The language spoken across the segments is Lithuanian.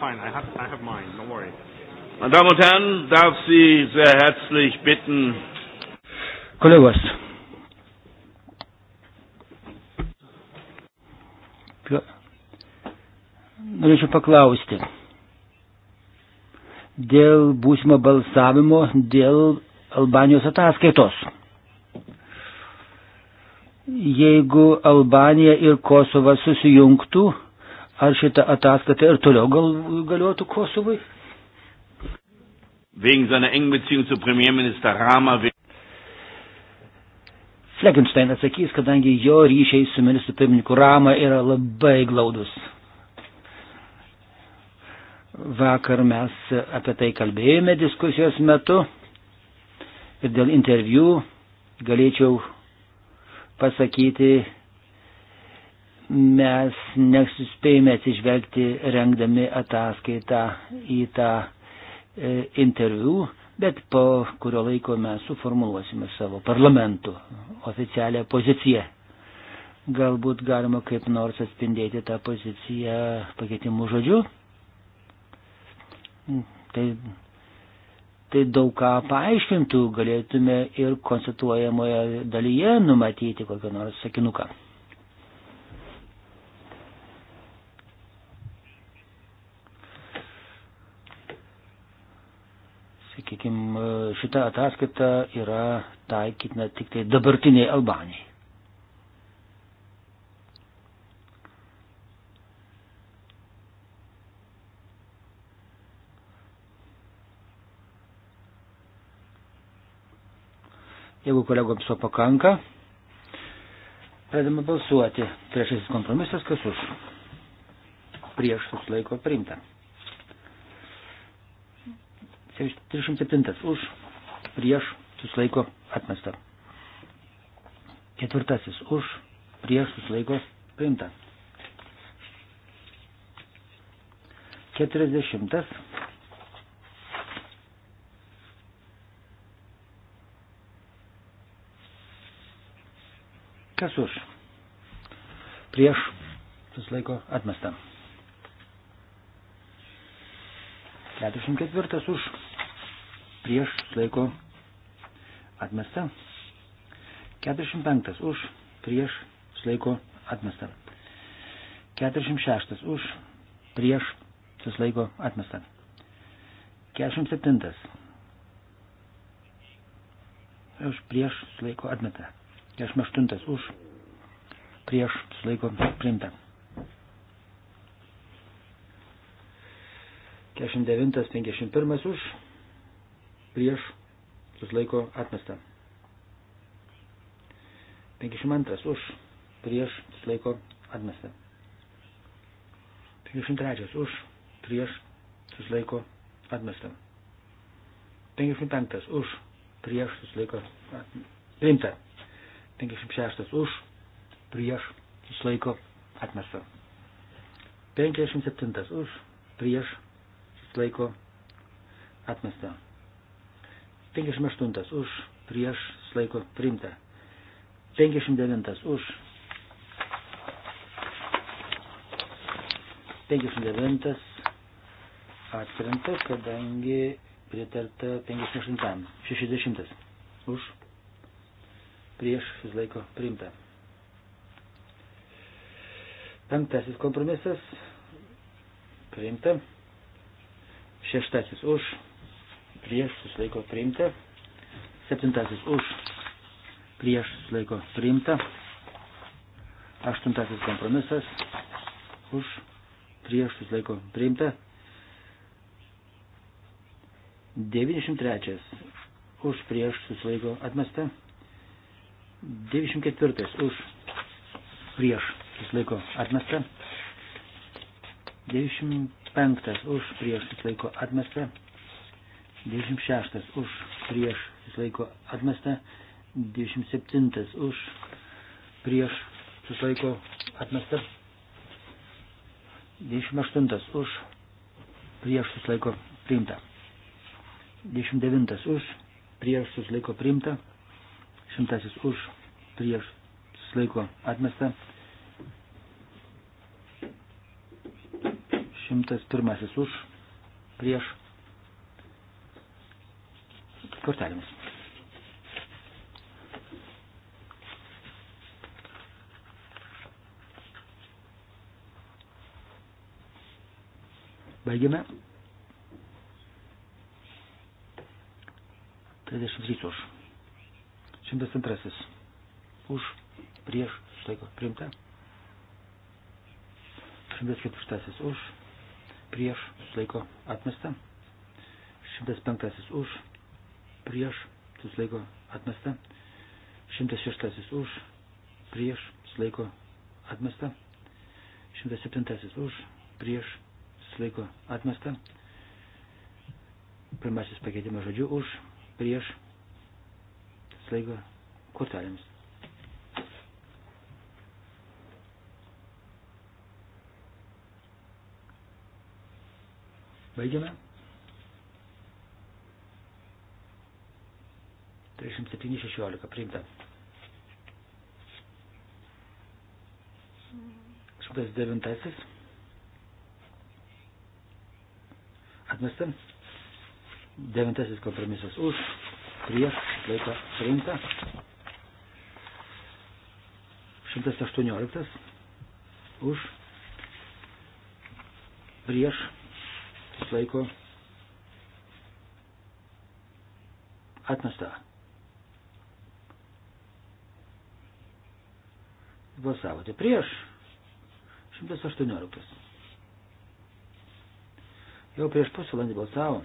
fine. I have, I have mine. Don't worry. Meine Damen und Herren, darf Sie sehr herzlich bitten. Kolegos. Norėčiau paklausti. Dėl būsimo balsavimo, dėl Albanijos ataskaitos jeigu Albanija ir Kosovas susijungtų, ar šitą ataskaitą ir toliau gal, galiotų Kosovui? Wegen seiner engen Beziehung zu Premierminister Rama. Fleckenstein atsakys, kadangi jo ryšiai su ministru pirmininku Rama yra labai glaudus. Vakar mes apie tai kalbėjome diskusijos metu ir dėl interviu galėčiau pasakyti, mes nesuspėjome atsižvelgti rengdami ataskaitą į tą e, interviu, bet po kurio laiko mes suformuluosime savo parlamentų oficialią poziciją. Galbūt galima kaip nors atspindėti tą poziciją pakeitimų žodžiu. Tai tai daug ką paaiškintų, galėtume ir konstatuojamoje dalyje numatyti kokią nors sakinuką. Sakykime, šita ataskaita yra taikytina tik tai dabartiniai Albanijai. Jeigu kolegoms to pakanka, pradame balsuoti. Trečiasis kompromisas, kas už? Prieš susilaiko priimta. 307 už, prieš susilaiko atmesta. Ketvirtasis už, prieš susilaiko priimta. Keturiasdešimtas Kas už? Prieš susilaiko atmesta. 44 už prieš susilaiko atmesta. 45 už prieš susilaiko atmesta. 46 už prieš susilaiko atmesta. 47 už prieš susilaiko atmesta. 48 už, prieš susilaiko priimta. 49, 51 už, prieš susilaiko atmesta. 52 už, prieš susilaiko atmesta. 53 už, prieš susilaiko atmesta. 55 už, prieš susilaiko atmesta. Priimta. 56 už, prieš, susilaiko, atmesta. 57 už, prieš, susilaiko, atmesta. 58 už, prieš, susilaiko, priimta. 59 už, 59 atkrenta, kadangi pritarta 58, 60 už prieš susilaiko priimta. Penktasis kompromisas priimta. Šeštasis už prieš susilaiko priimta. Septintasis už prieš susilaiko priimta. Aštuntasis kompromisas už prieš susilaiko priimta. 93 už prieš susilaiko atmesta. 94 už prieš susilaiko atmesta. 95 už prieš susilaiko atmesta. 96 už prieš susilaiko atmesta. 27 už prieš susilaiko atmesta. 28 už prieš susilaiko priimta. 29 už prieš susilaiko priimta. Šimtasis už, prieš, susilaiko atmesta. Šimtas pirmasis už, prieš, kortelėmis. Baigiame. 33 už. 102. Už, prieš, išlaiko, priimta. 104. Už, prieš, išlaiko, atmesta. 105. Už, prieš, susilaiko, atmesta. 106. Už, prieš, susilaiko, atmesta. 107. Už, prieš, susilaiko, atmesta. Pirmasis pakeitimas žodžiu už, prieš, slaigo kortelėms. Baigiame. 37.16 priimta. 109. Atmesta. 9. kompromisas už, prieš, susilaiko priimta. 118 už prieš susilaiko atmesta. Balsavote prieš 118. Jau prieš pusvalandį balsavom.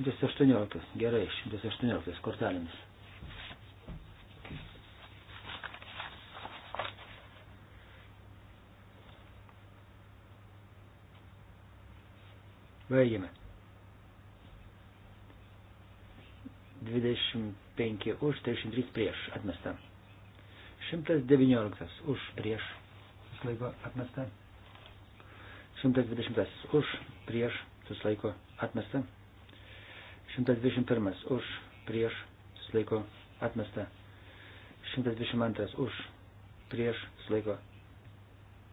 118. Gerai, 118 kortelėmis. Baigime. 25 už, 33 prieš atmesta. 119 už prieš susilaiko atmesta. 120 už prieš susilaiko atmesta. 121 už prieš susilaiko atmesta. 122 už prieš susilaiko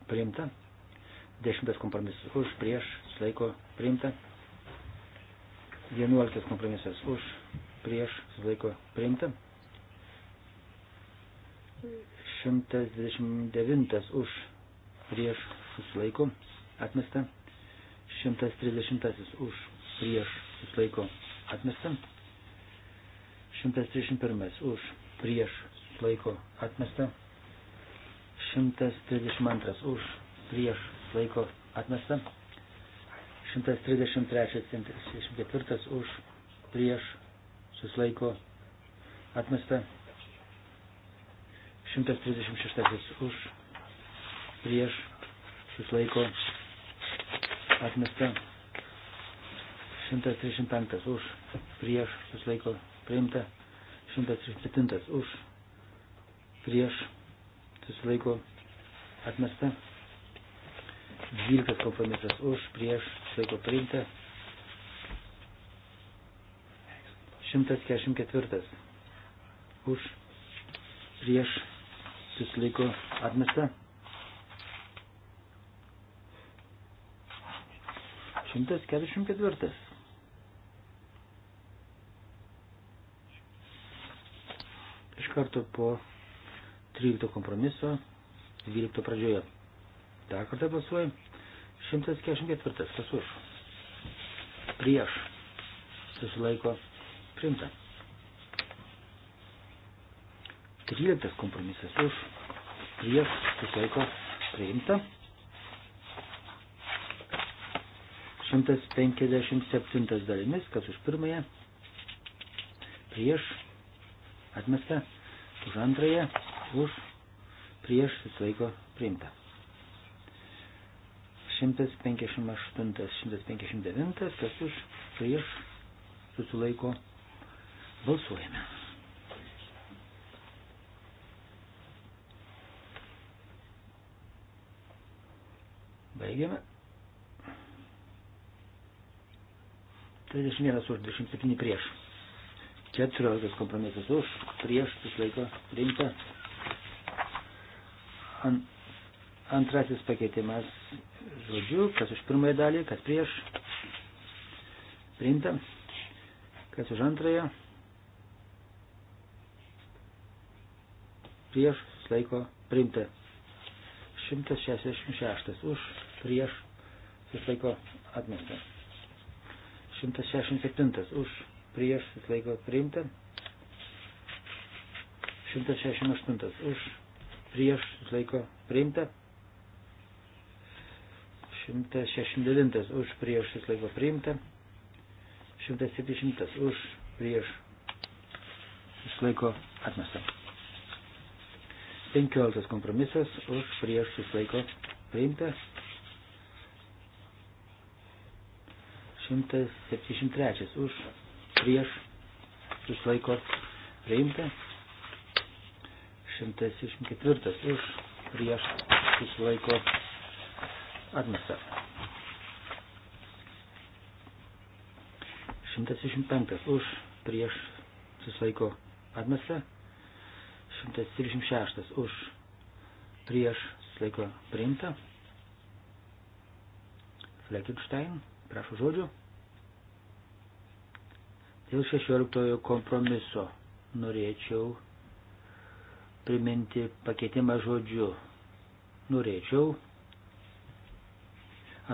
priimta. 10 kompromisas už prieš susilaiko priimta. 11 kompromisas už prieš susilaiko priimta. 129 už prieš susilaiko atmesta. 130 už prieš susilaiko atmesta. 131 už prieš laiko atmesta. 132 už prieš laiko atmesta. 133 134 už prieš susilaiko atmesta. 136 už prieš susilaiko atmesta. 135 už, prieš, susilaiko priimta, 137 už, prieš, susilaiko atmesta, 12 kompromisas už, prieš, susilaiko priimta, 144 už, prieš, susilaiko atmesta. 144. karto po 13 kompromiso 12 pradžioje. Dar kartą balsuoju. 144. Kas už? Prieš. Susilaiko. Primta. 13 kompromisas už. Prieš. Susilaiko. Priimta. 157 dalimis. Kas už pirmąją? Prieš. Atmesta už antrąją, už, prieš susilaiko priimta. 158, 159, kas už, prieš susilaiko balsuojame. Baigiame. 31 už 27 prieš. Keturioliktas kompromisas už, prieš, susilaiko, priimta. An, antrasis pakeitimas žodžiu, kas už pirmąją dalį, kas prieš, priimta. Kas už antrąją, prieš, susilaiko, priimta. 166 už, prieš, susilaiko, atmesta. 167 už prieš susilaiko priimta. 168 už prieš susilaiko priimta. 169 už prieš susilaiko priimta. 170 už prieš susilaiko atmesta. 15 kompromisas už prieš susilaiko priimta. 173 už prieš susilaiko priimta. 164 už prieš susilaiko atmesta. 165 už prieš susilaiko atmesta. 136 už prieš susilaiko priimta. Fleckenstein, prašau žodžio. Dėl 16 kompromiso norėčiau priminti pakeitimą žodžiu. Norėčiau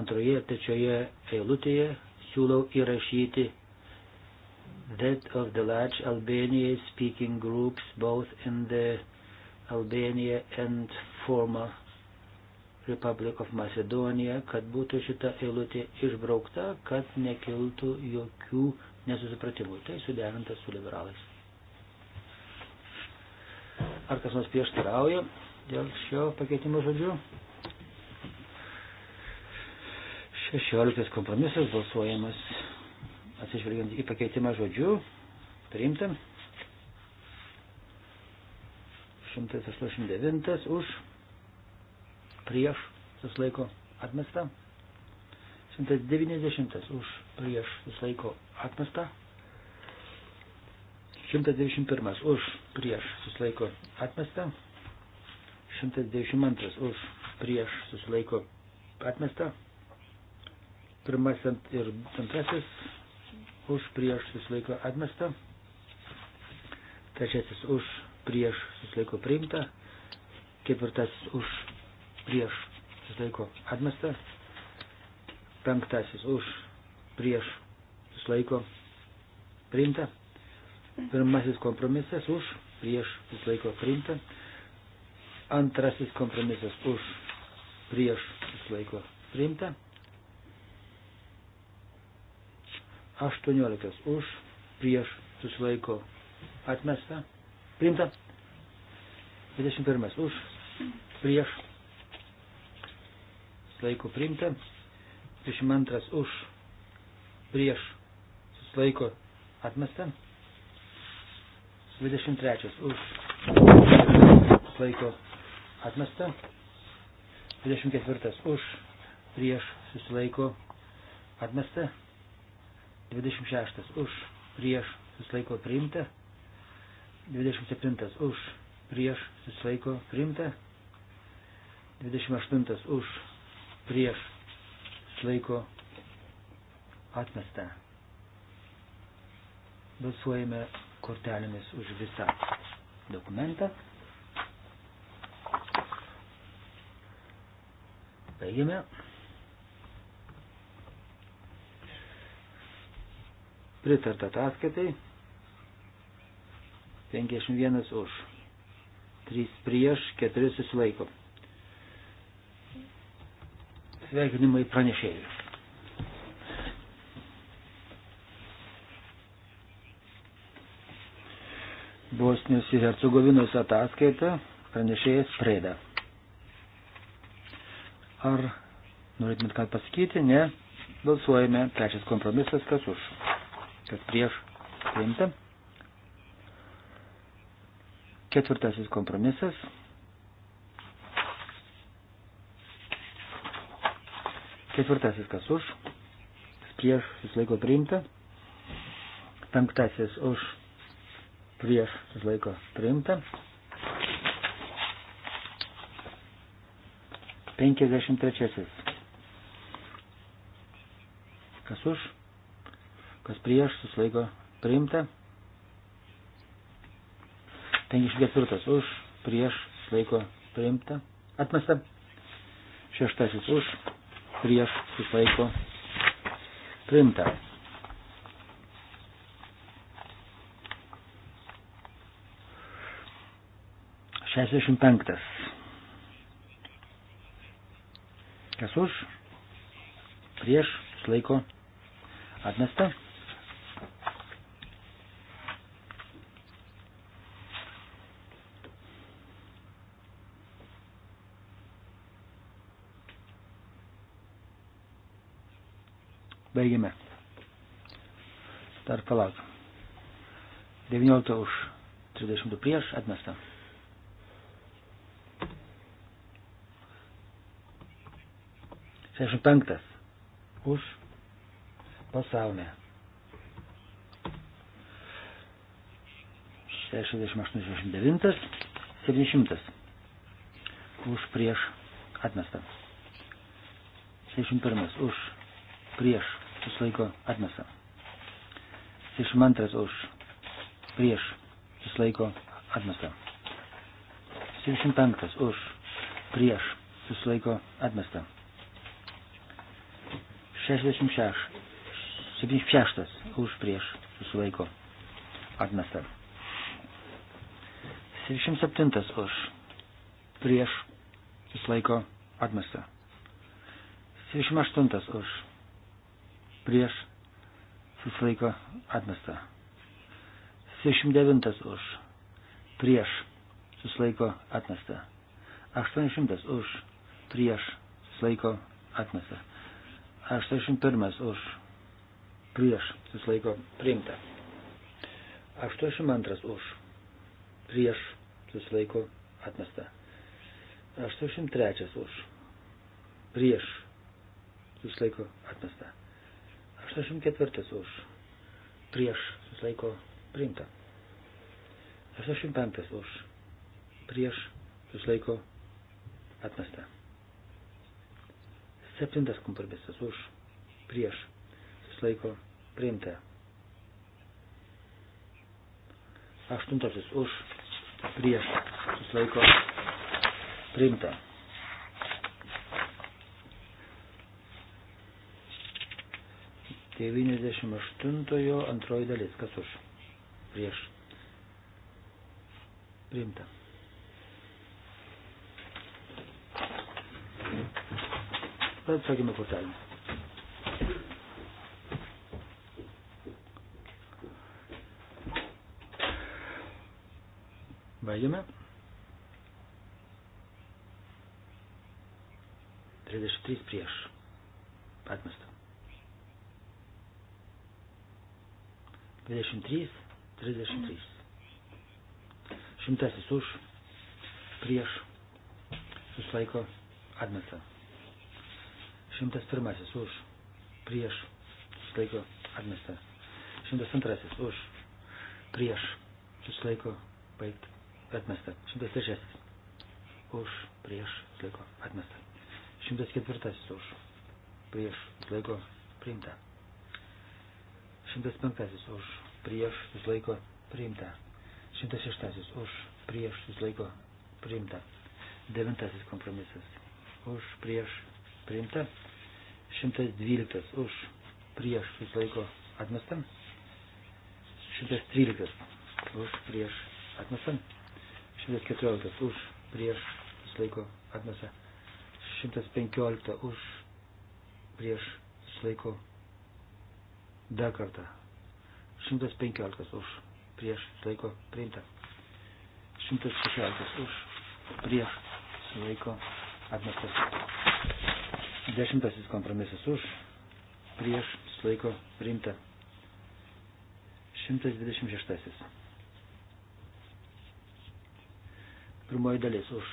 antroje ir trečioje eilutėje siūlau įrašyti that of the large Albania speaking groups both in the Albania and former Republic of Macedonia, kad būtų šita eilutė išbraukta, kad nekiltų jokių nesusipratimui. Tai suderinta su liberalais. Ar kas nors prieštarauja dėl šio pakeitimo žodžių? 16 kompromisas balsuojamas atsižvelgiant į pakeitimą žodžių. Priimtam. 189 už prieš susilaiko atmestą. 190 už prieš susilaiko atmesta. 191 už prieš susilaiko atmesta. 192 už prieš susilaiko atmesta. Pirmas ir antrasis už prieš susilaiko atmesta. Trečiasis už prieš susilaiko priimta. Ketvirtasis už prieš susilaiko atmesta. Penktasis už prieš susilaiko priimta. Pirmasis kompromisas už prieš susilaiko priimta. Antrasis kompromisas už prieš susilaiko priimta. 18 už prieš susilaiko atmesta. Priimta. 21 už prieš susilaiko priimta. 32 už, prieš, susilaiko atmesta. 23 už, susilaiko atmesta. 24 už, prieš, susilaiko atmesta. 26 už, prieš, susilaiko priimta. 27 už, prieš, susilaiko priimta. 28 už, prieš, Slaiko atmesta. Balsuojame kortelėmis už visą dokumentą. Baigiame. Pritarta ataskaitai. 51 už. 3 prieš, 4 susilaiko sveikinimai pranešėjai. Bosnijos ir Hercegovinos ataskaita pranešėjas Preda. Ar norėtumėt ką pasakyti? Ne. Balsuojame. Trečias kompromisas. Kas už? Kas prieš? Priimta. Ketvirtasis kompromisas. Ketvirtasis kas už, prieš susilaiko priimta. Penktasis už, prieš susilaiko priimta. 53. Kas už, kas prieš susilaiko priimta. 54. Už, prieš susilaiko priimta. Atmesta. Šeštasis už, prieš susilaiko priimta. Šešiasdešimt penktas. Kas už? Prieš susilaiko atmesta. Baigiame. Dar palauk. 19 už 30 prieš atmesta. Šešim penktas. Už pasaulę. 68-69, 70. Už prieš atmestą. 61. Už prieš susilaiko atmesta. 62 už prieš susilaiko atmesta. 75 už prieš susilaiko atmesta. 66 76 už prieš susilaiko atmesta. 77 už prieš susilaiko atmesta. 78 už prieš susilaiko atmesta. 69 už prieš susilaiko atmesta. 800 už prieš susilaiko atmesta. 81 už prieš susilaiko priimta. 82 už prieš susilaiko atmesta. 83 už prieš susilaiko atmesta. 64 už. Prieš susilaiko priimta. 65 už. Prieš susilaiko atmesta. 7 kompromisas už. Prieš susilaiko priimta. 8 už. Prieš susilaiko priimta. 98 antroji dalis. Kas už? Prieš. Priimta. Atsakymą kortelį. Baigiame. 33 prieš. Atmestą. 23, 33. Šimtasis už, prieš, susilaiko, atmesta. Šimtas pirmasis už, prieš, susilaiko, atmesta. Šimtas antrasis už, prieš, susilaiko, baigt, atmesta. Šimtas trečiasis už, prieš, susilaiko, atmesta. Šimtas ketvirtasis už, prieš, susilaiko, priimta. 105 už prieš susilaiko priimta. 106 už prieš susilaiko priimta. 9 kompromisas už prieš priimta. 112 už prieš susilaiko atmesta. 113 už prieš atmesta. 114 už prieš susilaiko atmesta. 115 už prieš susilaiko atmesta. Dar kartą. 115 už prieš laiko priimta. 116 už prieš laiko atmestas. Dešimtasis kompromisas už prieš laiko priimta. 126. Pirmoji dalis už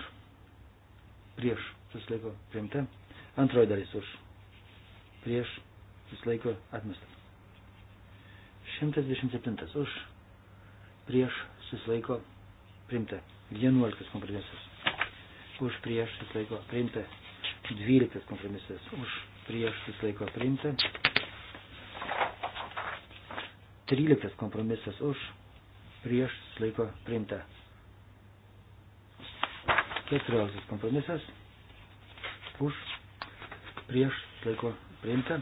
prieš susilaiko priimta. Antroji dalis už prieš susilaiko atmestas. 127 už prieš susilaiko primta. 11 kompromisas. Už prieš susilaiko primta. 12 kompromisas. Už prieš susilaiko primta. 13 kompromisas. Už prieš susilaiko primta. 14 kompromisas. Už prieš susilaiko primta.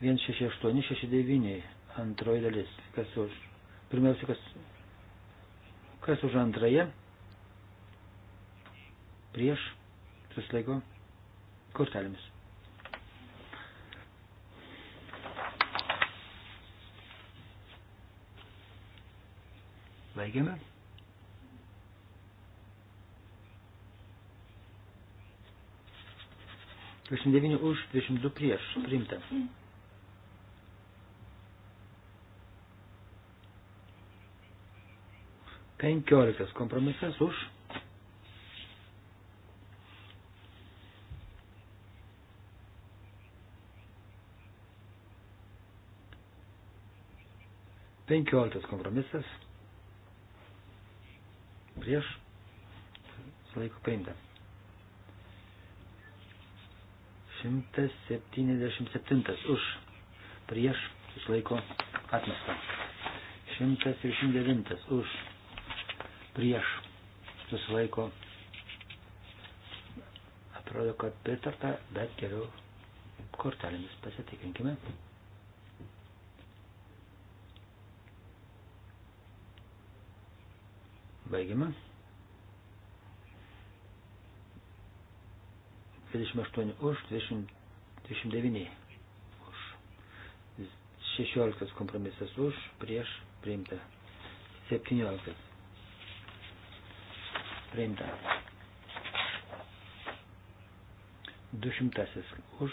168, 69 antroji dalis. Kas už? Pirmiausia, kas, kas už antrąją? Prieš susilaiko kortelėmis. Baigiame. Dvidešimt devyni už, dvidešimt du prieš. Priimta. Mm. 15 kompromisas už. Penkioliktas kompromisas prieš laiko paimta. 177 už prieš išlaiko atmestą. 179 už prieš susilaiko. Atrodo, kad pritarta, bet geriau kortelėmis pasitikrinkime. Baigime. 28 už, 20, 29 už. 16 kompromisas už, prieš, priimta. 17 priimta. Du šimtasis už,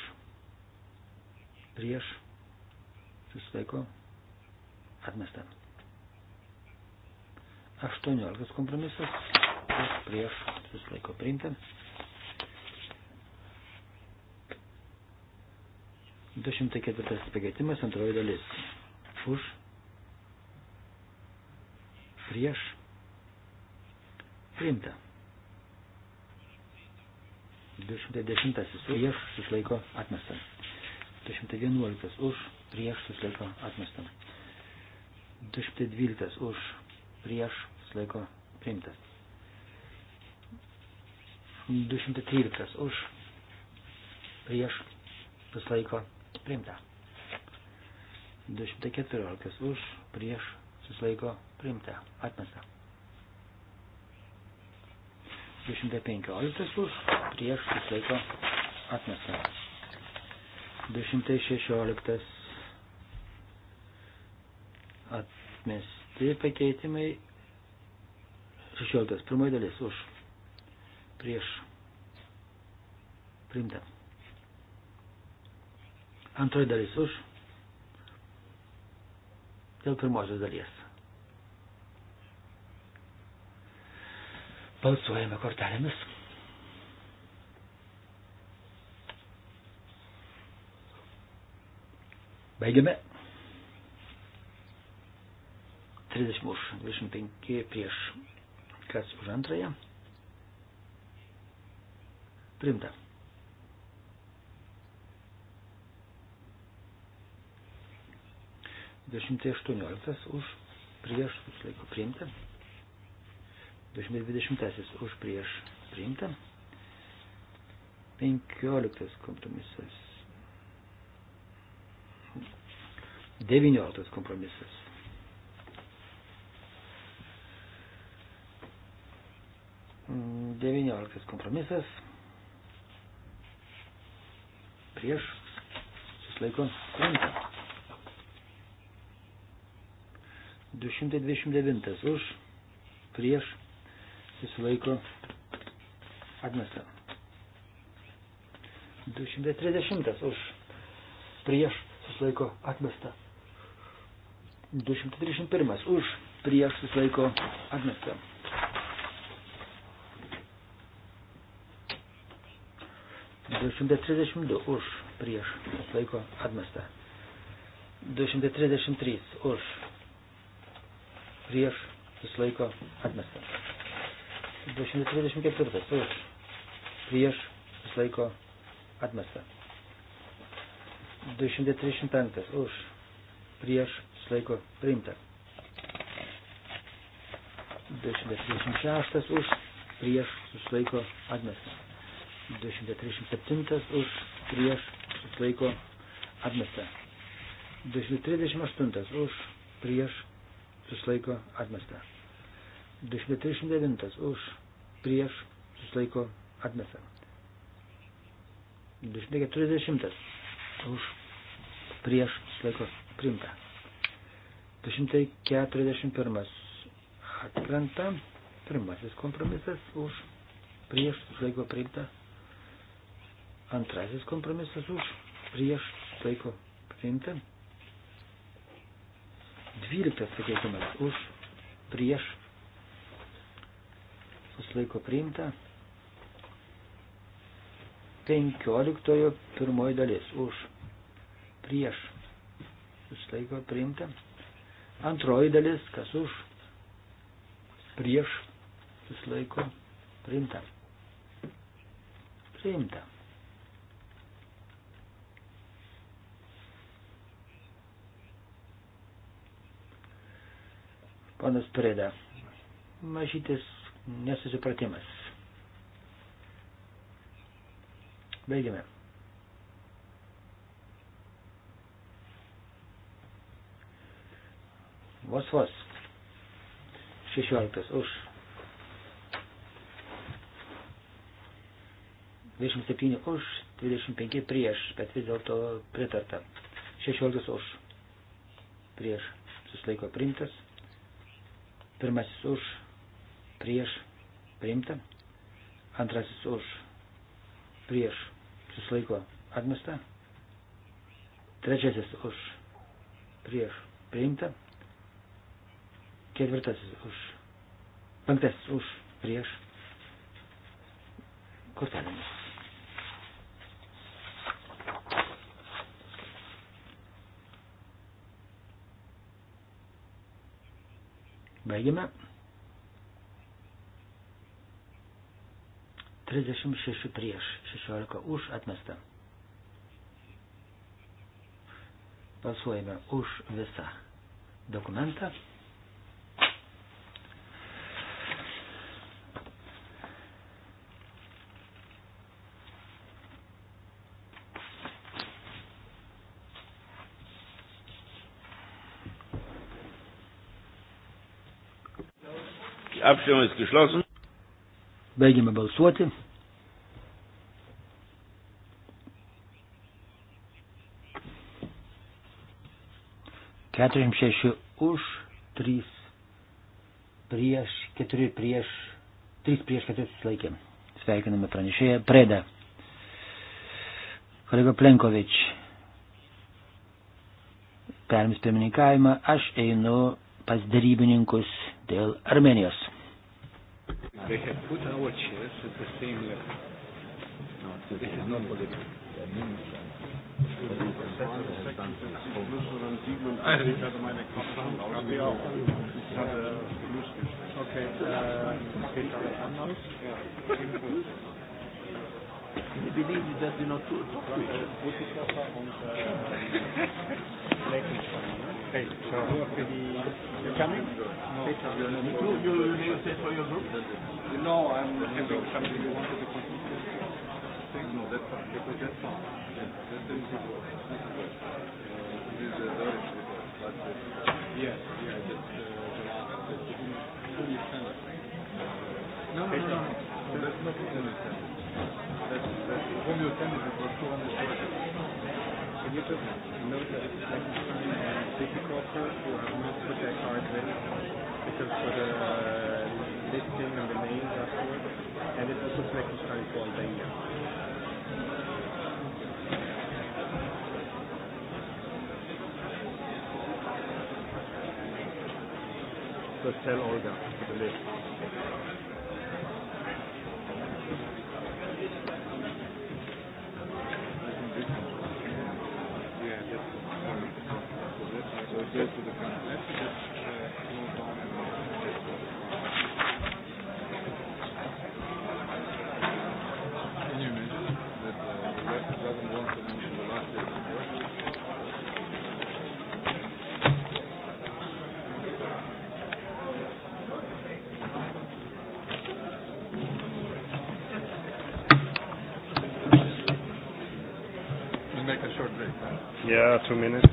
prieš, susilaiko, atmesta. Aštuonioliktas kompromisas, už, prieš, susilaiko, priimta. Du šimtai ketvirtasis pakeitimas, antroji dalis. Už, prieš, Priimta. 210 prieš susilaiko atmestą. 211 už prieš susilaiko atmestą. 212 už prieš susilaiko priimtas. 213 už prieš susilaiko priimta. 214 už prieš susilaiko priimta. Atmestą. 215 už, prieš susilaiko atmesta. 216 atmesti pakeitimai. 16. Pirmoji dalis už, prieš primta. Antroji dalis už, dėl pirmosios dalies. Balsuojame kortelėmis. Baigiame. 30 už, 25 prieš. Kas už antrąją? Primta. Dešimtai aštuonioliktas už prieš, susilaiko priimta. 220 už prieš priimta. 15 kompromisas. 19 kompromisas. Devynioliktas kompromisas prieš susilaiko krantą. 229 už prieš susilaiko atmesta. 230 už prieš susilaiko atmesta. 231 už prieš susilaiko atmesta. Du šimtai trisdešimt du už prieš laiko atmestą. Du šimtai trisdešimt trys už prieš susilaiko atmestą. 224 už, prieš, susilaiko atmesta. 235 už, prieš, susilaiko priimta. 236 už, prieš, susilaiko atmesta. 237 už, prieš, susilaiko atmesta. 238 už, prieš, susilaiko atmesta. 239 už prieš susilaiko atmesta. 240 už prieš susilaiko primta. 241 atkrenta. Pirmasis kompromisas už prieš susilaiko priimta. Antrasis kompromisas už prieš susilaiko priimta. Dvyliktas pakeitimas už prieš susilaiko priimta. 15 pirmoji dalis už prieš susilaiko priimta. Antroji dalis kas už prieš susilaiko priimta. Priimta. Panas Preda. Mažytis nesusipratimas. Baigime. Vos vos. 16 už. 27 už, 25 prieš, bet vis dėlto pritarta. 16 už. Prieš. Susilaiko primtas. Pirmasis už, prieš priimta, antrasis už prieš susilaiko atmesta, trečiasis už prieš priimta, ketvirtasis už penktasis už prieš kortelėmis. Baigime. 36 prieš, 16 už atmestą. Balsuojame už visą dokumentą. Abstimmung ist geschlossen. Baigiame balsuoti. Keturiasdešimt šeši už, trys prieš, keturi prieš, trys prieš, keturi susilaikė. Sveikiname pranešėją Preda. Kolega Plenkovič perims pirmininkavimą, aš einu pas darybininkus dėl Armenijos. They have put our chairs at the same level. No, this is not political. Okay, uh, okay, anders. He believes that you know to talk to each other. Hey, so you're coming? No. You, you, you your group? No, I'm having something you wanted to continue. No, that's fine, because that's fine. That, that, that is good. This is good. Uh, this is a very good but uh, yes, yeah, just uh, the last, just give me full standard. No, no, no, no. That's not full standard. That's, that's, full standard is for 200 workers. Can you just note that it's like a difficult to have not put that card with? because for the listing uh, and the names afterwards, and it also selected time for Albania. So tell Olga for the list. two minutes.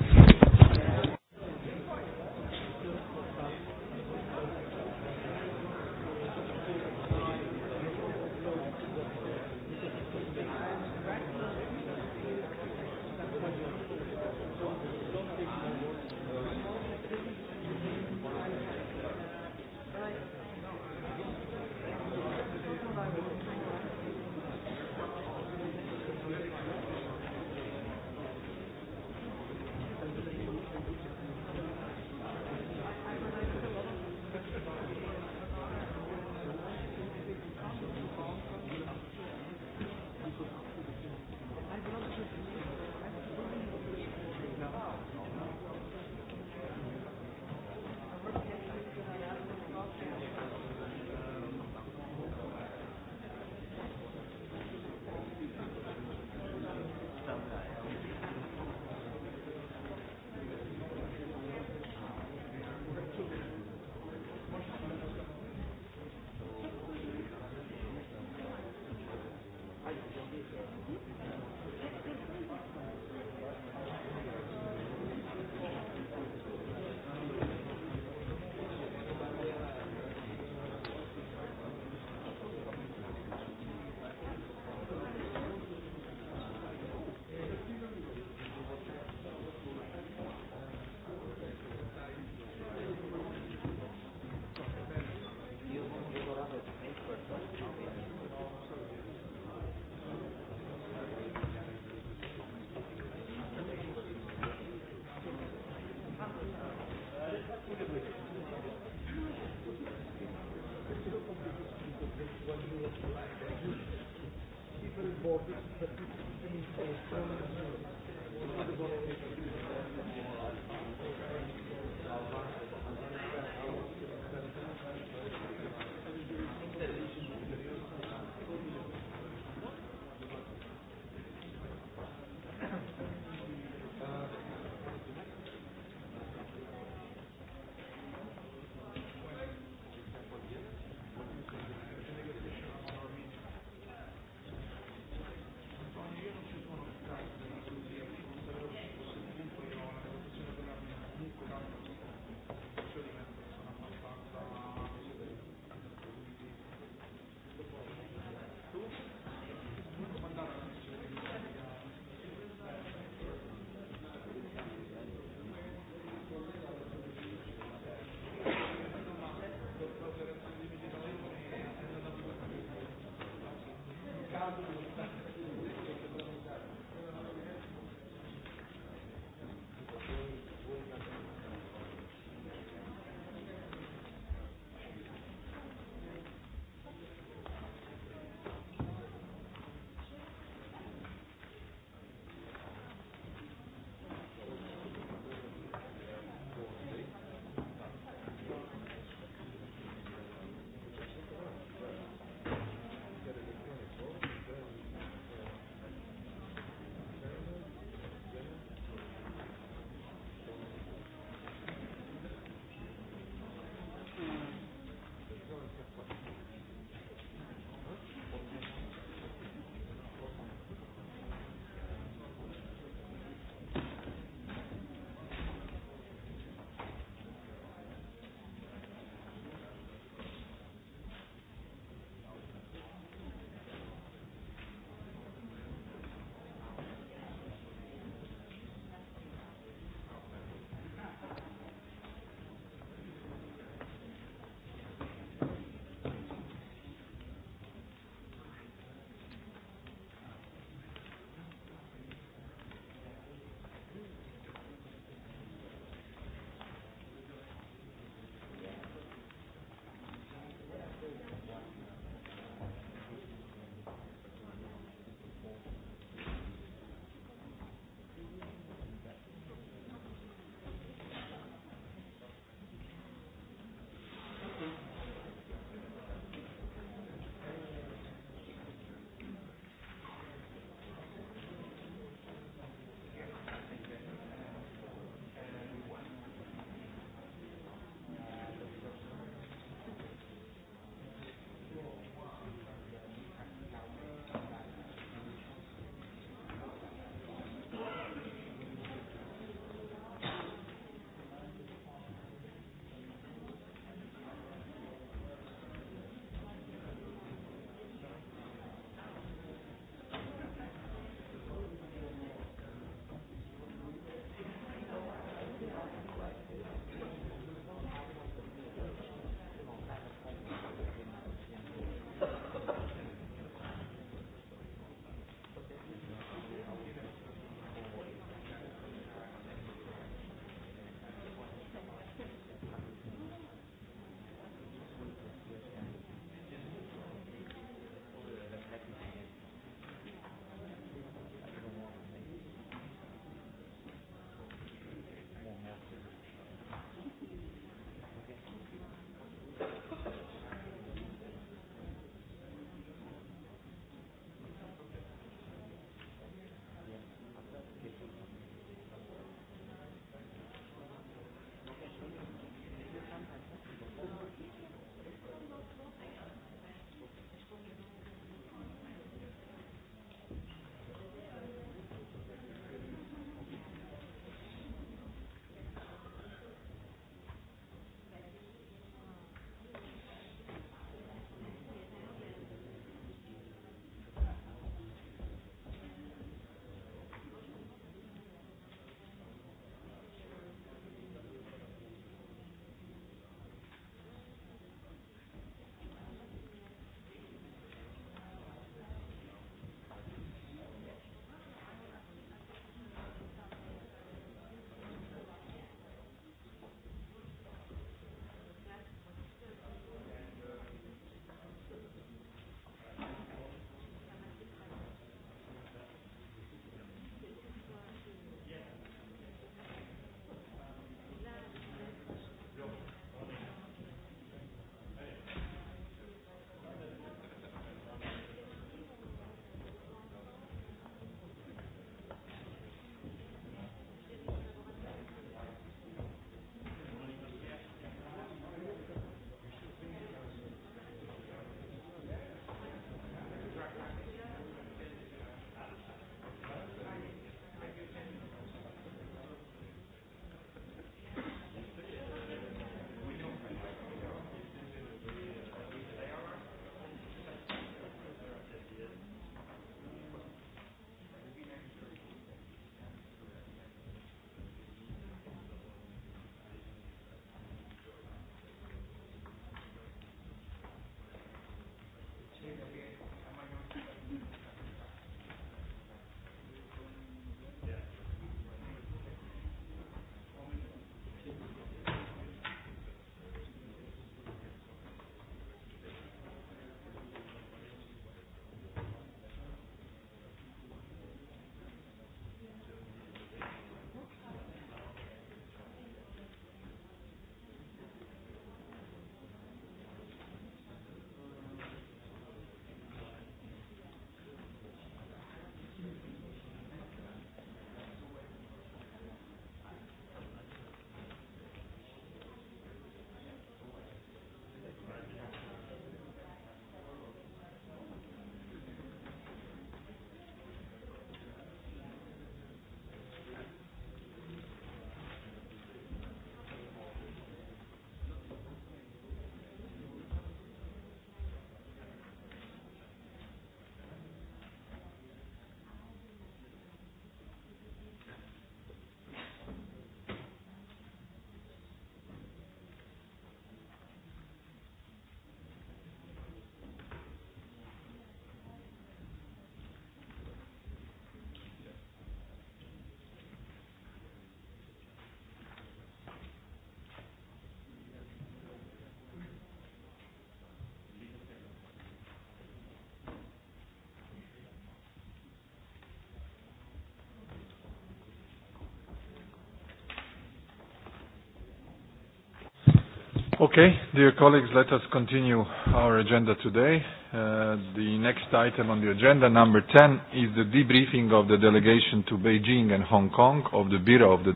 Okay, dear colleagues, let us continue our agenda today. Uh, the next item on the agenda, number 10, is the debriefing of the delegation to Beijing and Hong Kong of the Bureau of the.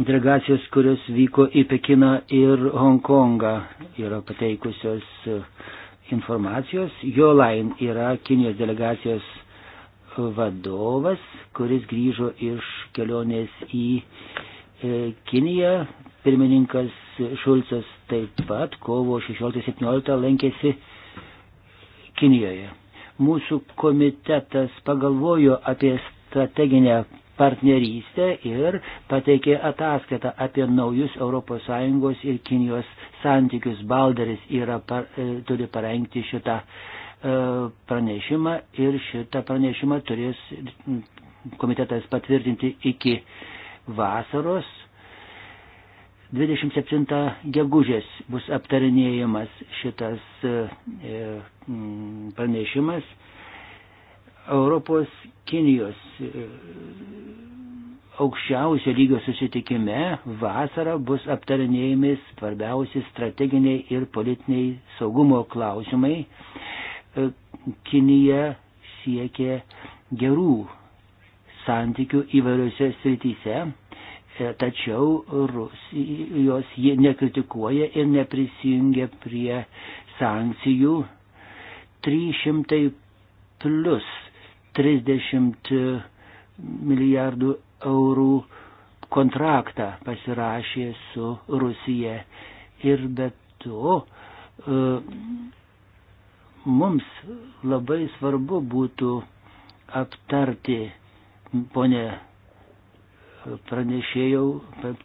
Delegacijos, kurios vyko į Pekiną ir Hongkongą, yra pateikusios uh, informacijos. Jo Lain yra Kinijos delegacijos vadovas, kuris grįžo iš kelionės į uh, Kiniją. Pirmininkas Šulcas taip pat kovo 16-17 lankėsi Kinijoje. Mūsų komitetas pagalvojo apie strateginę partnerystę ir pateikė ataskaitą apie naujus ES ir Kinijos santykius. Balderis yra, par, e, turi parengti šitą e, pranešimą ir šitą pranešimą turės komitetas patvirtinti iki vasaros 27 gegužės bus aptarinėjimas šitas e, e, pranešimas Europos Kinijos e, aukščiausio lygio susitikime vasarą bus aptarinėjami svarbiausi strateginiai ir politiniai saugumo klausimai. Kinija siekia gerų santykių įvairiose srityse Tačiau Rusijos ji nekritikuoja ir neprisijungia prie sankcijų 300 plus 30 milijardų eurų kontraktą pasirašė su Rusija. Ir be to e, mums labai svarbu būtų aptarti, ponė pranešėjau,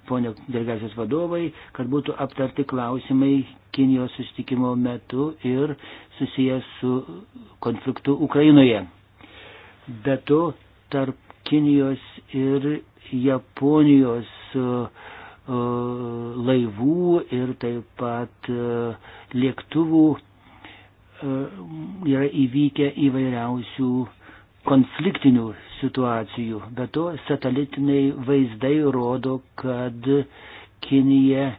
ponio delegacijos vadovai, kad būtų aptarti klausimai Kinijos sustikimo metu ir susijęs su konfliktu Ukrainoje. Be to, tarp Kinijos ir Japonijos e, e, laivų ir taip pat e, lėktuvų yra įvykę įvairiausių konfliktinių situacijų. Be to, satelitiniai vaizdai rodo, kad Kinija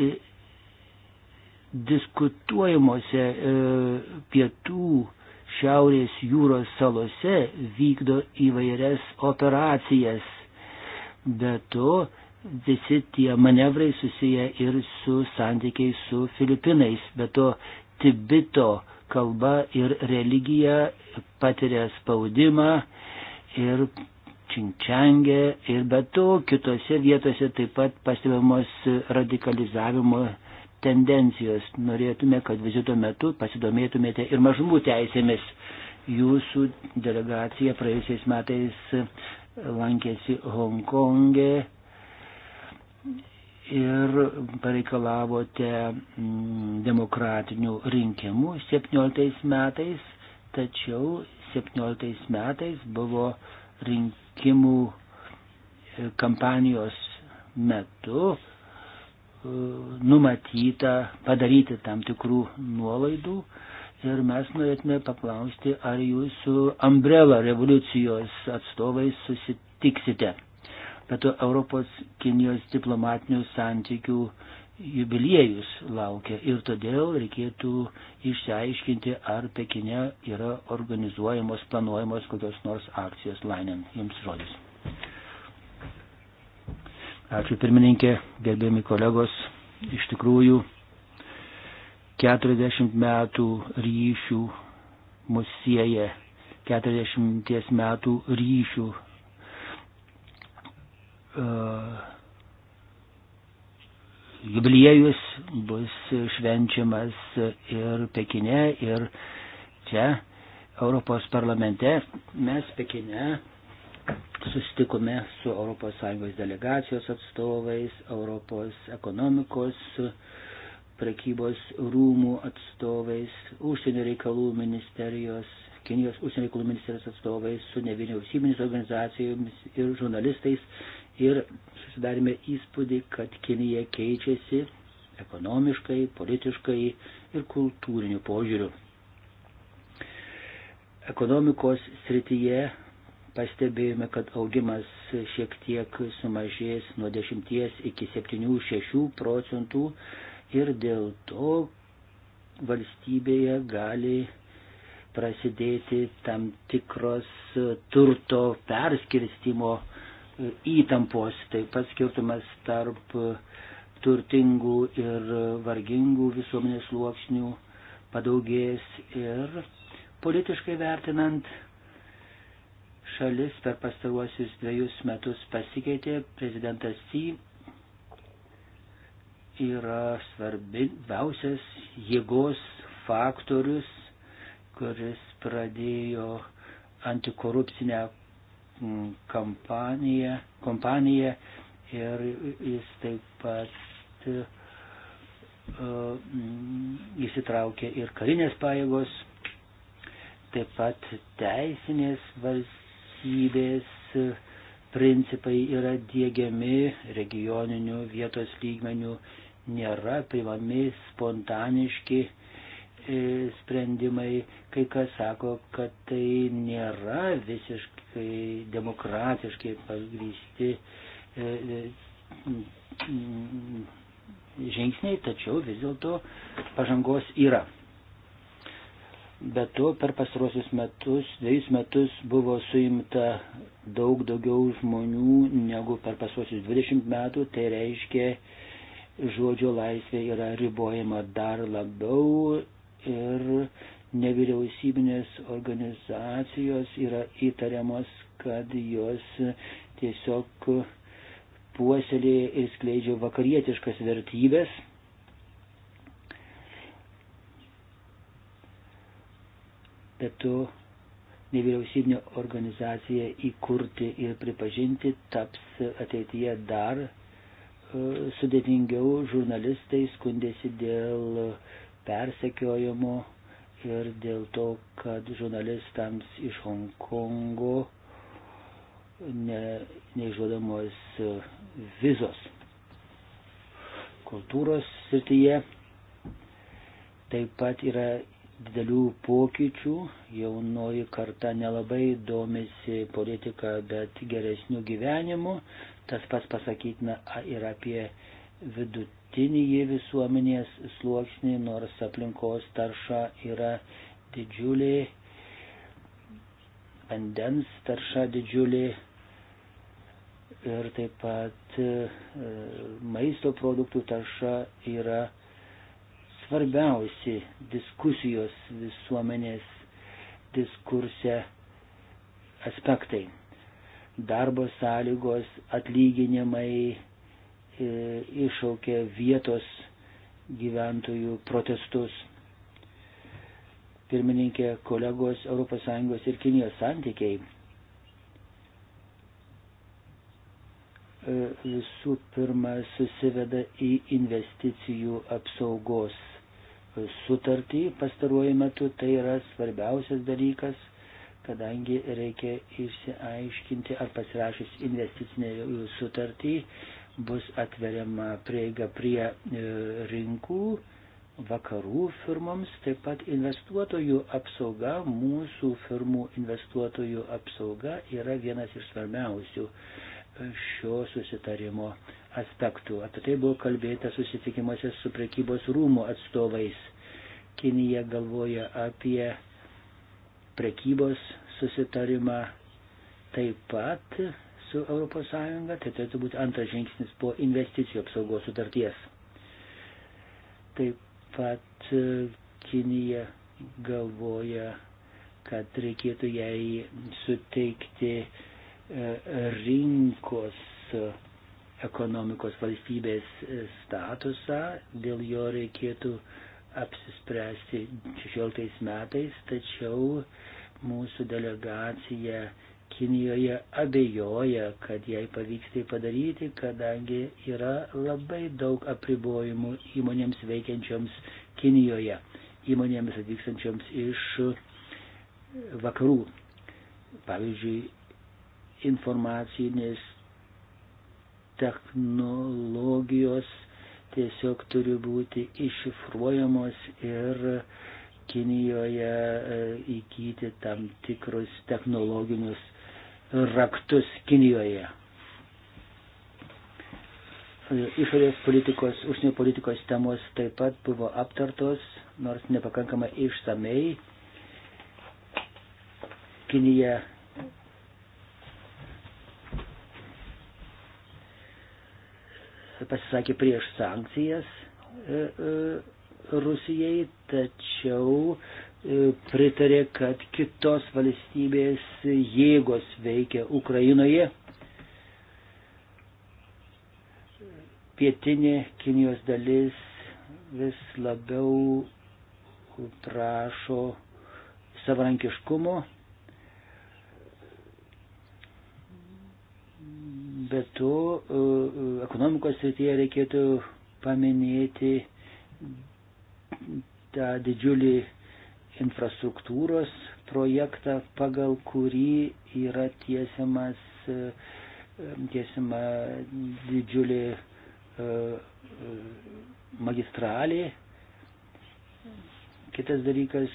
e, diskutuojamuose e, pietų šiaurės jūros salose vykdo įvairias operacijas. Be to, visi tie manevrai susiję ir su santykiai su Filipinais. Be to, Tibito kalba ir religija patiria spaudimą ir Činčiangė ir be to kitose vietose taip pat pastebimos radikalizavimo tendencijos. Norėtume, kad vizito metu pasidomėtumėte ir mažumų teisėmis. Jūsų delegacija praėjusiais metais lankėsi Hongkonge ir pareikalavote mm, demokratinių rinkimų 17 metais, tačiau 17 metais buvo rinkimų e, kampanijos metu e, numatyta padaryti tam tikrų nuolaidų ir mes norėtume paklausti, ar jūs su Umbrella revoliucijos atstovais susitiksite. Bet Europos Kinijos diplomatinių santykių jubiliejus laukia ir todėl reikėtų išsiaiškinti, ar Pekine yra organizuojamos, planuojamos kokios nors akcijos. Lainin, jums žodis. Ačiū pirmininkė, gerbėmi kolegos. Iš tikrųjų, 40 metų ryšių mus sieja, 40 metų ryšių E, jubiliejus bus švenčiamas ir Pekine, ir čia, Europos parlamente. Mes Pekine susitikome su ES delegacijos atstovais, Europos ekonomikos prekybos rūmų atstovais, užsienio reikalų ministerijos, Kinijos užsienio reikalų ministerijos atstovais, su nevyriausybinės organizacijomis ir žurnalistais ir susidarėme įspūdį, kad Kinija keičiasi ekonomiškai, politiškai ir kultūriniu požiūriu. Ekonomikos srityje pastebėjome, kad augimas šiek tiek sumažės nuo 10 iki 7-6 procentų ir dėl to valstybėje gali prasidėti tam tikros turto perskirstimo įtampos, taip pat skirtumas tarp turtingų ir vargingų visuomenės sluoksnių padaugės ir politiškai vertinant šalis per pastaruosius dviejus metus pasikeitė, prezidentas Sy yra svarbiausias jėgos faktorius, kuris pradėjo antikorupcinę Mm, kampaniją, kompaniją ir jis taip pat e, mm, įsitraukė ir karinės pajėgos, taip pat teisinės valstybės principai yra dėgiami regioninių vietos lygmenių, nėra primami spontaniški E, sprendimai, kai kas sako, kad tai nėra visiškai demokratiškai pagrysti e, e, žingsniai, tačiau vis dėlto pažangos yra. Be to, per pastarosius metus, dviejus metus buvo suimta daug daugiau žmonių negu per pastarosius 20 metų, tai reiškia, žodžio laisvė yra ribojama dar labiau ir nevyriausybinės organizacijos yra įtariamos, kad jos tiesiog puoselėje ir skleidžia vakarietiškas vertybės. Bet to nevyriausybinė organizacija įkurti ir pripažinti taps ateityje dar e, sudėtingiau. Žurnalistai skundėsi dėl persekiojimo ir dėl to, kad žurnalistams iš Hongkongo ne, neišduodamos e, vizos. Kultūros srityje taip pat yra didelių pokyčių, jaunoji karta nelabai domisi politika, bet geresnių gyvenimų, tas pats pasakytina ir apie vidutinį paskutinįjį visuomenės sluoksnį, nors aplinkos tarša yra didžiulė, vandens tarša didžiulė ir taip pat e, maisto produktų tarša yra svarbiausi diskusijos visuomenės diskurse aspektai. Darbo sąlygos, atlyginimai, E, iššaukė vietos gyventojų protestus. Pirmininkė kolegos ES ir Kinijos santykiai e, visų pirma susiveda į investicijų apsaugos sutartį pastaruoju metu. Tai yra svarbiausias dalykas, kadangi reikia išsiaiškinti, ar pasirašys investicinę sutartį bus atveriama prieiga prie e, rinkų vakarų firmoms, taip pat investuotojų apsauga, mūsų firmų investuotojų apsauga yra vienas iš svarbiausių e, šio susitarimo aspektų. Apie tai buvo kalbėta susitikimuose su prekybos rūmų atstovais. Kinija galvoja apie prekybos susitarimą taip pat su ES, tai turėtų būti antras žingsnis po investicijų apsaugos sutarties. Taip pat e, Kinija galvoja, kad reikėtų jai suteikti e, rinkos e, ekonomikos valstybės statusą, dėl jo reikėtų apsispręsti 16 metais, tačiau mūsų delegacija Kinijoje abejoja, kad jai pavyks tai padaryti, kadangi yra labai daug apribojimų įmonėms veikiančioms Kinijoje, įmonėms atvykstančioms iš vakarų. Pavyzdžiui, informacinės technologijos tiesiog turi būti iššifruojamos ir Kinijoje e, įgyti tam tikrus technologinius raktus Kinijoje. Išorės politikos, užsienio politikos temos taip pat buvo aptartos, nors nepakankamai išsamei. Kinija pasisakė prieš sankcijas e, e, Rusijai, tačiau E, pritarė, kad kitos valstybės jėgos veikia Ukrainoje. Pietinė Kinijos dalis vis labiau prašo savarankiškumo, bet to e, ekonomikos srityje reikėtų paminėti tą didžiulį infrastruktūros projektą, pagal kurį yra tiesiamas, e, tiesima didžiulė e, e, magistralė. Kitas dalykas,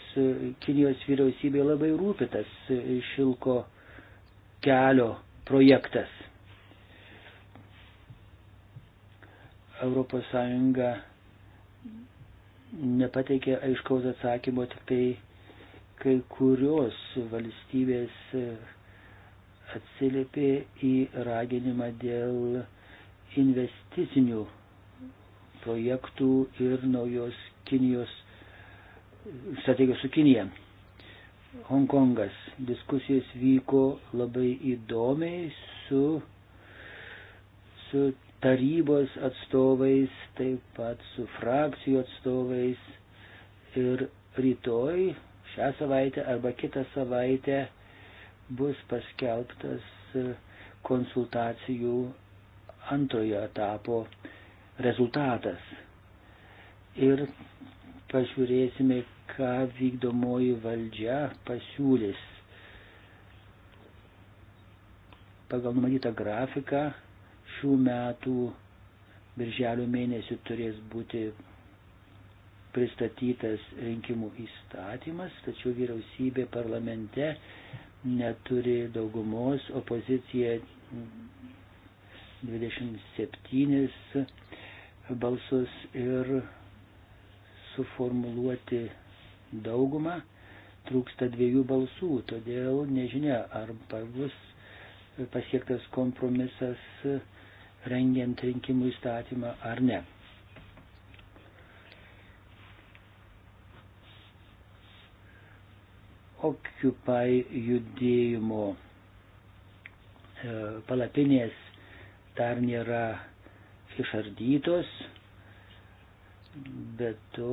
Kinijos vyriausybė labai rūpitas šilko kelio projektas. Europos Sąjunga nepateikė aiškaus atsakymo, tik tai kai kurios valstybės e, atsiliepė į raginimą dėl investicinių projektų ir naujos Kinijos strategijos su Kinija. Hongkongas diskusijos vyko labai įdomiai su, su tarybos atstovais, taip pat su frakcijų atstovais ir rytoj, šią savaitę arba kitą savaitę bus paskelbtas e, konsultacijų antrojo etapo rezultatas. Ir pažiūrėsime, ką vykdomoji valdžia pasiūlys. Pagal numatytą grafiką šių metų birželio mėnesį turės būti pristatytas rinkimų įstatymas, tačiau vyriausybė parlamente neturi daugumos, opozicija 27 balsus ir suformuluoti daugumą trūksta dviejų balsų, todėl nežinia, ar bus pasiektas kompromisas rengiant rinkimų įstatymą ar ne. Occupy judėjimo e, palapinės dar nėra išardytos, bet to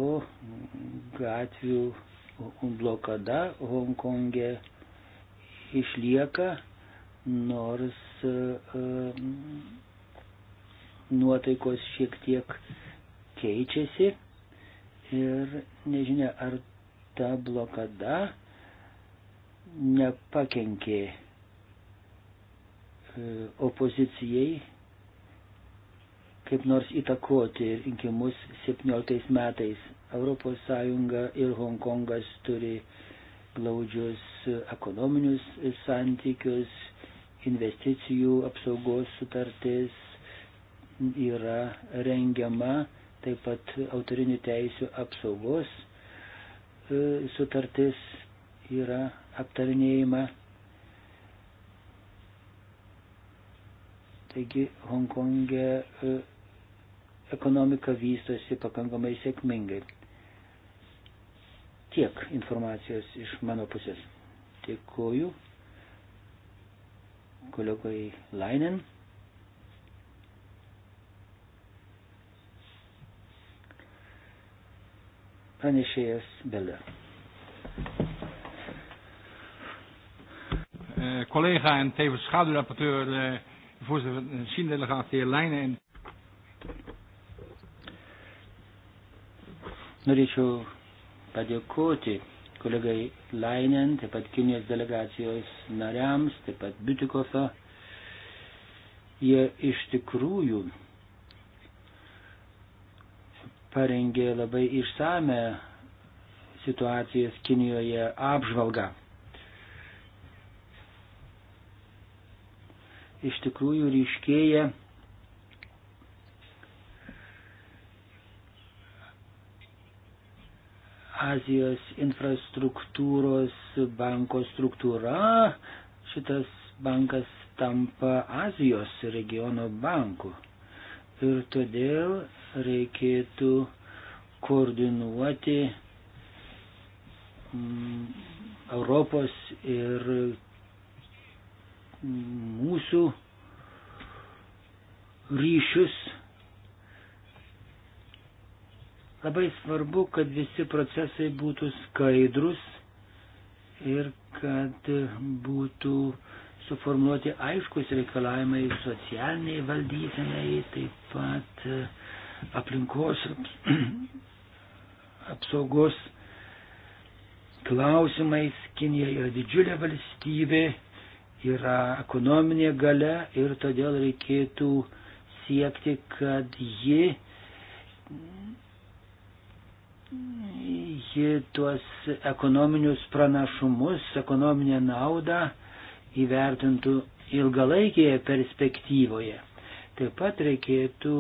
gatvių blokada Hongkonge išlieka, nors uh, nuotaikos šiek tiek keičiasi ir nežinia, ar ta blokada nepakenkė e, opozicijai kaip nors įtakoti rinkimus 17 metais. ES ir Hongkongas turi glaudžius ekonominius santykius, investicijų apsaugos sutartis, yra rengiama taip pat autorinių teisų apsaugos e, sutartis yra aptarinėjama. Taigi Hongkonge e, ekonomika vystosi pakankamai sėkmingai. Tiek informacijos iš mano pusės. Dėkuoju kolegai Lainen. Pranešėjas Belė. Eh, collega en tevens schaduwrapporteur, eh, voorzitter van eh, de Sien-delegatie, heer Leijnen. En... Norėčiau padėkoti kolegai Lainen, taip pat Kinijos delegacijos nariams, taip pat Biutikofe. Jie iš tikrųjų parengė labai išsame situacijos Kinijoje apžvalgą. Iš tikrųjų ryškėja Azijos infrastruktūros banko struktūra. Šitas bankas tampa Azijos regiono banku. Ir todėl reikėtų koordinuoti mm, Europos ir mm, mūsų ryšius. Labai svarbu, kad visi procesai būtų skaidrus ir kad būtų suformuoti aiškus reikalavimai socialiniai valdysenai, taip pat aplinkos apsaugos klausimais. Kinija yra didžiulė valstybė, yra ekonominė gale ir todėl reikėtų siekti, kad ji, ji tuos ekonominius pranašumus, ekonominę naudą įvertintų ilgalaikėje perspektyvoje. Taip pat reikėtų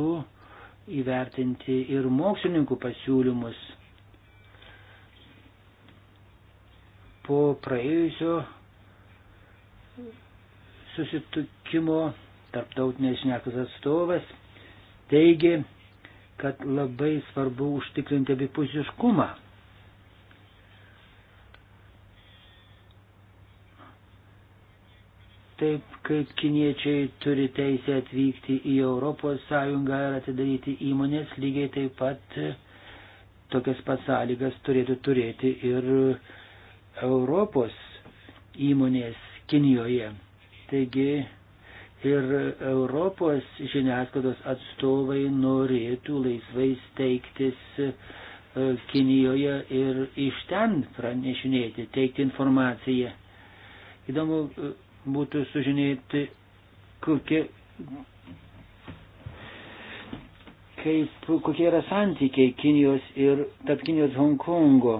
įvertinti ir mokslininkų pasiūlymus. Po praėjusio susitikimo tarptautinės žiniasklaidos atstovas teigė, kad labai svarbu užtikrinti abipusiškumą taip kaip kiniečiai turi teisę atvykti į ES ir atidaryti įmonės, lygiai taip pat e, tokias pat sąlygas turėtų turėti ir Europos įmonės Kinijoje. Taigi ir Europos žiniasklaidos atstovai norėtų laisvai steigtis e, Kinijoje ir iš ten pranešinėti, teikti informaciją. Įdomu e, būtų sužinėti, kokie, kaip, kokie yra santykiai Kinijos ir tarp Kinijos Hongkongo.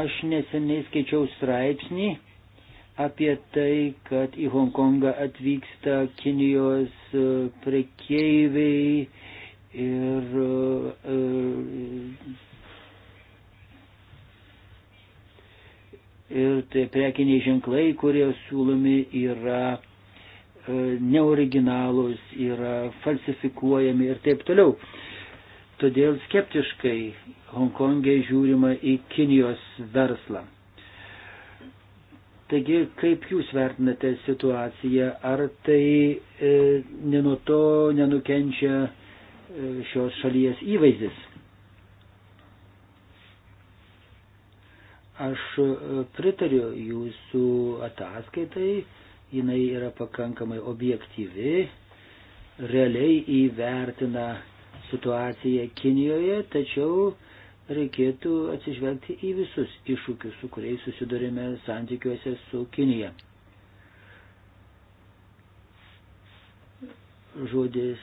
Aš neseniai skaičiau straipsnį apie tai, kad į Hongkongą atvyksta Kinijos e, prekeiviai ir, ir e, ir tai prekiniai ženklai, kurie siūlomi, yra e, neoriginalūs, yra falsifikuojami ir taip toliau. Todėl skeptiškai Hongkongė žiūrima į Kinijos verslą. Taigi, kaip jūs vertinate situaciją, ar tai e, nenuto nenukenčia e, šios šalies įvaizdis? Aš e, pritariu jūsų ataskaitai, jinai yra pakankamai objektyvi, realiai įvertina situaciją Kinijoje, tačiau reikėtų atsižvelgti į visus iššūkius, su kuriais susidurime santykiuose su Kinija. žodis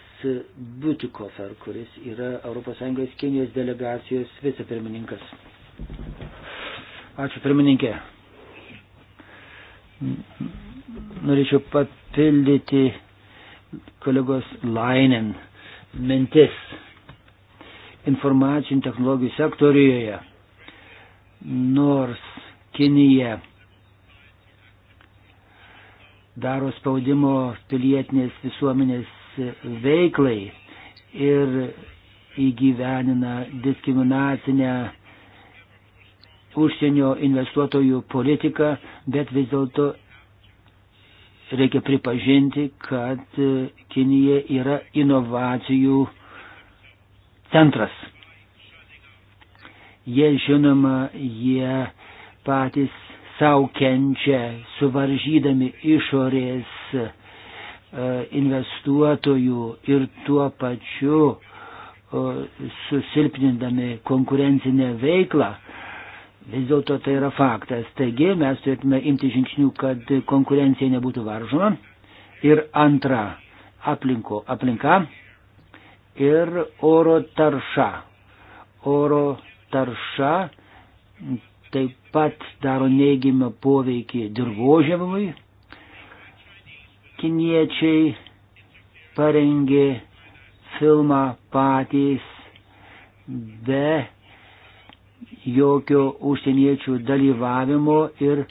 Butikofer, kuris yra ES Kinijos delegacijos vicepirmininkas. Ačiū pirmininkė. Norėčiau papildyti kolegos Lainen mintis informacinių technologijų sektorijoje. Nors Kinija daro spaudimo pilietinės visuomenės veiklai ir įgyvenina diskriminacinę užsienio investuotojų politiką, bet vis dėlto reikia pripažinti, kad e, Kinija yra inovacijų centras. Jie žinoma, jie patys savo kenčia, suvaržydami išorės e, investuotojų ir tuo pačiu susilpnindami konkurencinę veiklą, Vis dėlto tai yra faktas. Taigi mes turėtume imti žingsnių, kad konkurencija nebūtų varžoma. Ir antra, aplinko, aplinka ir oro tarša. Oro tarša taip pat daro neigiamą poveikį dirbožėmui. Kiniečiai parengė filmą patys be jokio užsieniečių dalyvavimo ir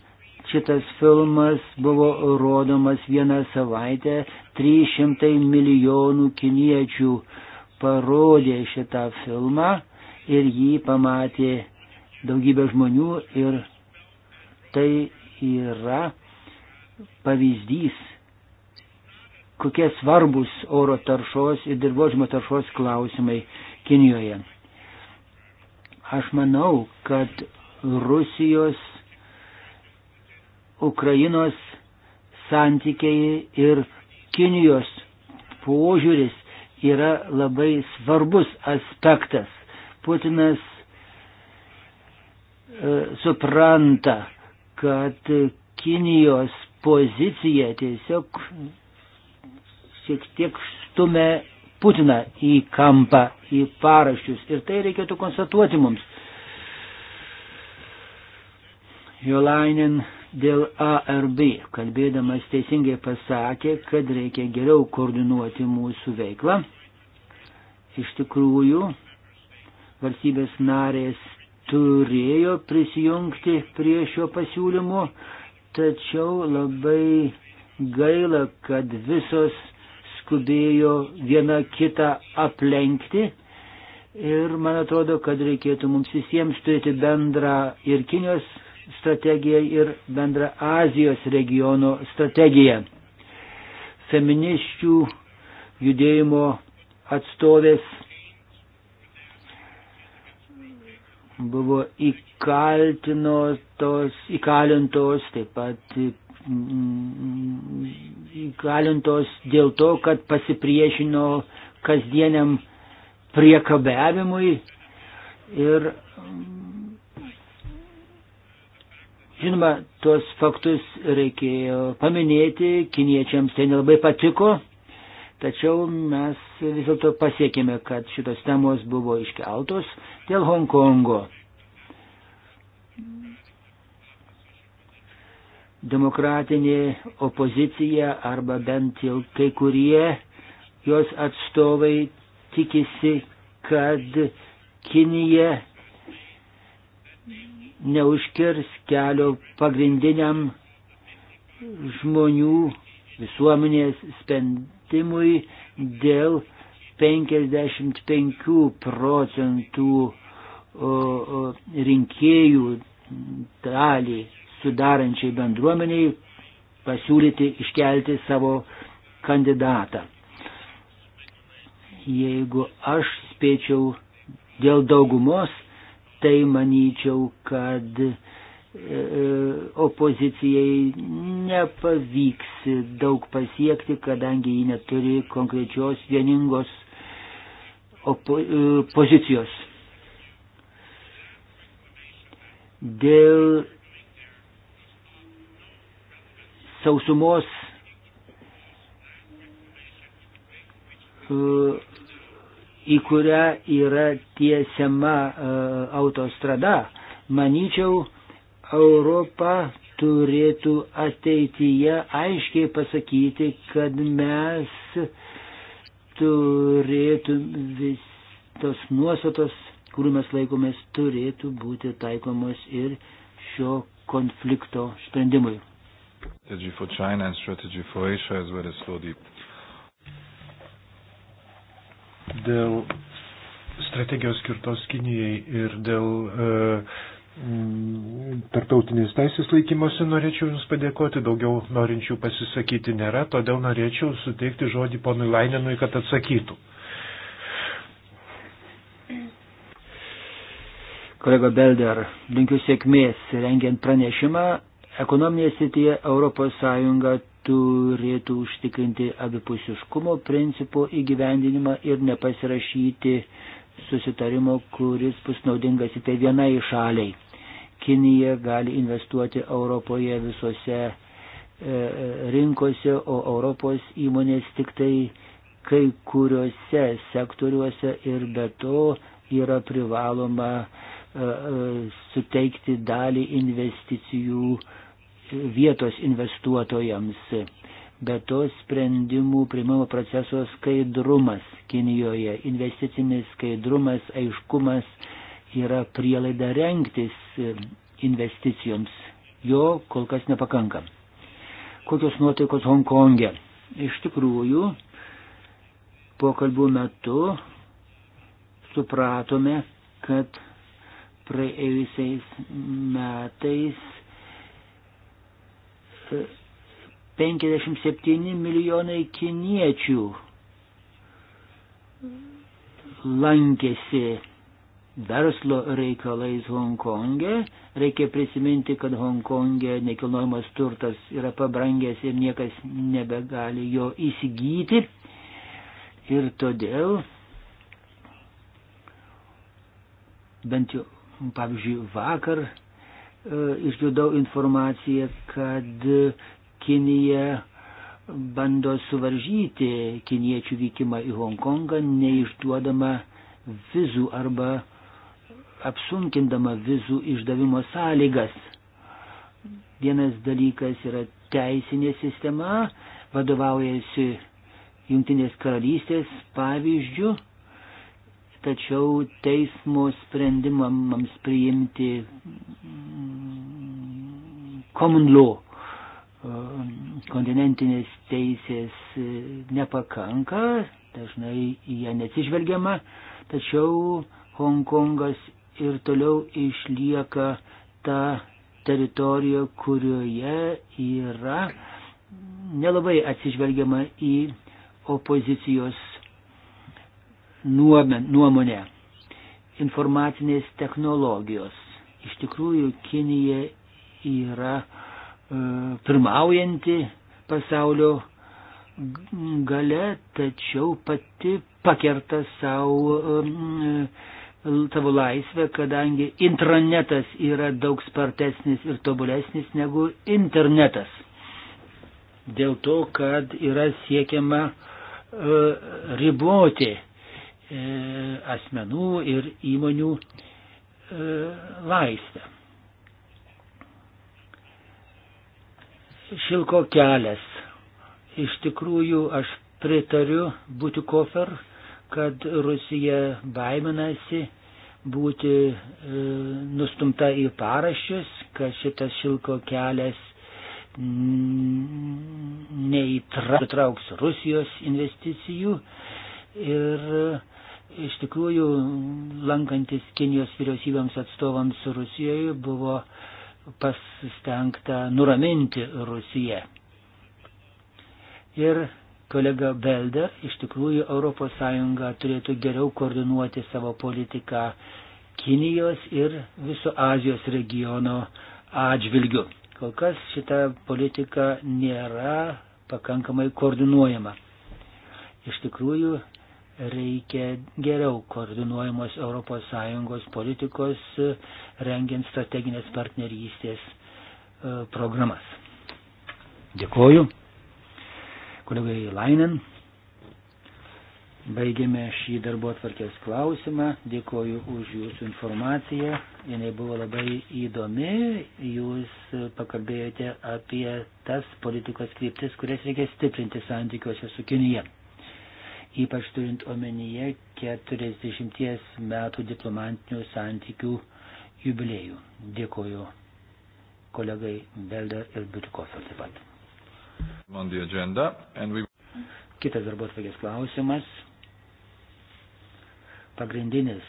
šitas filmas buvo rodomas vieną savaitę, 300 milijonų kiniečių parodė šitą filmą ir jį pamatė daugybė žmonių ir tai yra pavyzdys, kokie svarbus oro taršos ir dirbožimo taršos klausimai Kinijoje. Aš manau, kad Rusijos, Ukrainos santykiai ir Kinijos požiūris yra labai svarbus aspektas. Putinas e, supranta, kad Kinijos pozicija tiesiog šiek tiek stumia Putiną į kampą, į paraščius. Ir tai reikėtų konstatuoti mums. Jolainin dėl ARB, kalbėdamas teisingai pasakė, kad reikia geriau koordinuoti mūsų veiklą. Iš tikrųjų, valstybės narės turėjo prisijungti prie šio pasiūlymo, tačiau labai gaila, kad visos skubėjo viena kitą aplenkti. Ir man atrodo, kad reikėtų mums visiems turėti bendrą ir Kinijos strategiją, ir bendrą Azijos regiono strategiją. Feminiščių judėjimo atstovės buvo įkaltintos, įkalintos, taip pat galintos dėl to, kad pasipriešino kasdieniam priekabiavimui ir žinoma, tuos faktus reikėjo paminėti, kiniečiams tai nelabai patiko, tačiau mes vis dėlto pasiekėme, kad šitos temos buvo iškeltos dėl Hongkongo. demokratinė opozicija arba bent jau kai kurie jos atstovai tikisi, kad Kinija neužkirs kelio pagrindiniam žmonių visuomenės sprendimui dėl 55 procentų rinkėjų dalį sudarančiai bendruomeniai pasiūlyti iškelti savo kandidatą. Jeigu aš spėčiau dėl daugumos, tai manyčiau, kad e, opozicijai nepavyks daug pasiekti, kadangi ji neturi konkrečios vieningos opo, e, pozicijos. Dėl sausumos e, į kurią yra tiesiama e, autostrada, manyčiau, Europa turėtų ateityje aiškiai pasakyti, kad mes turėtų vis tos nuostatos, kurių mes laikomės, turėtų būti taikomos ir šio konflikto sprendimui. Strategy for China and strategy for Asia as well as for the dėl strategijos skirtos Kinijai ir dėl e, tarptautinės teisės laikymosi norėčiau Jums padėkoti, daugiau norinčių pasisakyti nėra, todėl norėčiau suteikti žodį ponui Laininui, kad atsakytų. Kolega Belder, linkiu sėkmės rengiant pranešimą Ekonominėje srityje ES turėtų užtikrinti abipusiškumo principų įgyvendinimą ir nepasirašyti susitarimo, kuris bus naudingas tik tai vienai šaliai. Kinija gali investuoti Europoje visose e, e rinkose, o Europos įmonės tik tai kai kuriuose sektoriuose ir be to yra privaloma e, e, suteikti dalį investicijų e, vietos investuotojams. Be to sprendimų primimo proceso skaidrumas Kinijoje, investicinis skaidrumas, aiškumas yra prielaida renktis investicijoms. Jo kol kas nepakanka. Kokios nuotaikos Hongkonge? Iš tikrųjų, pokalbų metu supratome, kad praėjusiais metais 57 milijonai kiniečių lankėsi verslo reikalais Hongkonge. Reikia prisiminti, kad Hongkonge nekilnojamas turtas yra pabrangęs ir niekas nebegali jo įsigyti. Ir todėl, bent jau, pavyzdžiui, vakar E, išgirdau informaciją, kad Kinija bando suvaržyti kiniečių vykimą į Hongkongą, neišduodama vizų arba apsunkindama vizų išdavimo sąlygas. Vienas dalykas yra teisinė sistema, vadovaujasi Junktinės karalystės pavyzdžių tačiau teismo sprendimams priimti mm, common law mm, kontinentinės teisės mm, nepakanka, dažnai į ją neatsižvelgiama, tačiau Hongkongas ir toliau išlieka ta teritorija, kurioje yra nelabai atsižvelgiama į opozicijos nuomonę. Informacinės technologijos. Iš tikrųjų, Kinija yra e, pirmaujanti pasaulio gale, tačiau pati pakerta savo, e, e, savo laisvę, kadangi intranetas yra daug spartesnis ir tobulesnis negu internetas. Dėl to, kad yra siekiama e, riboti E, asmenų ir įmonių e, laisvę. Šilko kelias. Iš tikrųjų, aš pritariu būti kofer, kad Rusija baiminasi būti e, nustumta į paraščius, kad šitas šilko kelias neįtrauks Rusijos investicijų ir e, Iš tikrųjų, lankantis Kinijos vyriausybėms atstovams Rusijoje buvo pasistengta nuraminti Rusiją. Ir kolega Belda, iš tikrųjų ES turėtų geriau koordinuoti savo politiką Kinijos ir viso Azijos regiono atžvilgiu. Kol kas šita politika nėra pakankamai koordinuojama. Iš tikrųjų, reikia geriau koordinuojamos ES politikos, rengiant strateginės partnerystės e, programas. Dėkuoju. Kolegai Lainen. Baigėme šį darbo atvarkės klausimą. Dėkuoju už jūsų informaciją. Jis buvo labai įdomi. Jūs pakalbėjote apie tas politikos kryptis, kurias reikia stiprinti santykiuose su Kinija ypač turint omenyje 40 metų diplomatinių santykių jubiliejų. Dėkoju kolegai Belder ir Butikofer taip pat. Agenda, we... Kitas darbos vėgės klausimas. Pagrindinis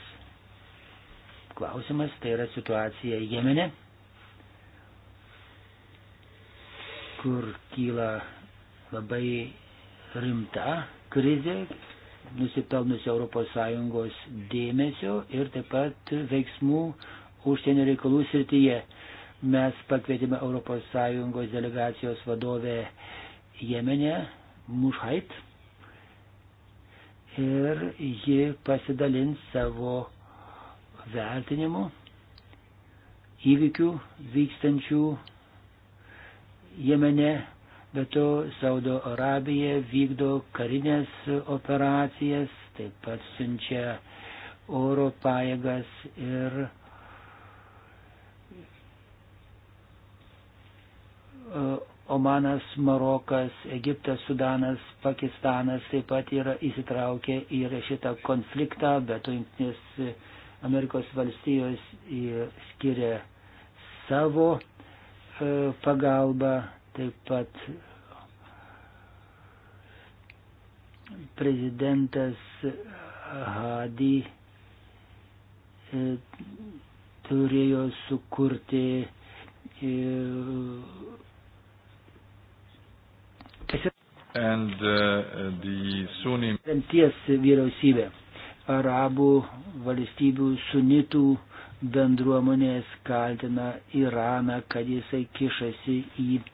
klausimas tai yra situacija Jemene, kur kyla labai rimta krizė nusipelnusi ES dėmesio ir taip pat veiksmų užsienio reikalų srityje. Mes pakvietėme ES delegacijos vadovę Jemenę Mušhait ir ji pasidalins savo vertinimu įvykių vykstančių Jemene Bet to Saudo Arabija vykdo karinės operacijas, taip pat siunčia oro pajėgas ir e, Omanas, Marokas, Egiptas, Sudanas, Pakistanas taip pat yra įsitraukę į šitą konfliktą, bet to Junktinės Amerikos valstijos skiria savo e, pagalbą Taip pat prezidentas Hadi e, turėjo sukurti e, And, uh, Remties vyriausybė arabų valstybių sunitų bendruomonės kaltina Iraną, kad jisai kišasi į uh,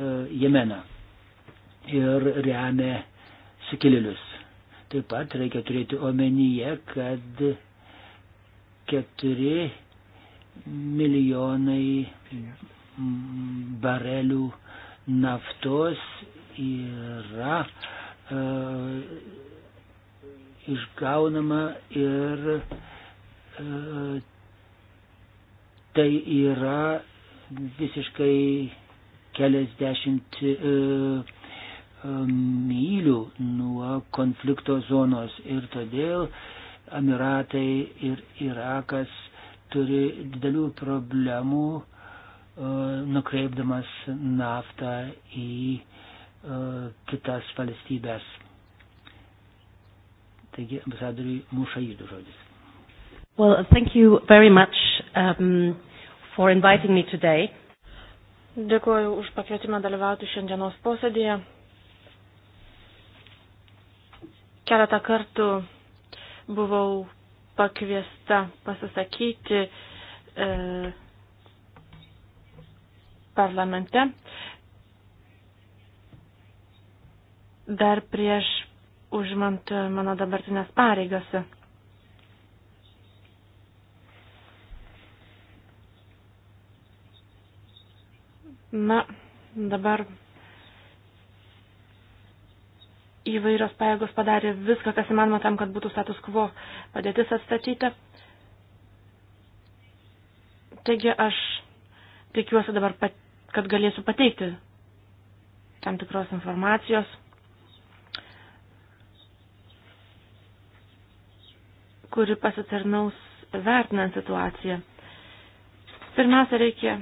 E, Jemeną ir remia sukilėlius. Taip pat reikia turėti omenyje, kad keturi milijonai barelių naftos yra e, išgaunama ir e, tai yra visiškai keliasdešimt e, e, mylių nuo konflikto zonos ir todėl Emiratai ir Irakas turi didelių problemų e, nukreipdamas naftą į kitas valstybės. Taigi, ambasadoriui Mušaidų žodis. Well, thank you very much um, for inviting me today. Dėkuoju už pakvietimą dalyvauti šiandienos posėdėje. Keletą kartų buvau pakviesta pasisakyti e, parlamente. Dar prieš užimant mano dabartinės pareigas. Na, dabar įvairios pajėgos padarė viską, kas įmanoma tam, kad būtų status quo padėtis atstatyta. Taigi aš tikiuosi dabar, pat, kad galėsiu pateikti tam tikros informacijos. kuri pasitarnaus vertinant situaciją. Pirmiausia, reikia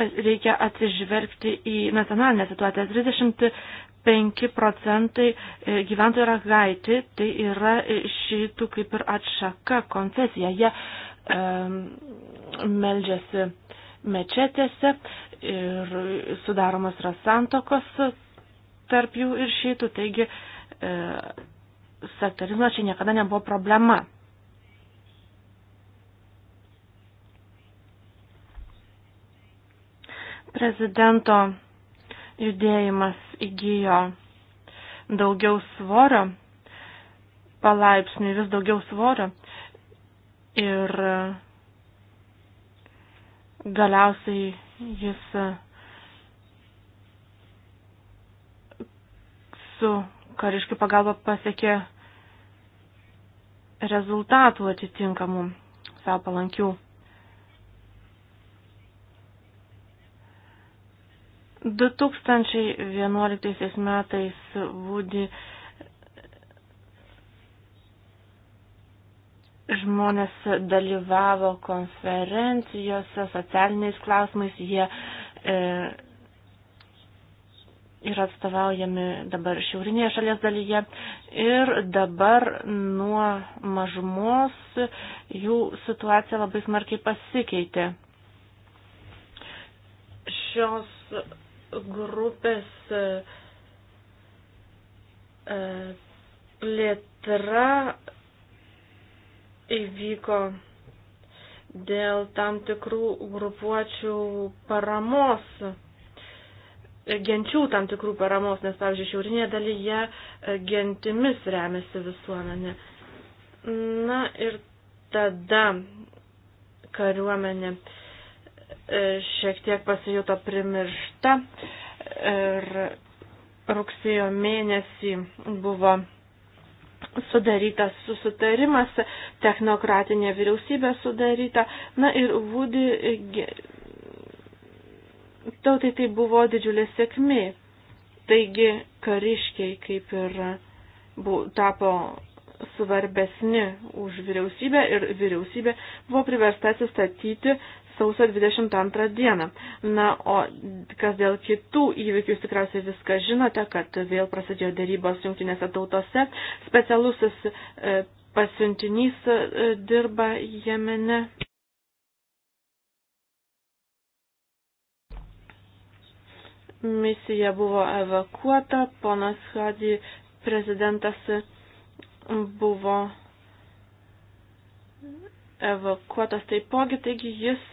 reikia atsižvelgti į nacionalinę situaciją. 35 procentai e, gyventojų yra gaiti, tai yra e, šitų kaip ir atšaka konfesija. Jie um, meldžiasi mečetėse ir sudaromas yra santokos tarp jų ir šitų, taigi e, sektarizmas čia niekada nebuvo problema. prezidento judėjimas įgyjo daugiau svorio, palaipsniui vis daugiau svorio ir galiausiai jis su kariškių pagalba pasiekė rezultatų atitinkamų savo palankių. 2011 metais būdi žmonės dalyvavo konferencijose socialiniais klausimais, jie e, yra atstovaujami dabar šiaurinėje šalies dalyje ir dabar nuo mažumos jų situacija labai smarkiai pasikeitė. Šios grupės e, e, plėtra įvyko dėl tam tikrų grupuočių paramos, genčių tam tikrų paramos, nes, pavyzdžiui, šiaurinėje dalyje e, gentimis remiasi visuomenė. Na ir tada kariuomenė uh, E, šiek tiek pasijuto primiršta ir rugsėjo mėnesį buvo sudarytas susitarimas, technokratinė vyriausybė sudaryta. Na ir Vudi tautai tai buvo didžiulė sėkmė. Taigi kariškiai kaip ir bu, tapo svarbesni už vyriausybę ir vyriausybė buvo priversta atsistatyti sausio 22 dieną. Na, o kas dėl kitų įvykių, jūs tikriausiai viską žinote, kad vėl prasidėjo dėrybos jungtinėse tautose. Specialusis e, pasiuntinys e, dirba Jemene. misija buvo evakuota, ponas Hadži prezidentas buvo evakuotas taipogi, taigi jis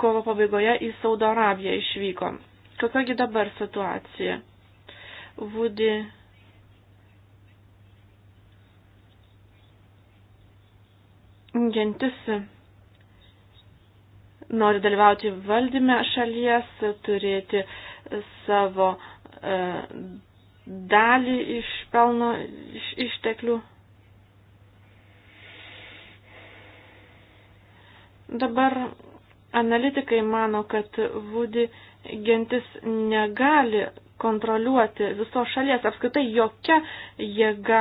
kovo pabaigoje į Saudo Arabiją išvyko. Kokiagi dabar situacija? Vudi gentis nori dalyvauti valdyme šalies, turėti savo e, dalį iš pelno iš, išteklių Dabar analitikai mano, kad Vudi gentis negali kontroliuoti visos šalies, apskritai jokia jėga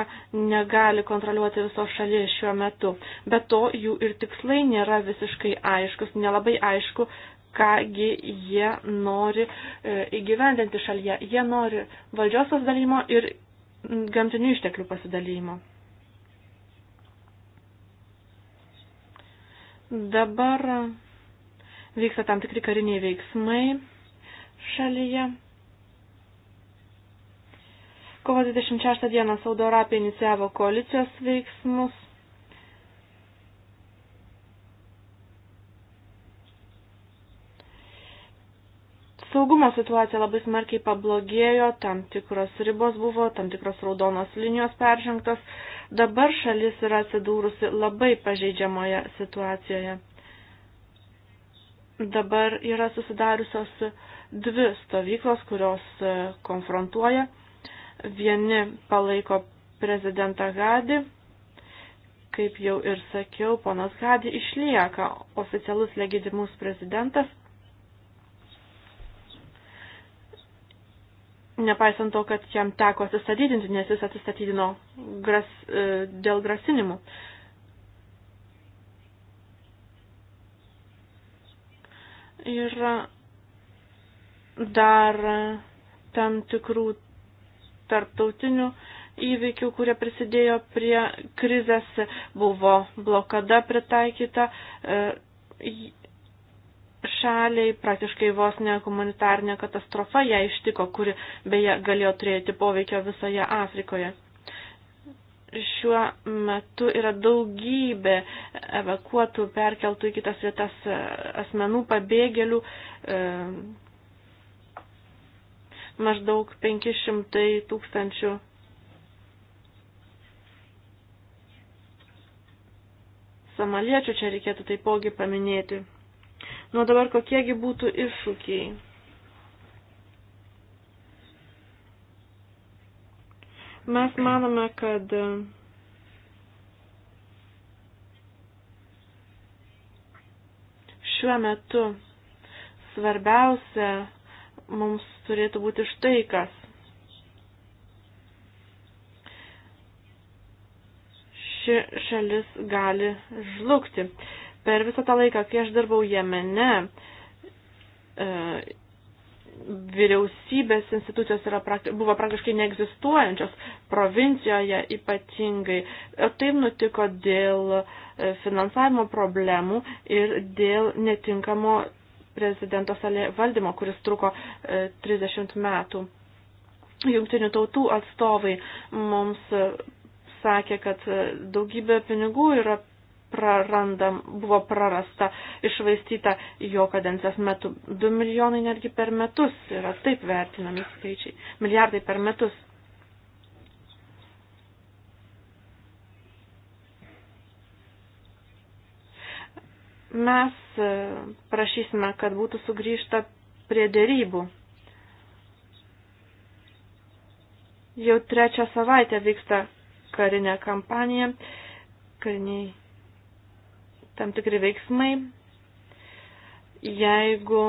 negali kontroliuoti visos šalies šiuo metu. Be to, jų ir tikslai nėra visiškai aiškus, nelabai aišku, kągi jie nori e, įgyvendinti šalyje. Jie nori valdžios pasidalymo ir gamtinių išteklių pasidalymo. Dabar vyksta tam tikri kariniai veiksmai šalyje. Kovo 26 dieną Saudo Arabija inicijavo koalicijos veiksmus. Saugumo situacija labai smarkiai pablogėjo, tam tikros ribos buvo, tam tikros raudonos linijos peržengtos, Dabar šalis yra atsidūrusi labai pažeidžiamoje situacijoje. Dabar yra susidariusios dvi stovyklos, kurios e, konfrontuoja. Vieni palaiko prezidentą Gadį, kaip jau ir sakiau, ponas Gadi išlieka oficialus legitimus prezidentas, nepaisant to, kad jam teko atsistatydinti, nes jis atsistatydino gras, e, dėl grasinimų. Ir dar tam tikrų tarptautinių įvykių, kurie prisidėjo prie krizės, buvo blokada pritaikyta. E, šaliai, praktiškai vos ne humanitarnė katastrofa ją ištiko, kuri beje galėjo turėti poveikio visoje Afrikoje. Šiuo metu yra daugybė evakuotų, perkeltų į kitas vietas e, asmenų, pabėgėlių, e, maždaug 500 tūkstančių somaliečių čia reikėtų taipogi paminėti. Nuo dabar kokiegi būtų iššūkiai? Mes manome, kad šiuo metu svarbiausia mums turėtų būti štai kas. Ši šalis gali žlugti. Per visą tą laiką, kai aš dirbau Jemene, e, vyriausybės institucijos yra, buvo praktiškai neegzistuojančios provincijoje ypatingai. Tai nutiko dėl e, finansavimo problemų ir dėl netinkamo prezidento salė valdymo, kuris truko 30 e, metų. Jungtinių tautų atstovai mums sakė, kad daugybė pinigų yra prarandam, buvo prarasta, išvaistyta jo kadencijos metu. 2 milijonai netgi per metus yra taip vertinami skaičiai. Milijardai per metus. Mes e, prašysime, kad būtų sugrįžta prie dėrybų. Jau trečią savaitę vyksta karinė kampanija, kariniai tam tikri veiksmai, jeigu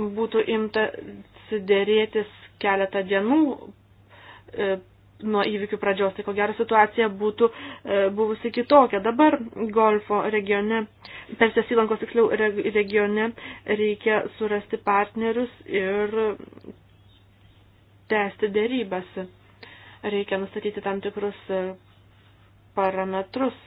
būtų imta sidėrėtis keletą dienų e, nuo įvykių pradžios, tai ko gero situacija būtų e, buvusi kitokia. Dabar Golfo regione, Persijos įlankos tiksliau re, regione, reikia surasti partnerius ir tęsti dėrybas. Reikia nustatyti tam tikrus e, parametrus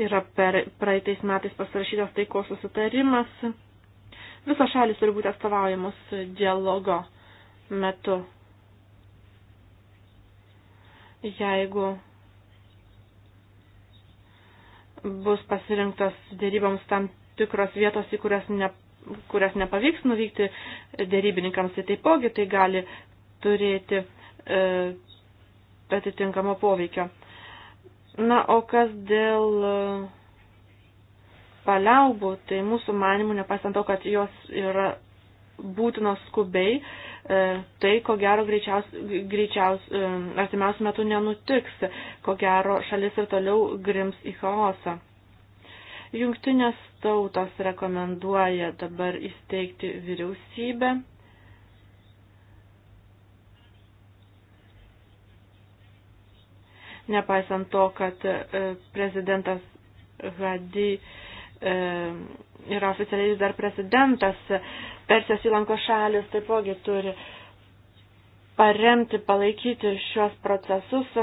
Yra per praeitais metais pasirašytas taikos susitarimas. Visos šalis turi būti atstovaujamos dialogo metu. Jeigu bus pasirinktas dėryboms tam tikros vietos, į kurias, ne, kurias nepavyks nuvykti dėrybininkams, tai taipogi tai gali turėti e, atitinkamo poveikio. Na, o kas dėl e, paliaubų, tai mūsų manimų, nepaisant to, kad jos yra būtinos skubiai, e, tai ko gero greičiaus, greičiaus e, artimiausių metų nenutiks, ko gero šalis ir toliau grims į chaosą. Jungtinės tautos rekomenduoja dabar įsteigti vyriausybę nepaisant to, kad e, prezidentas Hadi e, yra oficialiai dar prezidentas, Persijos įlanko šalis taipogi turi paremti, palaikyti šios procesus.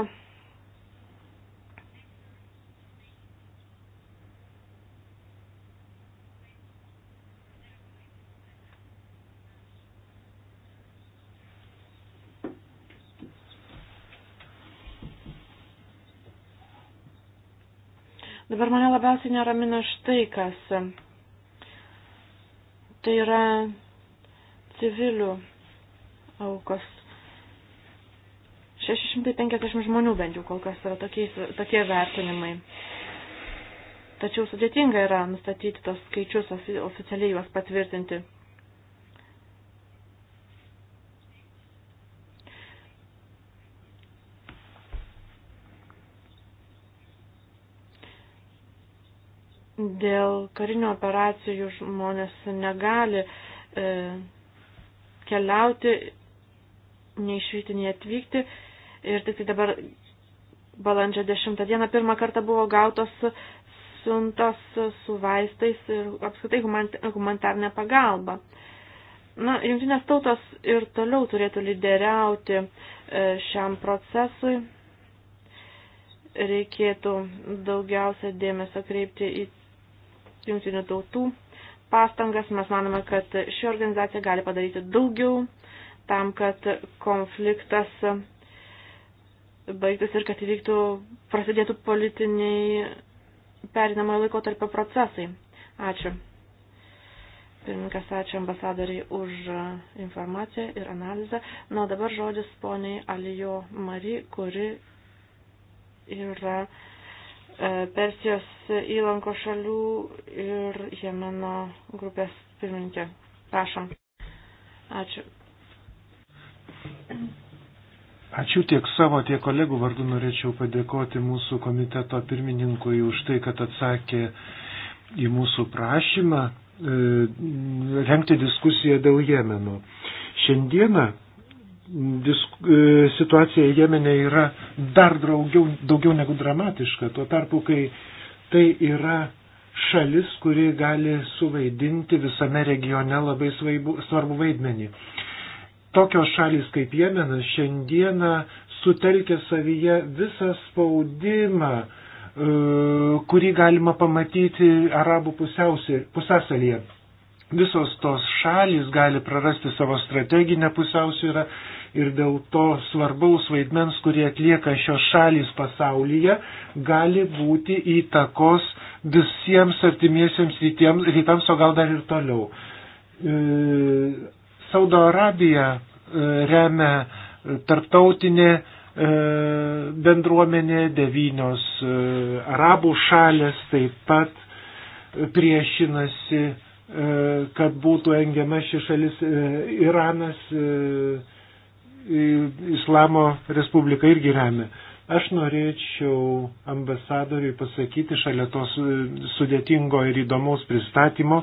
Dabar mane labiausiai neramina štai kas. Tai yra civilių aukos. 650 žmonių bent jau kol kas yra tokie, tokie vertinimai. Tačiau sudėtinga yra nustatyti tos skaičius, oficialiai juos patvirtinti. Dėl karinių operacijų žmonės negali e, keliauti, neišvykti, nei atvykti. Ir tik tai dabar balandžio 10 dieną pirmą kartą buvo gautos siuntos su vaistais ir apskritai humanitarnė pagalba. Na, jungtinės tautos ir toliau turėtų lyderiauti e, šiam procesui. Reikėtų daugiausia dėmesio kreipti į jungtinių tautų pastangas. Mes manome, kad ši organizacija gali padaryti daugiau tam, kad konfliktas baigtas ir kad įvyktų, prasidėtų politiniai perinamojo laiko tarp procesai. Ačiū. Pirmininkas, ačiū ambasadoriai už informaciją ir analizę. Na, dabar žodis poniai Alijo Mari, kuri yra E, Persijos įlanko šalių ir Jemeno grupės pirmininkė. Prašom. Ačiū. Ačiū tiek savo, tiek kolegų vardu norėčiau padėkoti mūsų komiteto pirmininkui už tai, kad atsakė į mūsų prašymą e, renkti diskusiją dėl Jemeno. Šiandieną disk, e, situacija Jemenė yra dar daugiau, daugiau negu dramatiška, tuo tarpu, kai tai yra šalis, kuri gali suvaidinti visame regione labai svaibu, svarbu vaidmenį. Tokios šalis kaip Jemenas šiandieną sutelkia savyje visą spaudimą, e, kurį galima pamatyti arabų pusiasalyje. Visos tos šalis gali prarasti savo strateginę pusiausvyrą, ir dėl to svarbaus vaidmens, kurie atlieka šios šalys pasaulyje, gali būti įtakos visiems artimiesiems rytams, o gal dar ir toliau. E, Saudo Arabija e, remia tarptautinė e, bendruomenė, devynios arabų šalės taip pat priešinasi, kad būtų engiama ši šalis Iranas Islamo Respublika irgi remia. Aš norėčiau ambasadoriui pasakyti šalia to sudėtingo ir įdomaus pristatymo,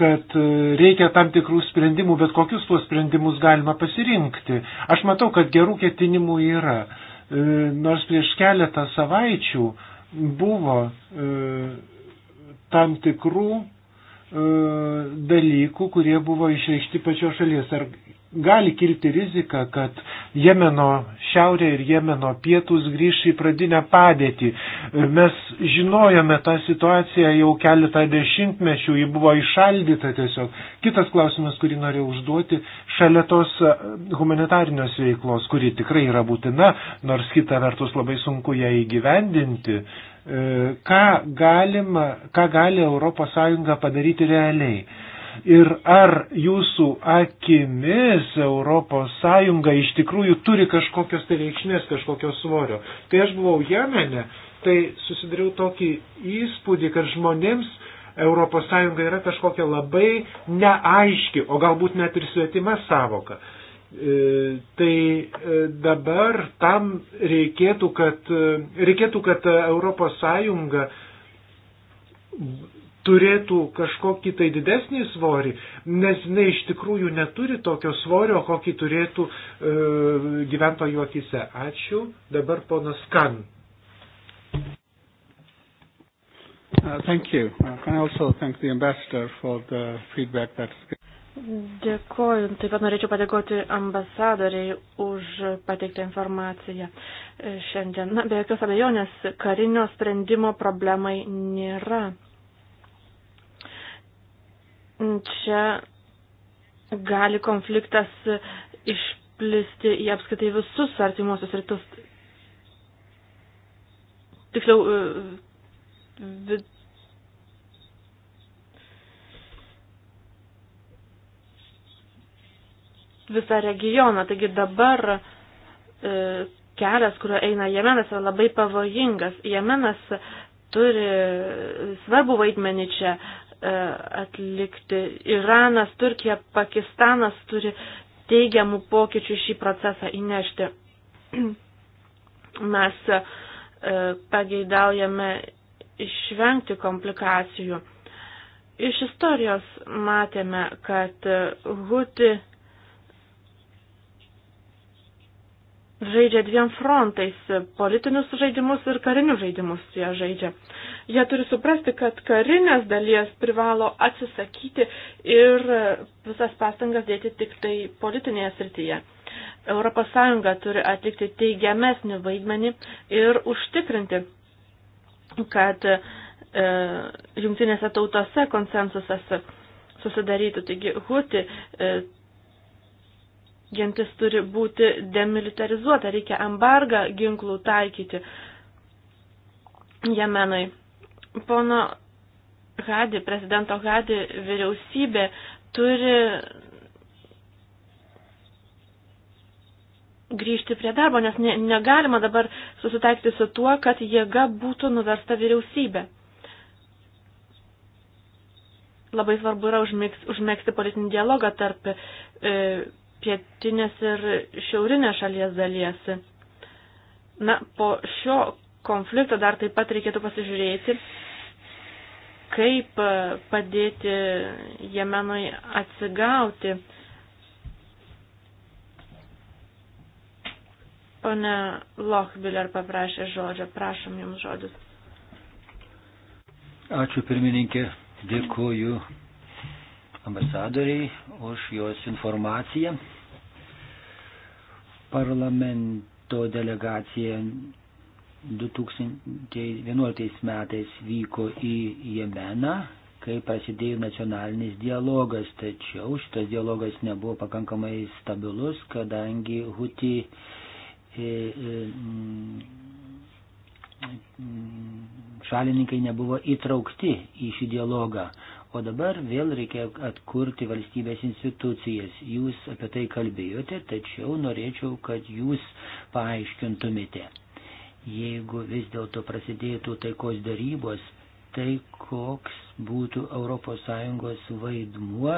kad e, reikia tam tikrų sprendimų, bet kokius tuos sprendimus galima pasirinkti. Aš matau, kad gerų ketinimų yra. E, nors prieš keletą savaičių buvo e, tam tikrų E, dalykų, kurie buvo išreikšti pačios šalies. Ar gali kilti rizika, kad Jemeno šiaurė ir Jemeno pietus grįš į pradinę padėtį? E, mes žinojome tą situaciją jau keletą dešimtmečių, ji buvo išaldyta tiesiog. Kitas klausimas, kurį norėjau užduoti, šalia tos e, humanitarnios veiklos, kuri tikrai yra būtina, nors kita vertus labai sunku ją įgyvendinti. Uh, E, ką, galima, ką gali ES padaryti realiai. Ir ar jūsų akimis ES iš tikrųjų turi kažkokios tai reikšmės, kažkokios svorio. Kai aš buvau Jemene, tai susidariau tokį įspūdį, kad žmonėms ES yra kažkokia labai neaiški, o galbūt net ir svetima savoka. E, tai e, dabar tam reikėtų, kad, e, reikėtų, kad Europos Sąjunga turėtų kažkokį tai didesnį svorį, nes jinai iš tikrųjų neturi tokio svorio, kokį turėtų e, gyventojų akise. Ačiū. Dabar ponas Kan. Uh, thank you. Uh, can I also thank the ambassador for the feedback that's Dėkoju. Taip pat norėčiau padėkoti ambasadoriai už pateiktą informaciją šiandien. Na, be jokios abejonės, karinio sprendimo problemai nėra. Čia gali konfliktas išplisti į apskaitai visus artimuosius rytus. Tiksliau, vid, visą regioną. Taigi dabar e, kelias, kurio eina Jemenas, yra labai pavojingas. Jemenas turi svarbu vaidmenį čia e, atlikti. Iranas, Turkija, Pakistanas turi teigiamų pokyčių šį procesą įnešti. Mes e, pageidaujame išvengti komplikacijų. Iš istorijos matėme, kad Huti žaidžia dviem frontais - politinius žaidimus ir karinius žaidimus jie žaidžia. Jie turi suprasti, kad karinės dalies privalo atsisakyti ir visas pastangas dėti tik tai politinėje srityje. ES turi atlikti teigiamesnį vaidmenį ir užtikrinti, kad e, jungtinėse tautose konsensusas susidarytų. Taigi, Huti e, gentis turi būti demilitarizuota, reikia embargą ginklų taikyti Jemenui. Pono Hadi, prezidento Hadi vyriausybė turi grįžti prie darbo, nes ne, negalima dabar susitaikyti su tuo, kad jėga būtų nuversta vyriausybė. Labai svarbu yra užmėgsti politinį dialogą tarp e, pietinės ir šiaurinės šalies dalies. Na, po šio konflikto dar taip pat reikėtų pasižiūrėti, kaip e, padėti Jemenui atsigauti. Pane Lochbiller paprašė žodžio, prašom jums žodis. Ačiū pirmininkė, dėkuoju ambasadoriai už jos informaciją. Parlamento delegacija 2011 metais vyko į Jemeną, kai prasidėjo nacionalinis dialogas, tačiau šitas dialogas nebuvo pakankamai stabilus, kadangi Huti e, e, šalininkai nebuvo įtraukti į šį dialogą, O dabar vėl reikia atkurti valstybės institucijas. Jūs apie tai kalbėjote, tačiau norėčiau, kad jūs paaiškintumėte. Jeigu vis dėlto prasidėtų taikos darybos, tai koks būtų ES vaidmuo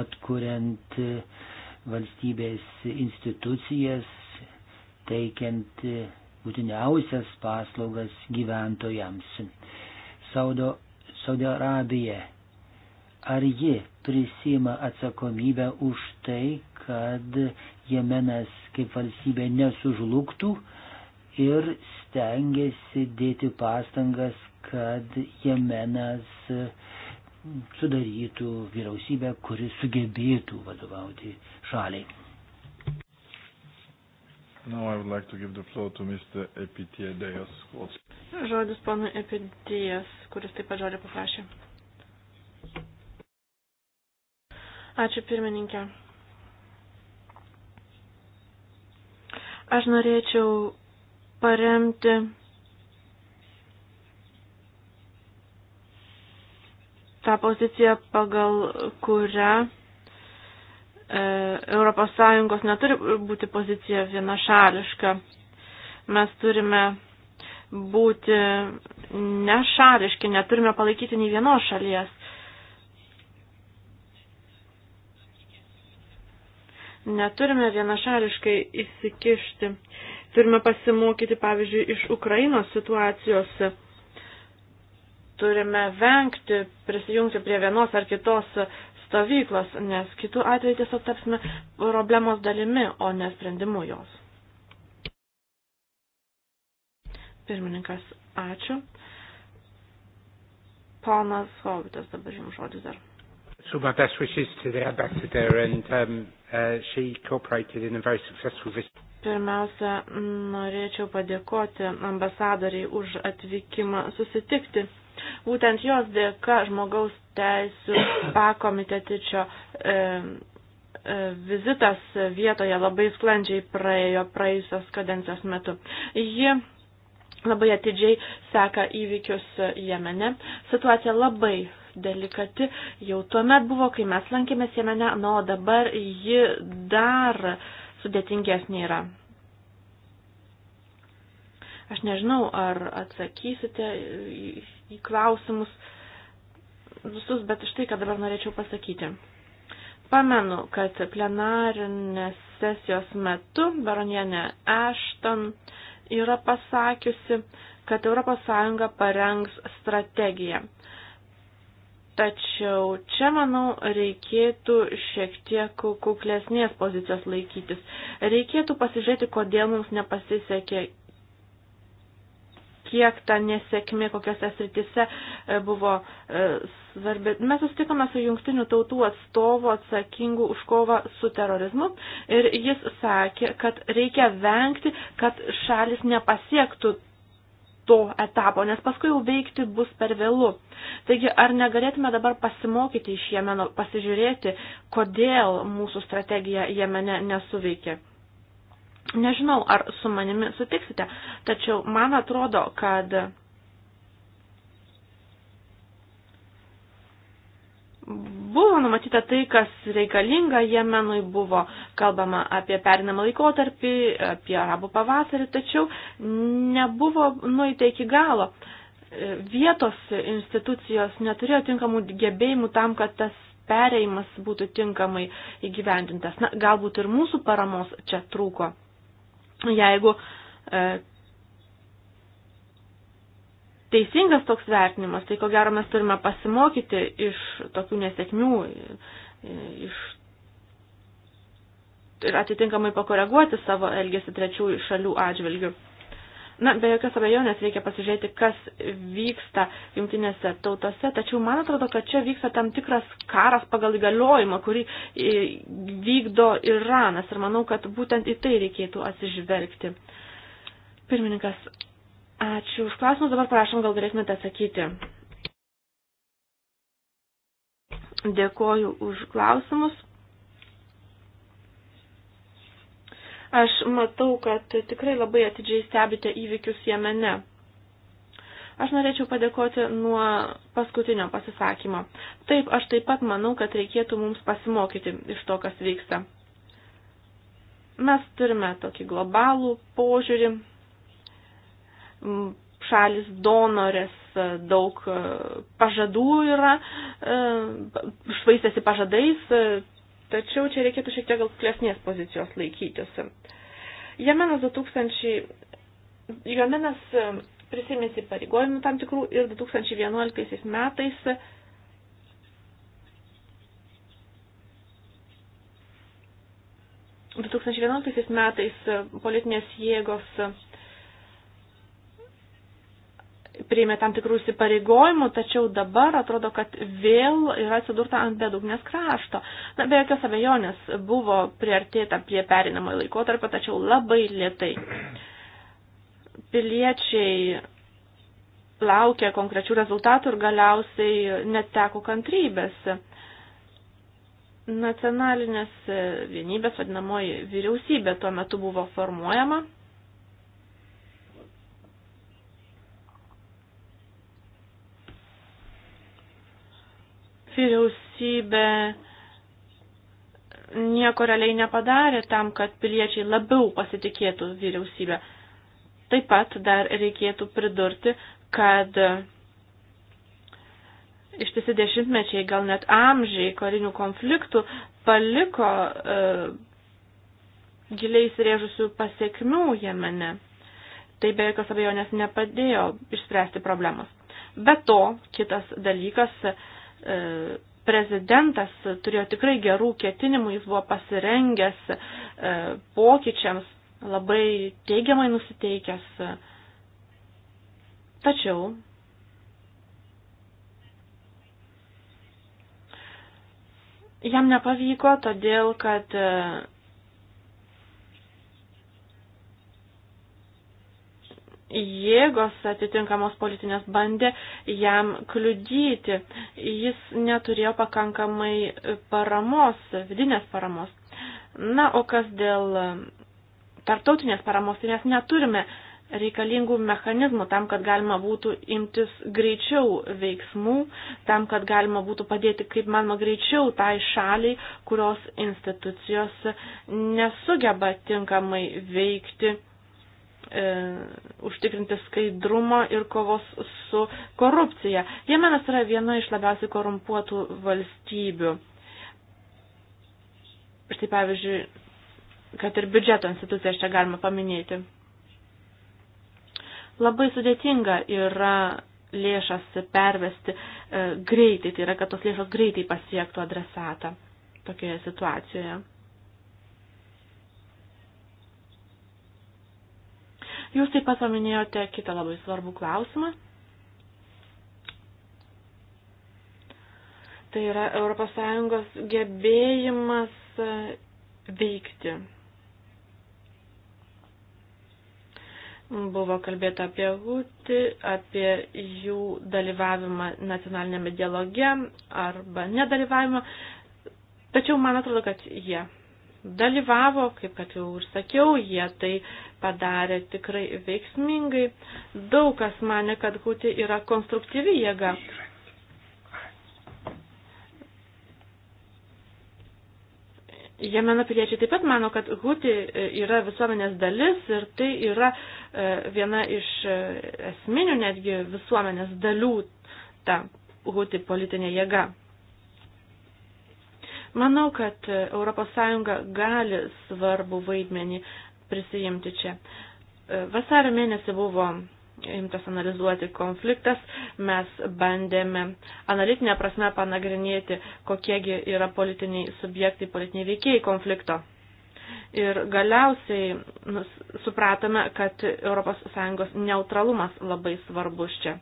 atkuriant valstybės institucijas, teikiant būtiniausias paslaugas gyventojams. Saudo, Saudo Arabija ar ji prisima atsakomybę už tai, kad Jemenas kaip valstybė nesužlugtų ir stengiasi dėti pastangas, kad Jemenas sudarytų vyriausybę, kuri sugebėtų vadovauti šaliai. Now I would like to give the floor to Mr. Epitiedejas. Žodis ponui Epitiedejas, kuris taip pat žodį paprašė. Ačiū pirmininkė. Aš norėčiau paremti tą poziciją, pagal kurią ES neturi būti pozicija vienašališka. Mes turime būti nešališki, neturime palaikyti nei vienos šalies. Neturime vienašališkai įsikišti. Turime pasimokyti, pavyzdžiui, iš Ukrainos situacijos. Turime vengti prisijungti prie vienos ar kitos stovyklos, nes kitų atveju tiesiog tapsime problemos dalimi, o ne sprendimu jos. Pirmininkas, ačiū. Ponas Hovitas, dabar jums žodis dar. So my best wishes to the ambassador and um, uh, she cooperated in a very successful visit. Pirmiausia, norėčiau padėkoti ambasadoriai už atvykimą susitikti. Būtent jos dėka žmogaus teisų pakomitetičio e, e, vizitas vietoje labai sklandžiai praėjo praėjusios kadencijos metu. Ji labai atidžiai seka įvykius Jemene. Situacija labai delikati jau tuo met buvo, kai mes lankėmės Jemene, na, o dabar ji dar sudėtingesnė yra. Aš nežinau, ar atsakysite į klausimus visus, bet štai ką dabar norėčiau pasakyti. Pamenu, kad plenarinės sesijos metu baronienė Ashton yra pasakiusi, kad ES parengs strategiją. Tačiau čia, manau, reikėtų šiek tiek kuklesnės pozicijos laikytis. Reikėtų pasižiūrėti, kodėl mums nepasisekė, kiek ta nesėkmė kokiose sritise e, buvo e, svarbi. Mes sustikome su jungtinių tautų atstovu atsakingu už kovą su terorizmu ir jis sakė, kad reikia vengti, kad šalis nepasiektų to etapo, nes paskui jau veikti bus per vėlu. Taigi, ar negalėtume dabar pasimokyti iš Jemeno, pasižiūrėti, kodėl mūsų strategija Jemene nesuveikė? Nežinau, ar su manimi sutiksite, tačiau man atrodo, kad Buvo numatyta tai, kas reikalinga Jemenui, buvo kalbama apie perinamą laikotarpį, apie arabų pavasarį, tačiau nebuvo nueita iki galo. Vietos institucijos neturėjo tinkamų gebėjimų tam, kad tas pereimas būtų tinkamai įgyvendintas. Na, galbūt ir mūsų paramos čia trūko. Jeigu e, teisingas toks vertinimas, tai ko gero mes turime pasimokyti iš tokių nesėkmių iš, ir atitinkamai pakoreguoti savo elgesį trečiųjų šalių atžvilgių. Na, be jokios abejonės reikia pasižiūrėti, kas vyksta jungtinėse tautose, tačiau man atrodo, kad čia vyksta tam tikras karas pagal įgaliojimą, kurį e, vykdo Iranas ir manau, kad būtent į tai reikėtų atsižvelgti. Pirmininkas, Ačiū už klausimus, dabar prašom, gal galėtumėte atsakyti. Dėkoju už klausimus. Aš matau, kad tikrai labai atidžiai stebite įvykius Jemene. Aš norėčiau padėkoti nuo paskutinio pasisakymo. Taip, aš taip pat manau, kad reikėtų mums pasimokyti iš to, kas vyksta. Mes turime tokį globalų požiūrį šalis donorės e, daug e, pažadų yra, e, švaistėsi pažadais, tačiau čia reikėtų šiek tiek gal klesnės pozicijos laikytis. Jemenas 2000, Jemenas prisimė įsipareigojimų tam tikrų ir 2011 metais metais politinės jėgos priėmė tam tikrų įsipareigojimų, tačiau dabar atrodo, kad vėl yra atsidurta ant bedugnės krašto. Na, be jokios abejonės buvo priartėta prie perinamojo laikotarpio, tačiau labai lietai. Piliečiai laukia konkrečių rezultatų ir galiausiai neteko kantrybės. Nacionalinės vienybės vadinamoji vyriausybė tuo metu buvo formuojama vyriausybė nieko realiai nepadarė tam, kad piliečiai labiau pasitikėtų vyriausybę. Taip pat dar reikėtų pridurti, kad ištisi dešimtmečiai, gal net amžiai karinių konfliktų paliko e, giliai įsirėžusių pasiekmių Jemene. Tai be jokios abejonės nepadėjo išspręsti problemos. Be to, kitas dalykas, e, E, prezidentas turėjo tikrai gerų ketinimų, jis buvo pasirengęs e, pokyčiams, labai teigiamai nusiteikęs. Tačiau jam nepavyko, todėl kad e, jėgos atitinkamos politinės bandė jam kliudyti. Jis neturėjo pakankamai paramos, vidinės paramos. Na, o kas dėl tartautinės paramos, tai mes neturime reikalingų mechanizmų tam, kad galima būtų imtis greičiau veiksmų, tam, kad galima būtų padėti kaip manoma greičiau tai šaliai, kurios institucijos nesugeba tinkamai veikti e, užtikrinti skaidrumą ir kovos su korupcija. Jemenas yra viena iš labiausiai korumpuotų valstybių. Štai pavyzdžiui, kad ir biudžeto institucijas čia galima paminėti. Labai sudėtinga yra lėšas pervesti e, greitai, tai yra, kad tos lėšos greitai pasiektų adresatą tokioje situacijoje. Jūs taip pat paminėjote kitą labai svarbų klausimą. Tai yra ES gebėjimas e, veikti. Buvo kalbėta apie Hutį, apie jų dalyvavimą nacionalinėme dialoge arba nedalyvavimą. Tačiau man atrodo, kad jie dalyvavo, kaip kad jau ir sakiau, jie tai uh, padarė tikrai veiksmingai. Daug kas mane, kad Huti yra konstruktyvi jėga. Jemeno piliečiai taip pat mano, kad Huti yra visuomenės dalis ir tai yra e, viena iš e, esminių netgi visuomenės dalių ta Huti politinė jėga. Manau, kad ES gali svarbu vaidmenį prisijimti čia. E, vasario mėnesį buvo imtas analizuoti konfliktas, mes bandėme analitinę prasme panagrinėti, kokiegi yra politiniai subjektai, politiniai veikėjai konflikto. Ir galiausiai supratome, kad ES neutralumas labai svarbus čia.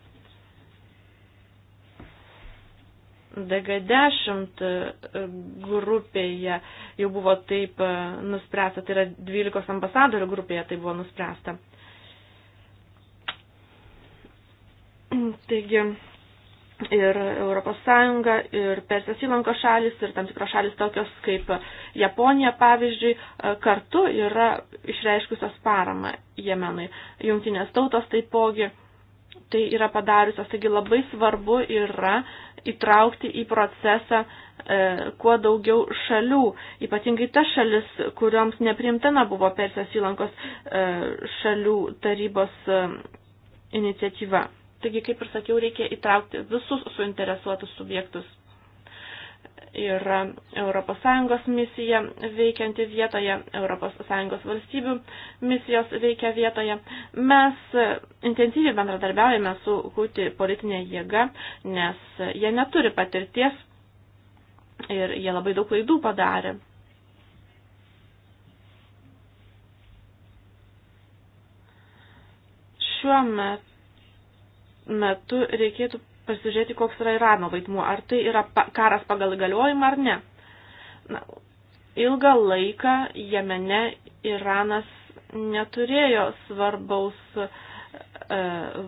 DG10 e, grupėje jau buvo taip e, nuspręsta, tai yra 12 ambasadorių grupėje tai buvo nuspręsta. Taigi ir Europos Sąjunga, ir Persijos įlanko šalis, ir tam tikros šalis tokios kaip Japonija, pavyzdžiui, e, kartu yra išreiškusios paramą Jemenui. Jungtinės tautos taipogi tai yra padariusios. Taigi labai svarbu yra įtraukti į procesą e, kuo daugiau šalių, ypatingai tas šalis, kurioms neprimtana buvo Persijos įlankos e, šalių tarybos e, iniciatyva. Taigi, kaip ir sakiau, reikia įtraukti visus suinteresuotus subjektus yra ES misija veikianti vietoje, ES valstybių misijos veikia vietoje. Mes intensyviai bendradarbiaujame su Huti politinė jėga, nes jie neturi patirties ir jie labai daug klaidų padarė. Šiuo metu reikėtų pasižiūrėti, koks yra Irano vaidmuo. Ar tai yra karas pagal įgaliojimą ar ne. Na, ilgą laiką Jemene Iranas neturėjo svarbaus e,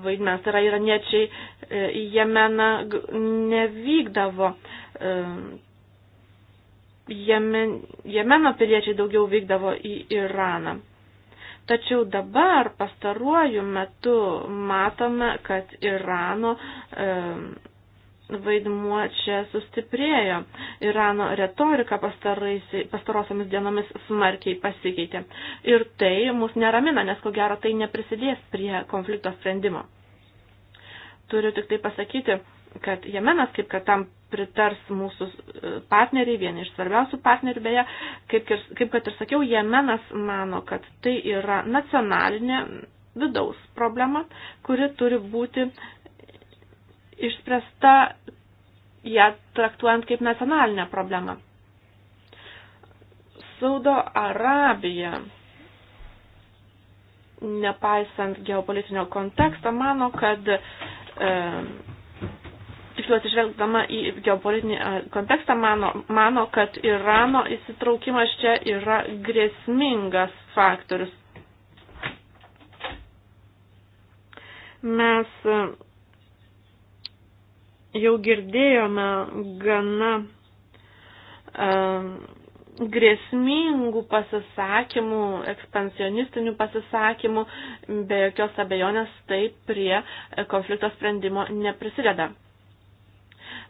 vaidmens. Tai yra iraniečiai e, į Jemeną nevykdavo. E, Jemen, Jemeno piliečiai daugiau vykdavo į Iraną. Tačiau dabar pastaruoju metu matome, kad Irano e, vaidmuo čia sustiprėjo. Irano retorika pastarosiamis dienomis smarkiai pasikeitė. Ir tai mus neramina, nes ko gero tai neprisidės prie konflikto sprendimo. Turiu tik tai pasakyti, kad Jemenas, kaip kad tam pritars mūsų e, partneriai, vieni iš svarbiausių partnerių beje, kaip, ir, kaip kad ir sakiau, Jemenas mano, kad tai yra nacionalinė vidaus problema, kuri turi būti išspręsta ją traktuojant kaip nacionalinę problemą. Saudo Arabija, nepaisant geopolitinio konteksto, mano, kad e, tiksliau atsižvelgdama į geopolitinį e, kontekstą, mano, mano, kad Irano įsitraukimas čia yra grėsmingas faktorius. Mes e, jau girdėjome gana um, grėsmingų pasisakymų, ekspansionistinių pasisakymų, be jokios abejonės tai prie konflikto sprendimo neprisideda.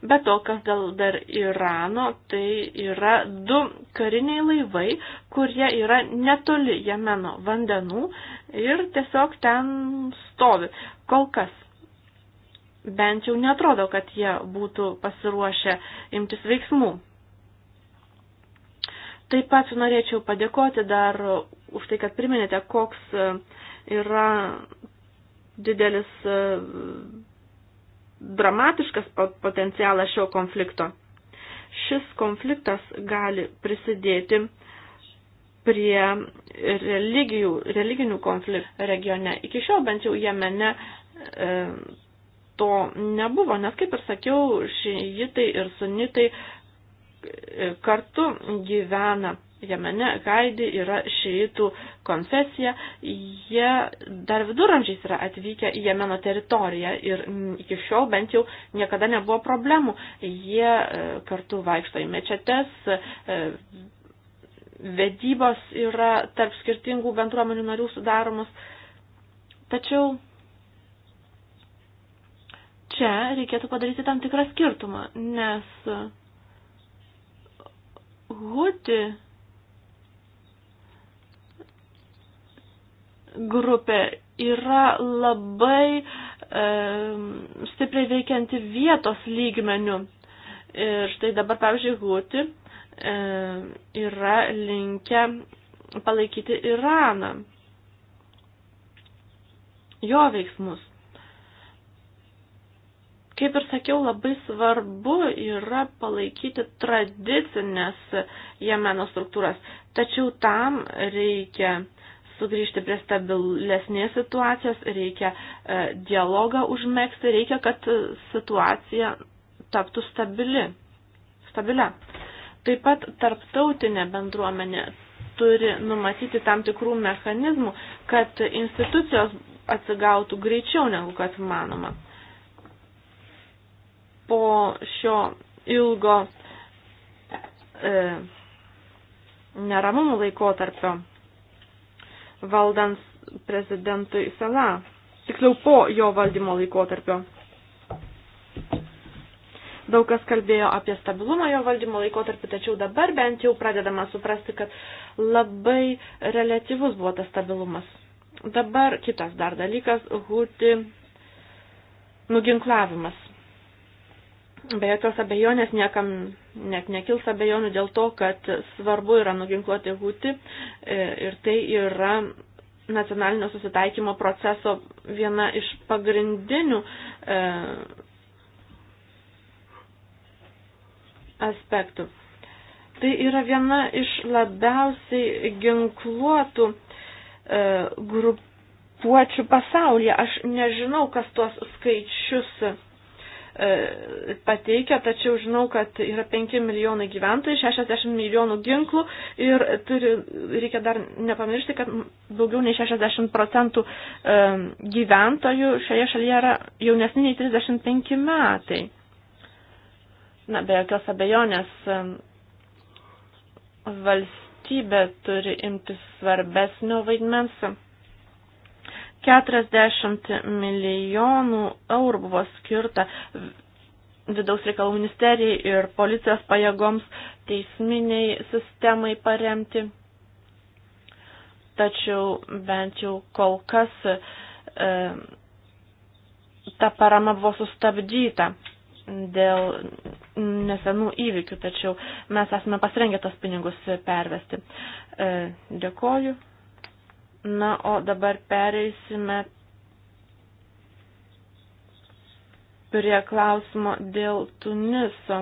Be to, kas dėl dar Irano, tai yra du kariniai laivai, kurie yra netoli Jemeno vandenų ir tiesiog ten stovi. Kol kas bent jau netrodo, kad jie būtų pasiruošę imtis veiksmų. Taip pat norėčiau padėkoti dar už tai, kad priminėte, koks e, yra didelis e, dramatiškas potencialas šio konflikto. Šis konfliktas gali prisidėti prie religijų, religinių konfliktų regione. Iki šiol bent jau Jemene e, to nebuvo, nes kaip ir sakiau, šijitai ir sunitai e, kartu gyvena Jemene Gaidi yra šeitų konfesija, jie dar viduramžiais yra atvykę į Jemeno teritoriją ir iki šiol bent jau niekada nebuvo problemų. Jie e, kartu vaikšto į mečetes, e, vedybos yra tarp skirtingų bendruomenių narių sudaromos. Tačiau čia reikėtų padaryti tam tikrą skirtumą, nes Huti grupė yra labai e, stipriai veikianti vietos lygmenių. Ir štai dabar, pavyzdžiui, Huti e, yra linkę palaikyti Iraną, jo veiksmus. Kaip ir sakiau, labai svarbu yra palaikyti tradicinės Jemeno struktūras, tačiau tam reikia e, sugrįžti prie stabilesnės situacijos, reikia e, dialogą užmėgsti, reikia, kad situacija taptų stabili, stabilia. Taip pat tarptautinė bendruomenė turi numatyti tam tikrų mechanizmų, kad institucijos atsigautų greičiau negu kad manoma. Po šio ilgo e, neramumų laikotarpio valdant prezidentui Sala, tiksliau po jo valdymo laikotarpio. Daug kas kalbėjo apie stabilumą jo valdymo laikotarpį, tačiau dabar bent jau pradedama suprasti, kad labai relatyvus buvo tas stabilumas. Dabar kitas dar dalykas - huti nuginklavimas. Be jokios abejonės niekam net nekils abejonių dėl to, kad svarbu yra nuginkluoti Huti e, ir tai yra nacionalinio susitaikymo proceso viena iš pagrindinių e, aspektų. Tai yra viena iš labiausiai ginkluotų e, grupuočių pasaulyje. Aš nežinau, kas tuos skaičius E, pateikę, tačiau žinau, kad yra 5 milijonai gyventojų, 60 milijonų ginklų ir turi, reikia dar nepamiršti, kad daugiau nei 60 procentų e, gyventojų šioje šalyje yra jaunesni nei 35 metai. Na, be jokios abejonės e, valstybė turi imtis svarbesnio vaidmens 40 milijonų eurų buvo skirta vidaus reikalų ministerijai ir policijos pajėgoms teisminiai sistemai paremti. Tačiau bent jau kol kas e, ta parama buvo sustabdyta dėl nesenų įvykių, tačiau mes esame pasirengę tos pinigus pervesti. E, dėkoju. Na, o dabar pereisime prie klausimo dėl Tuniso.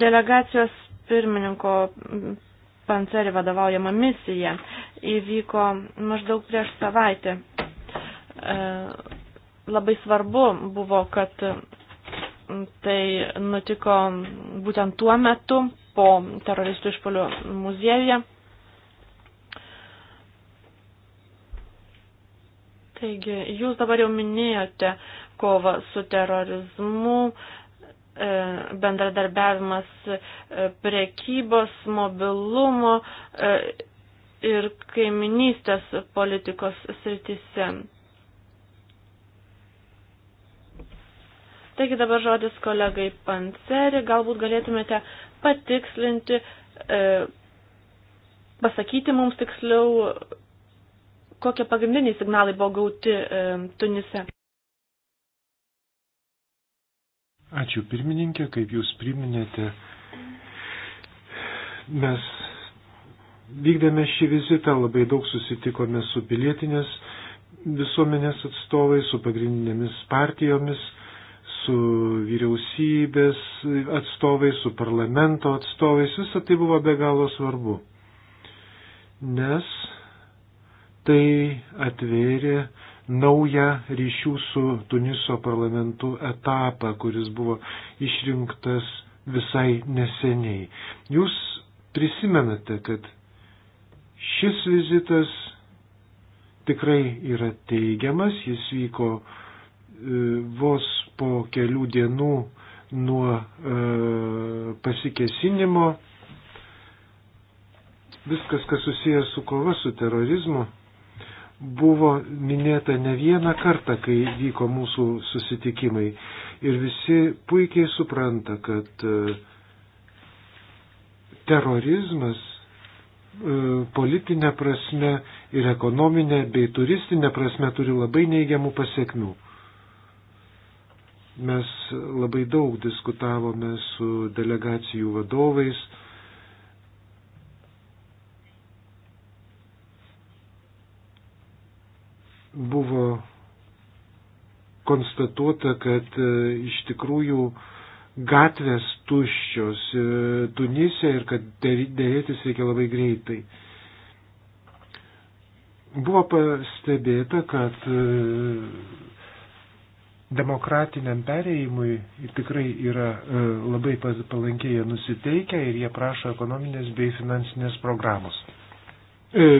Delegacijos pirmininko Panceri vadovaujama misija įvyko maždaug prieš savaitę. E, labai svarbu buvo, kad Tai nutiko būtent tuo metu po teroristų išpolių muziejuje. Taigi, jūs dabar jau minėjote kovą su terorizmu, e, bendradarbiavimas e, prekybos, mobilumo e, ir kaiminystės politikos srityse. Taigi dabar žodis kolegai Panceri, galbūt galėtumėte patikslinti, e, pasakyti mums tiksliau, kokie pagrindiniai signalai buvo gauti e, Tunise. Ačiū pirmininkė, kaip jūs priminėte, mes vykdėme šį vizitą, labai daug susitikome su pilietinės visuomenės atstovai, su pagrindinėmis partijomis su vyriausybės atstovais, su parlamento atstovais, visą tai buvo be galo svarbu, nes tai atvėrė naują ryšių su Tuniso parlamentu etapą, kuris buvo išrinktas visai neseniai. Jūs prisimenate, kad šis vizitas tikrai yra teigiamas, jis vyko E, vos po kelių dienų nuo e, pasikesinimo viskas, kas susijęs su kova su terorizmu, buvo minėta ne vieną kartą, kai vyko mūsų susitikimai. Ir visi puikiai supranta, kad e, terorizmas politinė prasme ir ekonominė bei turistinė prasme turi labai neigiamų pasiekmių. Mes labai daug diskutavome su delegacijų vadovais. Buvo konstatuota, kad e, iš tikrųjų gatvės tuščios e, Tunise ir kad dėrėtis reikia labai greitai. Buvo pastebėta, kad e, demokratiniam perėjimui tikrai yra e, labai palankiai nusiteikę ir jie prašo ekonominės bei finansinės programos. E,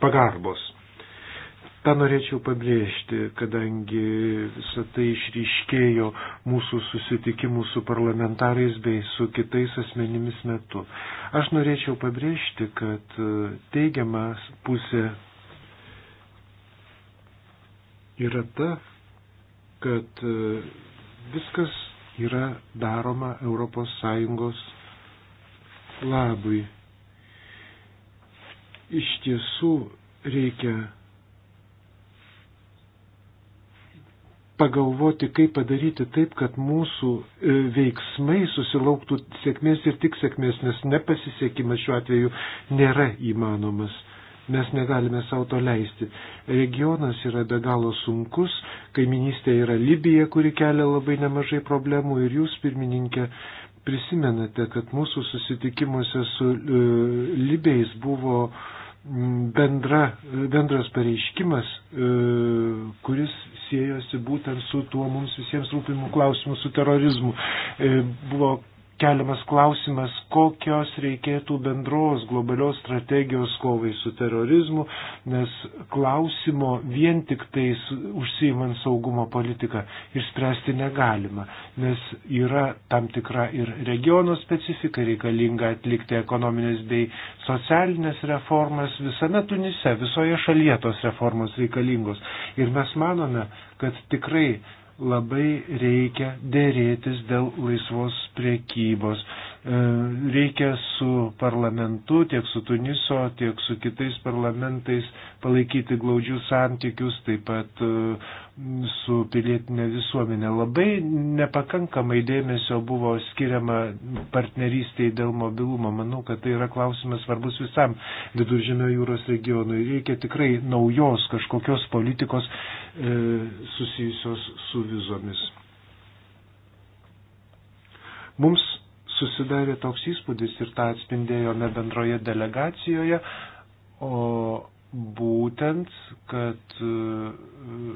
pagarbos. Ta norėčiau pabrėžti, kadangi visą tai išryškėjo mūsų susitikimų su parlamentarais bei su kitais asmenimis metu. Aš norėčiau pabrėžti, kad e, teigiama pusė yra ta, kad e, viskas yra daroma ES labui. Iš tiesų reikia pagalvoti, kaip padaryti taip, kad mūsų e, veiksmai susilauktų sėkmės ir tik sėkmės, nes nepasisekimas šiuo atveju nėra įmanomas mes negalime savo to leisti. Regionas yra be galo sunkus, kaiminystė yra Libija, kuri kelia labai nemažai problemų ir jūs, pirmininkė, prisimenate, kad mūsų susitikimuose su e, Libijais buvo bendra, bendras pareiškimas, e, kuris siejosi būtent su tuo mums visiems rūpimu klausimu, su terorizmu. E, buvo keliamas klausimas, kokios reikėtų bendros globalios strategijos kovai su terorizmu, nes klausimo vien tik tai užsiimant saugumo politiką išspręsti negalima, nes yra tam tikra ir regiono specifika, reikalinga atlikti ekonominės bei socialinės reformas visame Tunise, visoje šalyje tos reformos reikalingos. Ir mes manome, kad tikrai labai reikia dėrėtis dėl laisvos priekybos. E, reikia su parlamentu, tiek su Tuniso, tiek su kitais parlamentais palaikyti glaudžius santykius, taip pat e, su pilietinė visuomenė. Labai nepakankamai dėmesio buvo skiriama partnerystiai dėl mobilumo. Manau, kad tai yra klausimas svarbus visam viduržėmio jūros regionui. Reikia tikrai naujos kažkokios politikos, E, susijusios su vizomis. Mums susidarė toks įspūdis ir tą atspindėjome bendroje delegacijoje, o būtent, kad e,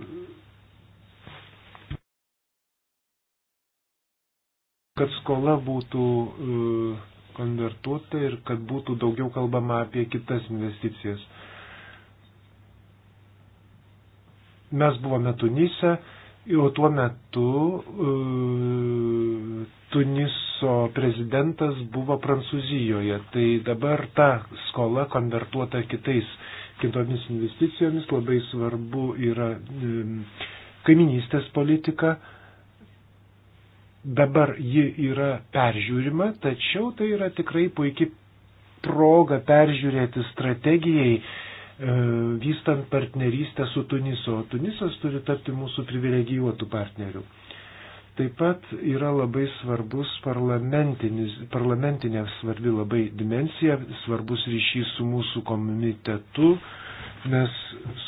kad skola būtų e, konvertuota ir kad būtų daugiau kalbama apie kitas investicijas. Mes buvome Tunise, jau tuo metu e, Tuniso prezidentas buvo Prancūzijoje. Tai dabar ta skola konvertuota kitais, kitomis investicijomis. Labai svarbu yra e, kaiminystės politika. Dabar ji yra peržiūrima, tačiau tai yra tikrai puikiai proga peržiūrėti strategijai E, vystant partnerystę su Tunisu, o Tunisas turi tapti mūsų privilegijuotų partnerių. Taip pat yra labai svarbus parlamentinė svarbi labai dimensija, svarbus ryšys su mūsų komitetu. Mes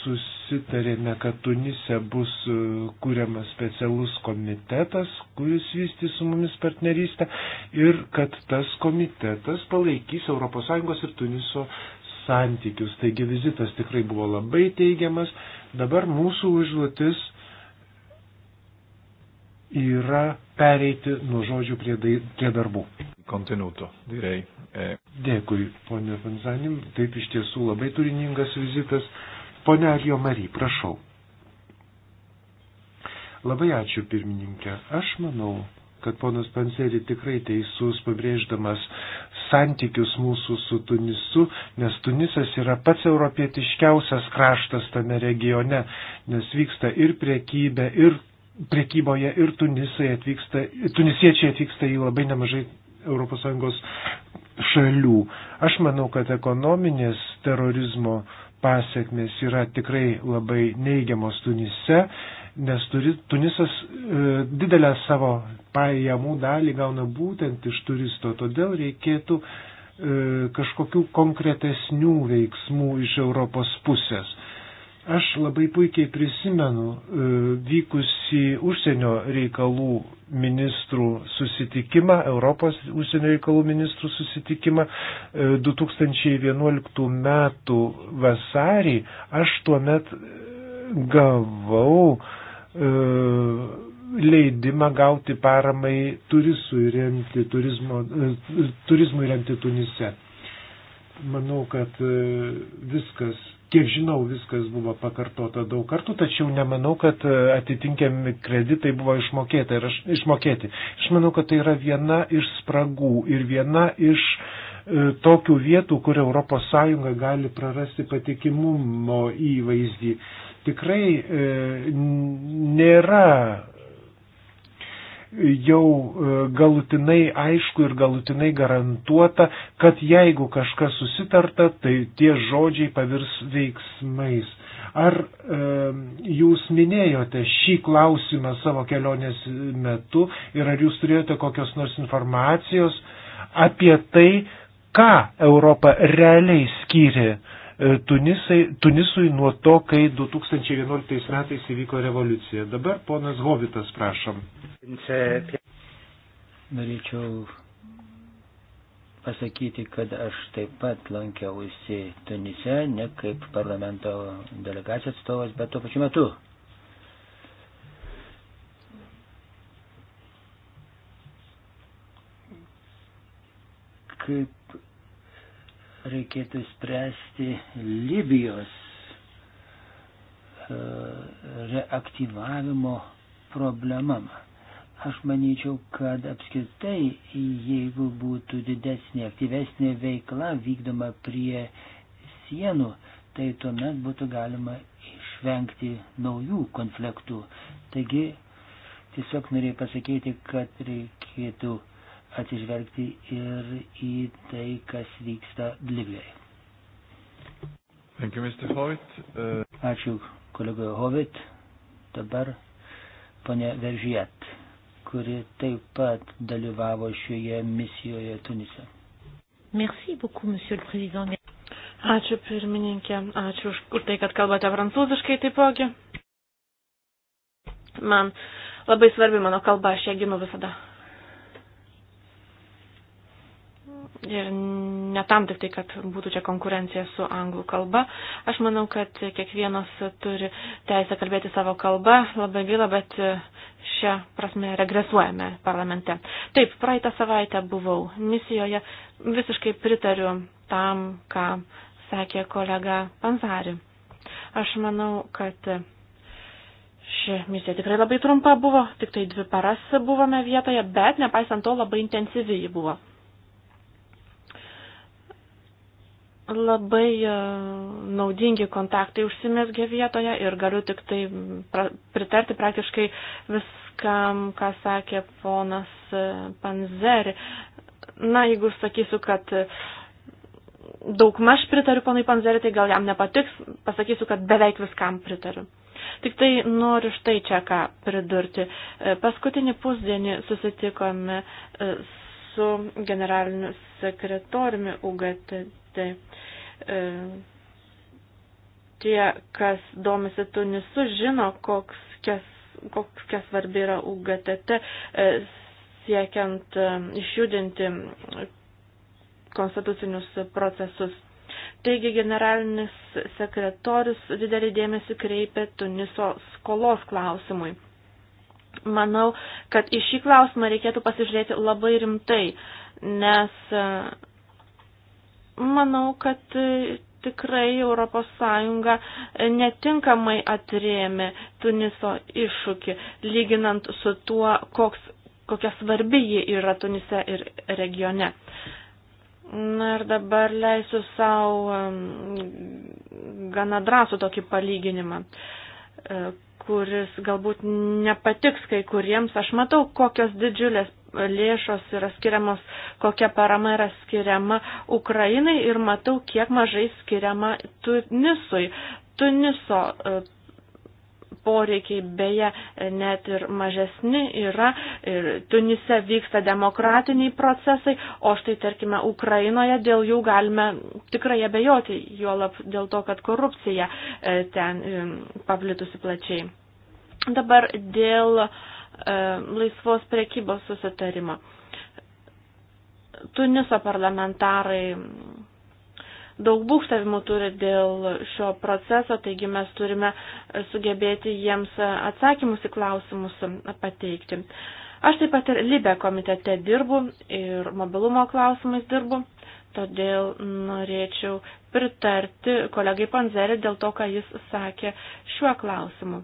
susitarėme, kad Tunise bus e, kuriamas specialus komitetas, kuris vystys su mumis partnerystę ir kad tas komitetas palaikys ES ir Tuniso santykius. Taigi vizitas tikrai buvo labai teigiamas. Dabar mūsų užduotis yra pereiti nuo žodžių prie, dai, prie darbų. Kontinuto, direi. E. Dėkui, ponė Fanzanim. Taip iš tiesų labai turiningas vizitas. Pone Arijo Mary, prašau. Labai ačiū pirmininkė. Aš manau, kad ponas Panseri tikrai teisus, pabrėždamas santykius mūsų su Tunisu, nes Tunisas yra pats europietiškiausias kraštas tame regione, nes vyksta ir priekybė, ir priekyboje, ir atvyksta, tunisiečiai atvyksta į labai nemažai ES šalių. Aš manau, kad ekonominės terorizmo pasiekmes yra tikrai labai neigiamos Tunise, nes turi, Tunisas e, didelę savo pajamų dalį gauna būtent iš turisto. Todėl reikėtų e, kažkokių konkretesnių veiksmų iš Europos pusės. Aš labai puikiai prisimenu e, vykusi užsienio reikalų ministrų susitikimą, Europos užsienio reikalų ministrų susitikimą 2011 e, metų vasarį, aš tuo met gavau e, leidimą gauti paramai turizmui remti, turizmo, e, turizmui remti Tunise. Manau, kad e, viskas, kiek žinau, viskas buvo pakartota daug kartų, tačiau nemanau, kad e, atitinkiami kreditai buvo išmokėti. Aš, išmokėti. aš manau, kad tai yra viena iš spragų ir viena iš tokių vietų, kur ES gali prarasti patikimumo įvaizdį. Tikrai e, nėra jau e, galutinai aišku ir galutinai garantuota, kad jeigu kažkas susitarta, tai tie žodžiai pavirs veiksmais. Ar e, jūs minėjote šį klausimą savo kelionės metu ir ar jūs turėjote kokios nors informacijos apie tai, ką Europa realiai skyrė E, Tunisai, Tunisui nuo to, kai 2011 metais įvyko revoliucija. Dabar ponas Govitas, prašom. Norėčiau pasakyti, kad aš taip pat lankiausi Tunise, ne kaip parlamento delegacijos atstovas, bet tuo pačiu metu. Kaip reikėtų spręsti Libijos e, reaktyvavimo problemam. Aš manyčiau, kad apskritai, jeigu būtų didesnė, aktyvesnė veikla vykdoma prie sienų, tai tuomet būtų galima išvengti naujų konfliktų. Taigi, tiesiog norėjau pasakyti, kad reikėtų uh, atsižvelgti ir į tai, kas vyksta Libijoje. Uh... Ačiū kolegoje Hovit. Dabar ponė Veržijat, kuri taip pat dalyvavo šioje misijoje Tunise. Merci beaucoup, monsieur le président. Ačiū pirmininkė, ačiū už tai, kad kalbate prancūziškai taipogi. Man labai svarbi mano kalba, aš ją ginu visada ir ne tam tik tai, kad būtų čia konkurencija su anglų kalba. Aš manau, kad kiekvienas turi teisę kalbėti savo kalbą, labai gaila, bet šią prasme regresuojame parlamente. Taip, praeitą savaitę buvau misijoje, visiškai pritariu tam, ką sakė kolega Panzari. Aš manau, kad ši misija tikrai labai trumpa buvo, tik tai dvi paras buvome vietoje, bet nepaisant to labai intensyvi ji buvo. labai e, naudingi kontaktai užsimesgė vietoje ir galiu tik tai pritarti praktiškai viskam, ką sakė ponas e, Panzeri. Na, jeigu sakysiu, kad daugmaž pritariu ponai Panzeri, tai gal jam nepatiks, pasakysiu, kad beveik viskam pritariu. Tik tai noriu štai čia ką pridurti. E, paskutinį pusdienį susitikome su generaliniu sekretoriumi UGTD paklausti e, tie, kas domisi Tunisu, žino, koks, kes, koks kes svarbi yra UGTT e, siekiant e, išjudinti konstitucinius procesus. Taigi generalinis sekretorius didelį dėmesį kreipė Tuniso skolos klausimui. Manau, kad į šį klausimą reikėtų pasižiūrėti labai rimtai, nes Manau, kad e, tikrai ES e, netinkamai atrėmė Tuniso iššūkį, lyginant su tuo, koks, kokia svarbi ji yra Tunise ir regione. Na ir dabar leisiu savo gana drąsų tokį palyginimą, e, kuris galbūt nepatiks kai kuriems. Aš matau, kokios didžiulės lėšos yra skiriamos, kokia parama yra skiriama Ukrainai ir matau, kiek mažai skiriama Tunisui. Tuniso e, poreikiai beje e, net ir mažesni yra. Ir Tunise vyksta demokratiniai procesai, o štai tarkime Ukrainoje dėl jų galime tikrai abejoti, juolab dėl to, kad korupcija e, ten paplitusi plačiai. Dabar dėl uh, E, laisvos prekybos susitarimą. Tuniso parlamentarai daug būkštavimų turi dėl šio proceso, taigi mes turime sugebėti jiems atsakymus į klausimus pateikti. Aš taip pat ir Libe komitete dirbu ir mobilumo klausimais dirbu, todėl norėčiau pritarti kolegai Panzerį dėl to, ką jis sakė šiuo klausimu.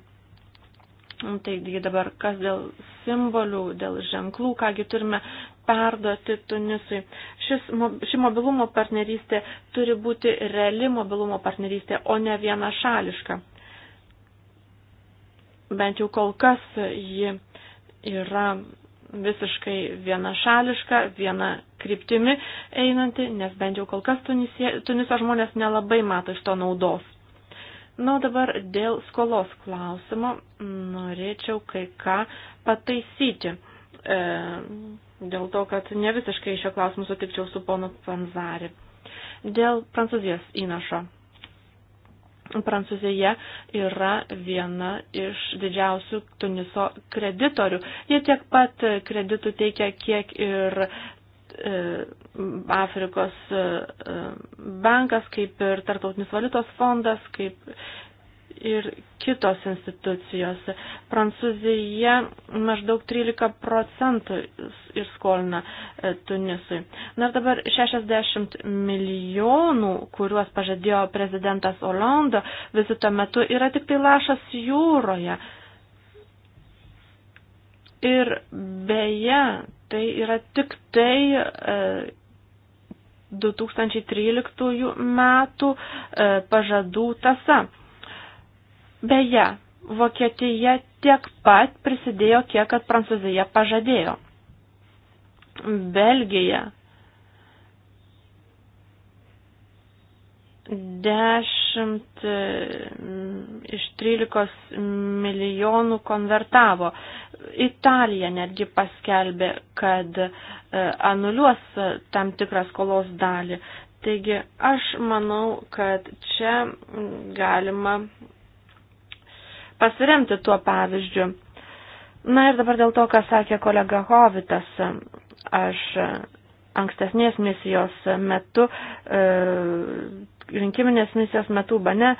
Nu, taigi dabar kas dėl simbolių, dėl ženklų, kągi turime perduoti Tunisui. Šis, ši mobilumo partnerystė turi būti reali mobilumo partnerystė, o ne vienašališka. Bent jau kol kas ji yra visiškai vienašališka, viena kryptimi einanti, nes bent jau kol kas Tunisie, Tuniso žmonės nelabai mato iš to naudos. Na, nu, dabar dėl skolos klausimo norėčiau kai ką pataisyti. E, dėl to, kad ne visiškai šio klausimu sutikčiau su ponu Panzari. Dėl Prancūzijos įnašo. Prancūzija yra viena iš didžiausių Tuniso kreditorių. Jie tiek pat kreditų teikia, kiek ir E, Afrikos e, e, bankas, kaip ir Tartautinis valiutos fondas, kaip ir kitos institucijos. Prancūzija maždaug 13 procentų ir skolina Tunisui. Na ir dabar 60 milijonų, kuriuos pažadėjo prezidentas Olando vizito metu, yra tik tai lašas jūroje. Ir beje, Tai yra tik tai 2013 e, metų e, pažadų tasa. Beje, Vokietija tiek pat prisidėjo, kiek kad Prancūzija pažadėjo. Belgija 10 e, iš 13 milijonų konvertavo. Italija netgi paskelbė, kad e, anuliuos e, tam tikrą skolos dalį. Taigi aš manau, kad čia galima pasiremti tuo pavyzdžiu. Na ir dabar dėl to, ką sakė kolega Hovitas, aš ankstesnės misijos metu, e, rinkiminės misijos metu, Ubane,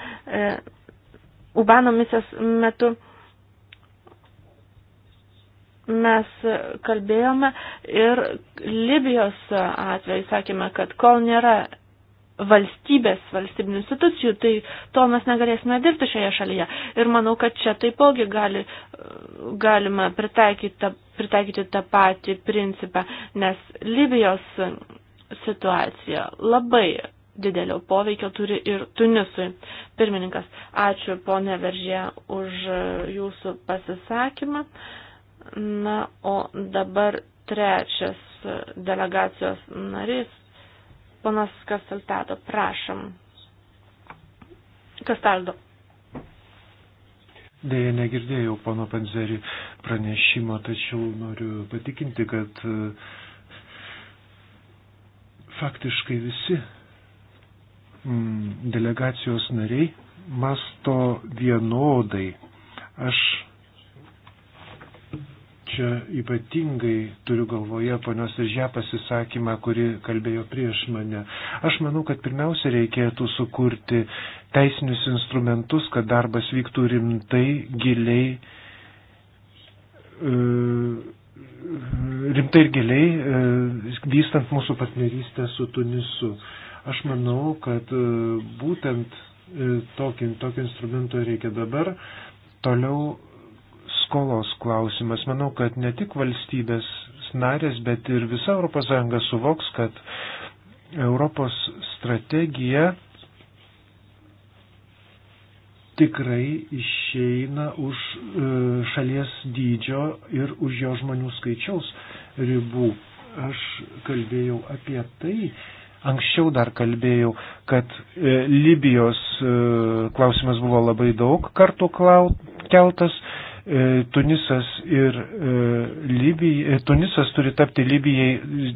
Ubano misijos metu, mes kalbėjome ir Libijos atveju sakėme, kad kol nėra valstybės, valstybinių institucijų, tai to mes negalėsime dirbti šioje šalyje. Ir manau, kad čia taipogi gali, galima pritaikyti, pritaikyti tą patį principą, nes Libijos situacija labai didelio poveikio turi ir Tunisui. Pirmininkas, ačiū ponė Veržė už jūsų pasisakymą. Na, o dabar trečias delegacijos narys, ponas Kasteltado, prašom. Kastaldo. Deja, negirdėjau pono Panzerį pranešimo, tačiau noriu patikinti, kad e, faktiškai visi mm, delegacijos nariai masto vienodai. Aš čia ypatingai turiu galvoje ponios ir žia pasisakymą, kuri kalbėjo prieš mane. Aš manau, kad pirmiausia reikėtų sukurti teisinius instrumentus, kad darbas vyktų rimtai, giliai, e, rimtai ir giliai, e, vystant mūsų partnerystę su Tunisu. Aš manau, kad e, būtent tokio instrumento reikia dabar. Toliau skolos klausimas. Manau, kad ne tik valstybės narės, bet ir visa ES suvoks, kad Europos strategija tikrai išeina už e, šalies dydžio ir už jo žmonių skaičiaus ribų. Aš kalbėjau apie tai, anksčiau dar kalbėjau, kad e, Libijos e, klausimas buvo labai daug kartų keltas, E, Tunisas ir e, Libija, e, Tunisas turi tapti Libijai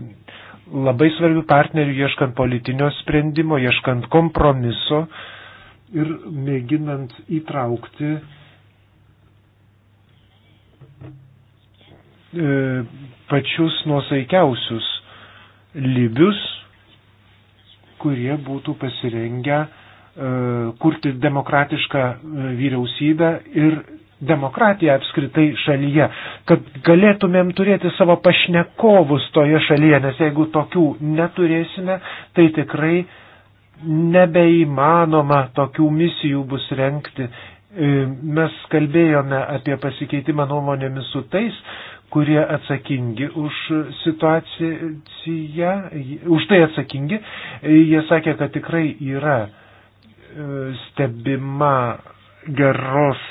labai svarbių partnerių, ieškant politinio sprendimo, ieškant kompromiso ir mėginant įtraukti pačius nuosaikiausius libius, kurie būtų pasirengę kurti demokratišką vyriausybę ir demokratiją apskritai šalyje, kad galėtumėm turėti savo pašnekovus toje šalyje, nes jeigu tokių neturėsime, tai tikrai nebeįmanoma tokių misijų bus renkti. E, mes kalbėjome apie pasikeitimą nuomonėmis su tais, kurie atsakingi už situaciją, už tai atsakingi. E, jie sakė, kad tikrai yra e, stebima geros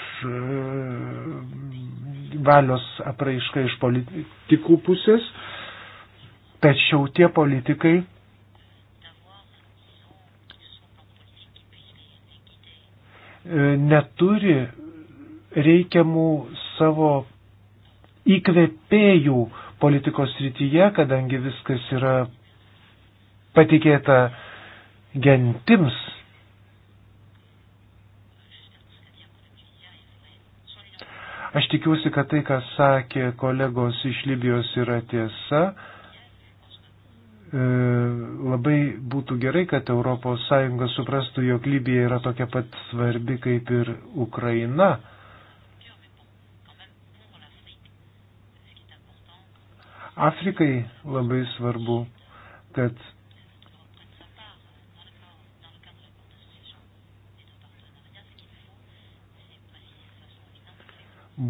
valios apraiška iš politikų pusės, tačiau tie politikai neturi reikiamų savo įkvėpėjų politikos rytyje, kadangi viskas yra patikėta gentims Aš tikiuosi, kad tai, kas sakė kolegos iš Libijos, yra tiesa. E, labai būtų gerai, kad ES suprastų, jog Libija yra tokia pat svarbi kaip ir Ukraina. Afrikai labai svarbu, kad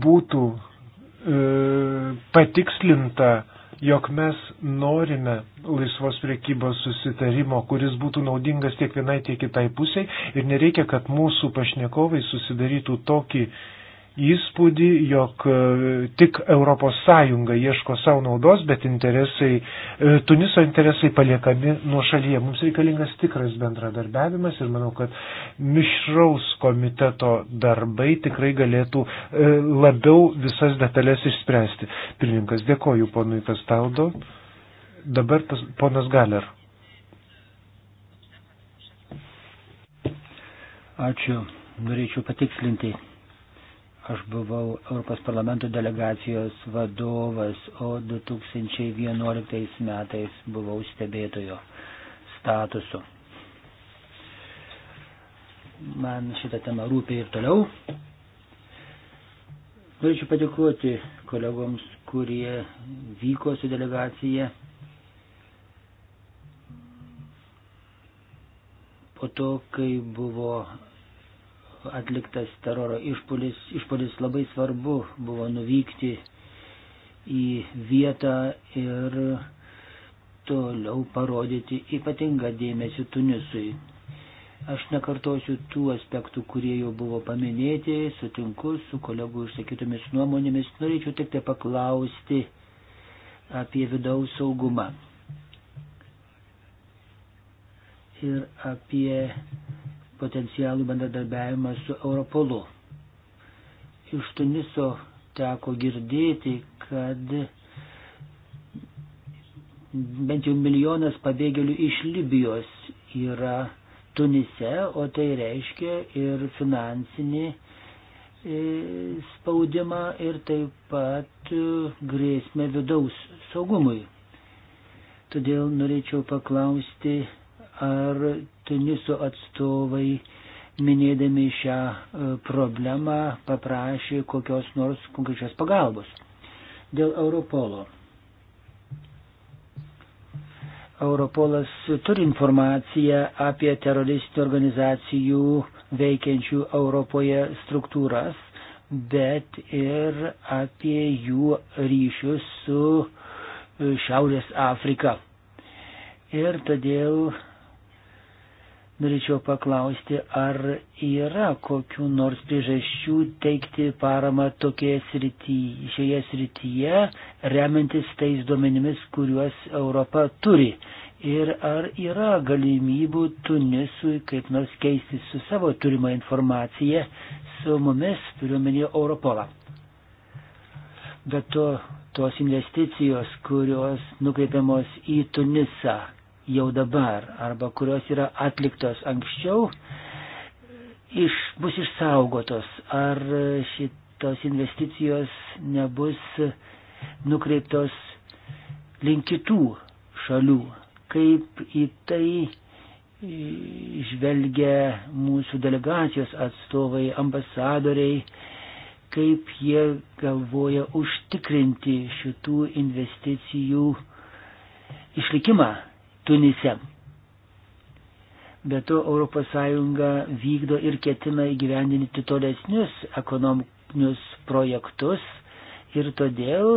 būtų e, patikslinta, jog mes norime laisvos priekybos susitarimo, kuris būtų naudingas tiek vienai, tiek kitai pusiai ir nereikia, kad mūsų pašnekovai susidarytų tokį e, įspūdį, jog e, tik ES ieško savo naudos, bet interesai, e, Tuniso interesai paliekami nuo šalyje. Mums reikalingas tikras bendradarbiavimas ir manau, kad mišraus komiteto darbai tikrai galėtų e, labiau visas detalės išspręsti. Pirmininkas, dėkoju ponui Kastaldo. Dabar pas, ponas Galer. Ačiū. Norėčiau patikslinti Aš buvau Europos parlamento delegacijos vadovas, o 2011 metais buvau stebėtojo statusu. Man šitą temą rūpė ir toliau. Norėčiau padėkoti kolegoms, kurie vyko su delegacija. Po to, kai buvo atliktas teroro išpolis, išpolis labai svarbu buvo nuvykti į vietą ir toliau parodyti ypatingą dėmesį Tunisui. Aš nekartosiu tų aspektų, kurie jau buvo paminėti, sutinku su kolegų išsakytomis nuomonėmis, norėčiau tik tai paklausti apie vidaus saugumą ir apie potencialų bendradarbiavimą su Europolu. Iš Tuniso teko girdėti, kad bent jau milijonas pabėgėlių iš Libijos yra Tunise, o tai reiškia ir finansinį e, spaudimą ir taip pat e, grėsmę vidaus saugumui. Todėl norėčiau paklausti ar Tuniso atstovai minėdami šią e, problemą paprašė kokios nors konkrečios pagalbos. Dėl Europolo. Europolas turi informaciją apie teroristinių organizacijų veikiančių Europoje struktūras, bet ir apie jų ryšius su e, Šiaurės Afrika. Ir todėl Norėčiau paklausti, ar yra kokiu nors priežasčių teikti paramą tokioje srityje, šioje srityje, remiantis tais duomenimis, kuriuos Europa turi. Ir ar yra galimybių Tunisui kaip nors keisti su savo turima informacija, su mumis, turiuomenį Europolą. Bet to, tos investicijos, kurios nukreipiamos į Tunisą, jau dabar arba kurios yra atliktos anksčiau, iš, bus išsaugotos, ar šitos investicijos nebus nukreiptos link kitų šalių, kaip į tai žvelgia mūsų delegacijos atstovai, ambasadoriai, kaip jie galvoja užtikrinti šitų investicijų išlikimą Tunise. Be to ES vykdo ir ketina įgyvendinti tolesnius ekonominius projektus ir todėl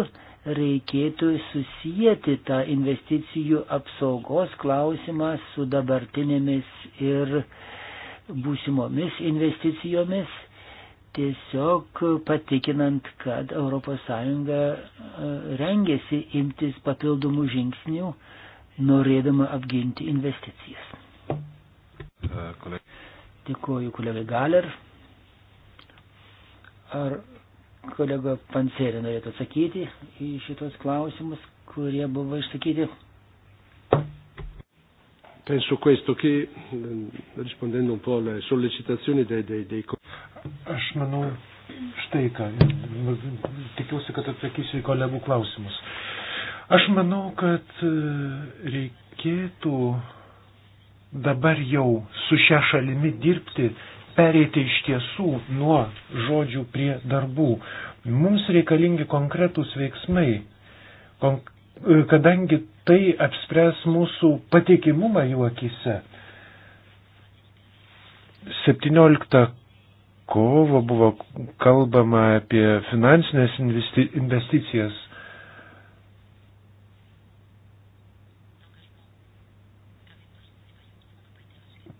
reikėtų susijęti tą investicijų apsaugos klausimą su dabartinėmis ir būsimomis investicijomis, tiesiog patikinant, kad ES e, rengėsi imtis papildomų žingsnių, norėdama apginti investicijas. E, Dėkuoju kolegai Galer. Ar kolega Pancerė norėtų atsakyti į šitos klausimus, kurie buvo išsakyti? Penso questo che, eh, rispondendo un po' alle sollecitazioni dei, dei, dei... Aš manau, štai ką, tikiuosi, kad atsakysiu į kolegų klausimus. Uh, Aš manau, kad e, reikėtų dabar jau su šia šalimi dirbti, pereiti iš tiesų nuo žodžių prie darbų. Mums reikalingi konkretūs veiksmai, e, kadangi tai apspręs mūsų patikimumą jų akise. 17 kovo buvo kalbama apie finansinės investicijas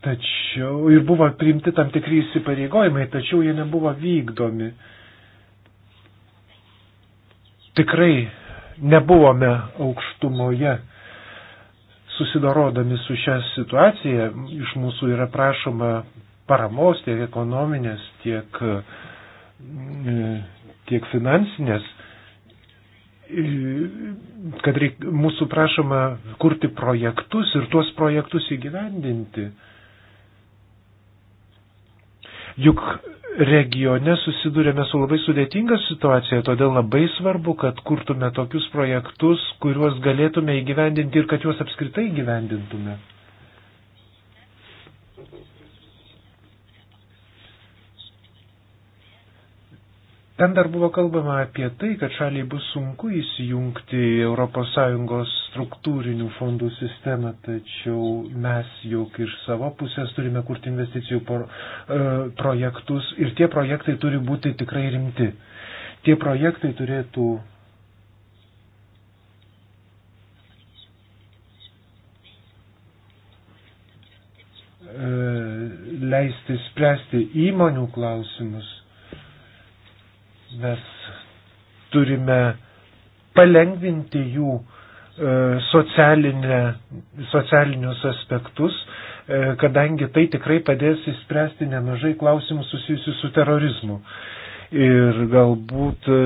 Tačiau ir buvo priimti tam tikri įsipareigojimai, tačiau jie nebuvo vykdomi. Tikrai nebuvome aukštumoje susidorodami su šią situaciją. Iš mūsų yra prašoma paramos tiek ekonominės, tiek, tiek finansinės kad reik, mūsų prašoma kurti projektus ir tuos projektus įgyvendinti. Juk regione susidurėme su labai sudėtinga situacija, todėl labai svarbu, kad kurtume tokius projektus, kuriuos galėtume įgyvendinti ir kad juos apskritai įgyvendintume. Ten dar buvo kalbama apie tai, kad šaliai bus sunku įsijungti į ES struktūrinių fondų sistemą, tačiau mes juk iš savo pusės turime kurti investicijų por, e, projektus ir tie projektai turi būti tikrai rimti. Tie projektai turėtų. E, leisti spręsti įmonių klausimus Mes turime palengvinti jų e, socialinius aspektus, e, kadangi tai tikrai padės įspręsti nemažai klausimų susijusių su terorizmu. Ir galbūt e,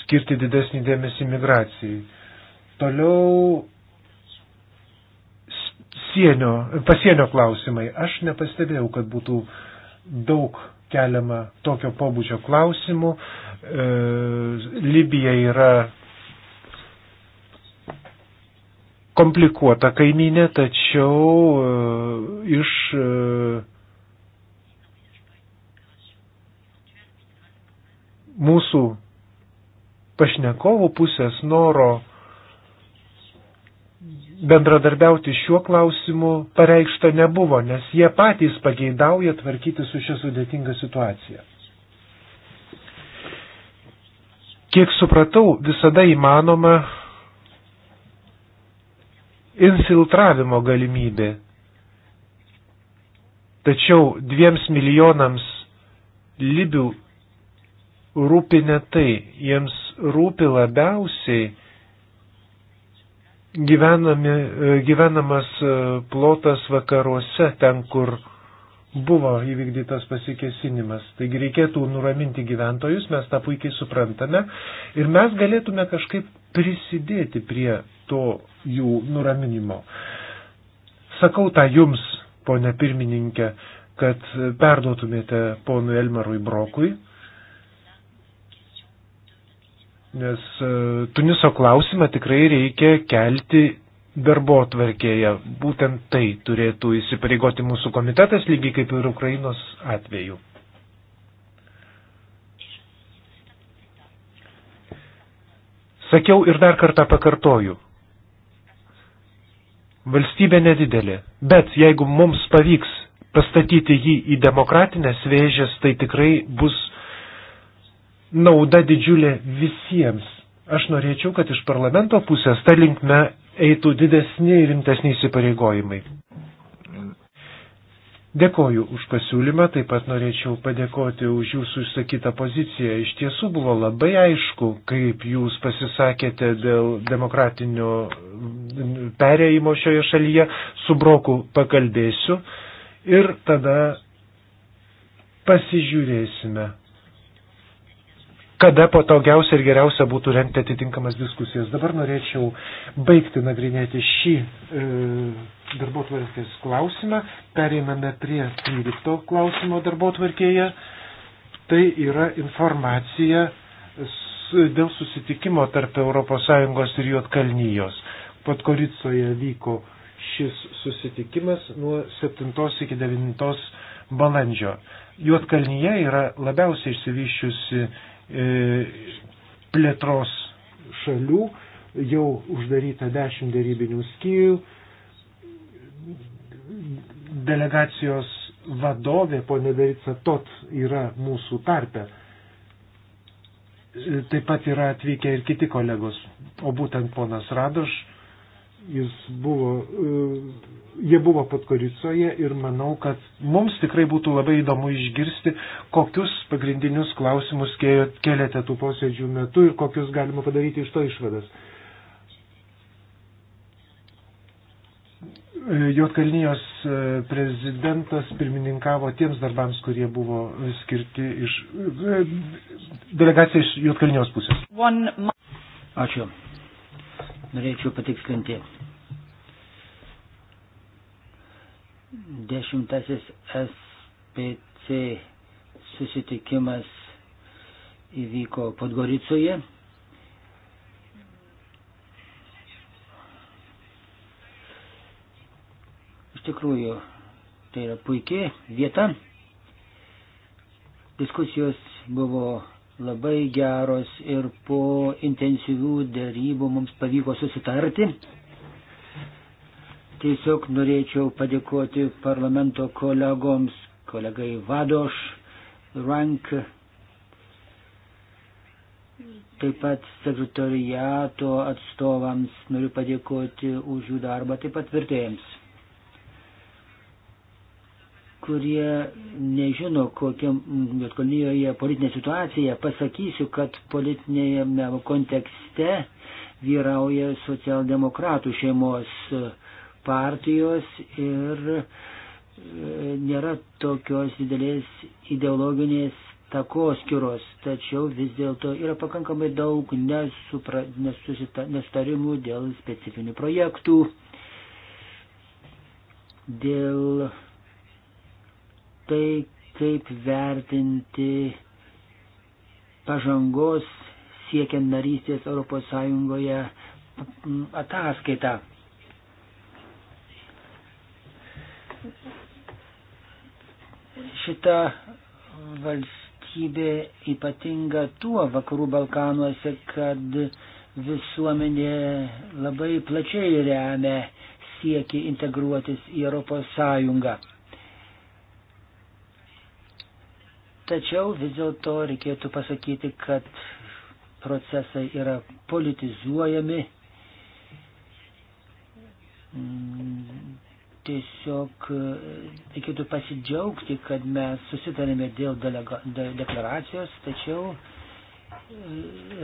skirti didesnį dėmesį migracijai. Toliau sienio, pasienio klausimai. Aš nepastebėjau, kad būtų daug keliama tokio pobūdžio klausimų. E, Libija yra komplikuota kaiminė, tačiau e, iš e, mūsų pašnekovų pusės noro bendradarbiauti šiuo klausimu pareikšta nebuvo, nes jie patys pageidauja tvarkyti su šia sudėtinga situacija. Kiek supratau, visada įmanoma infiltravimo galimybė. Tačiau dviems milijonams libių rūpi ne tai, jiems rūpi labiausiai gyvenami, e, gyvenamas e, plotas vakaruose, ten, kur buvo įvykdytas pasikesinimas. Taigi reikėtų nuraminti gyventojus, mes tą puikiai suprantame ir mes galėtume kažkaip prisidėti prie to jų nuraminimo. Sakau tą jums, ponė pirmininkė, kad perduotumėte ponui Elmarui Brokui, Nes e, Tuniso klausimą tikrai reikia kelti darbo tvarkėje. Būtent tai turėtų įsipareigoti mūsų komitetas, lygiai kaip ir Ukrainos atveju. Sakiau ir dar kartą pakartoju. Valstybė nedidelė, bet jeigu mums pavyks pastatyti jį į demokratinės vėžės, tai tikrai bus uh, nauda didžiulė visiems. Aš norėčiau, kad iš parlamento pusės ta linkme eitų didesni ir rimtesni įsipareigojimai. Dėkoju už pasiūlymą, taip pat norėčiau padėkoti už jūsų išsakytą poziciją. Iš tiesų buvo labai aišku, kaip jūs pasisakėte dėl demokratinio perėjimo šioje šalyje. Su broku pakalbėsiu ir tada pasižiūrėsime, kada patogiausia ir geriausia būtų renkti atitinkamas diskusijas. Dabar norėčiau baigti nagrinėti šį e, darbo tvarkės klausimą. Pereiname prie 13 klausimo darbo tvarkėje. Tai yra informacija dėl susitikimo tarp ES ir Juotkalnyjos. Podkoricoje vyko šis susitikimas nuo 7 iki 9 balandžio. Juotkalnyje yra labiausiai išsivyščiusi E, plėtros šalių, jau uždaryta dešimt dėrybinių skyrių, delegacijos vadovė, ponė Darica Tot, yra mūsų tarpe. E, taip pat yra atvykę ir kiti kolegos, o būtent ponas Radoš, jis buvo, e, jie buvo Podgoricoje ir manau, kad mums tikrai būtų labai įdomu išgirsti, kokius pagrindinius klausimus kėlėte tų posėdžių metu ir kokius galima padaryti iš to išvadas. E, Jotkalnyjos e, prezidentas pirmininkavo tiems darbams, kurie buvo skirti iš delegacija iš Jotkalnyjos pusės. Ačiū norėčiau patikslinti. Dešimtasis SPC susitikimas įvyko Podgoricoje. Iš tikrųjų, tai yra puikiai vieta. Diskusijos buvo labai geros ir po intensyvių dėrybų mums pavyko susitarti. Tiesiog norėčiau padėkoti parlamento kolegoms, kolegai Vadoš, Rank, taip pat sekretoriato atstovams noriu padėkoti už jų darbą, taip pat vertėjams kurie nežino, kokia Juotkalnyje politinė situacija, pasakysiu, kad politinėje kontekste vyrauja socialdemokratų šeimos partijos ir e, nėra tokios didelės ideologinės takos skiros, tačiau vis dėlto yra pakankamai daug nesupra, nesusita, nesutarimų dėl specifinių projektų, dėl tai, kaip vertinti pažangos siekiant narystės ES ataskaitą. Šita valstybė ypatinga tuo vakarų Balkanuose, kad visuomenė labai plačiai remia siekį integruotis į ES. Tačiau vis dėlto reikėtų pasakyti, kad procesai yra politizuojami. Mm, tiesiog e, reikėtų pasidžiaugti, kad mes susitarėme dėl delega, de, deklaracijos, tačiau e,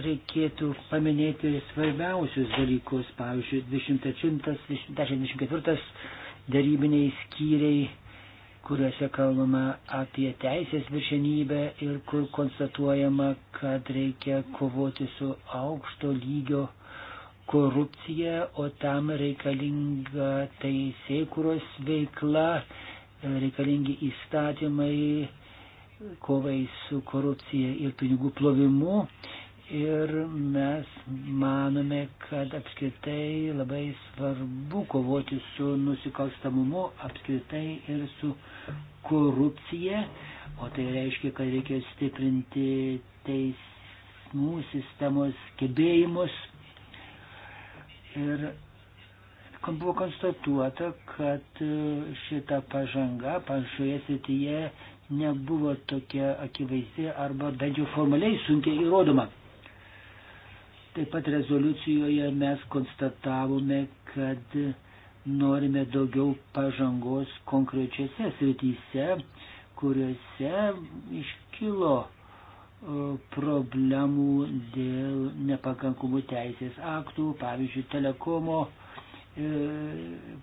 reikėtų paminėti svarbiausius dalykus, pavyzdžiui, 23, 24 darybiniai skyriai kuriuose kalbama apie teisės viršenybę ir kur konstatuojama, kad reikia kovoti su aukšto lygio korupcija, o tam reikalinga teisėkuros veikla, reikalingi įstatymai kovai su korupcija ir pinigų plovimu. Ir mes manome, kad apskritai labai svarbu kovoti su nusikalstamumu apskritai ir su korupcija, o tai reiškia, kad reikia stiprinti teismų sistemos gebėjimus. Ir buvo konstatuota, kad e, šita pažanga panašioje srityje nebuvo tokia akivaizdi arba bent jau formaliai sunkiai įrodoma. Taip pat rezoliucijoje mes konstatavome, kad norime daugiau pažangos konkrečiose srityse, kuriuose iškilo e, problemų dėl nepakankamų teisės aktų, pavyzdžiui, telekomo e,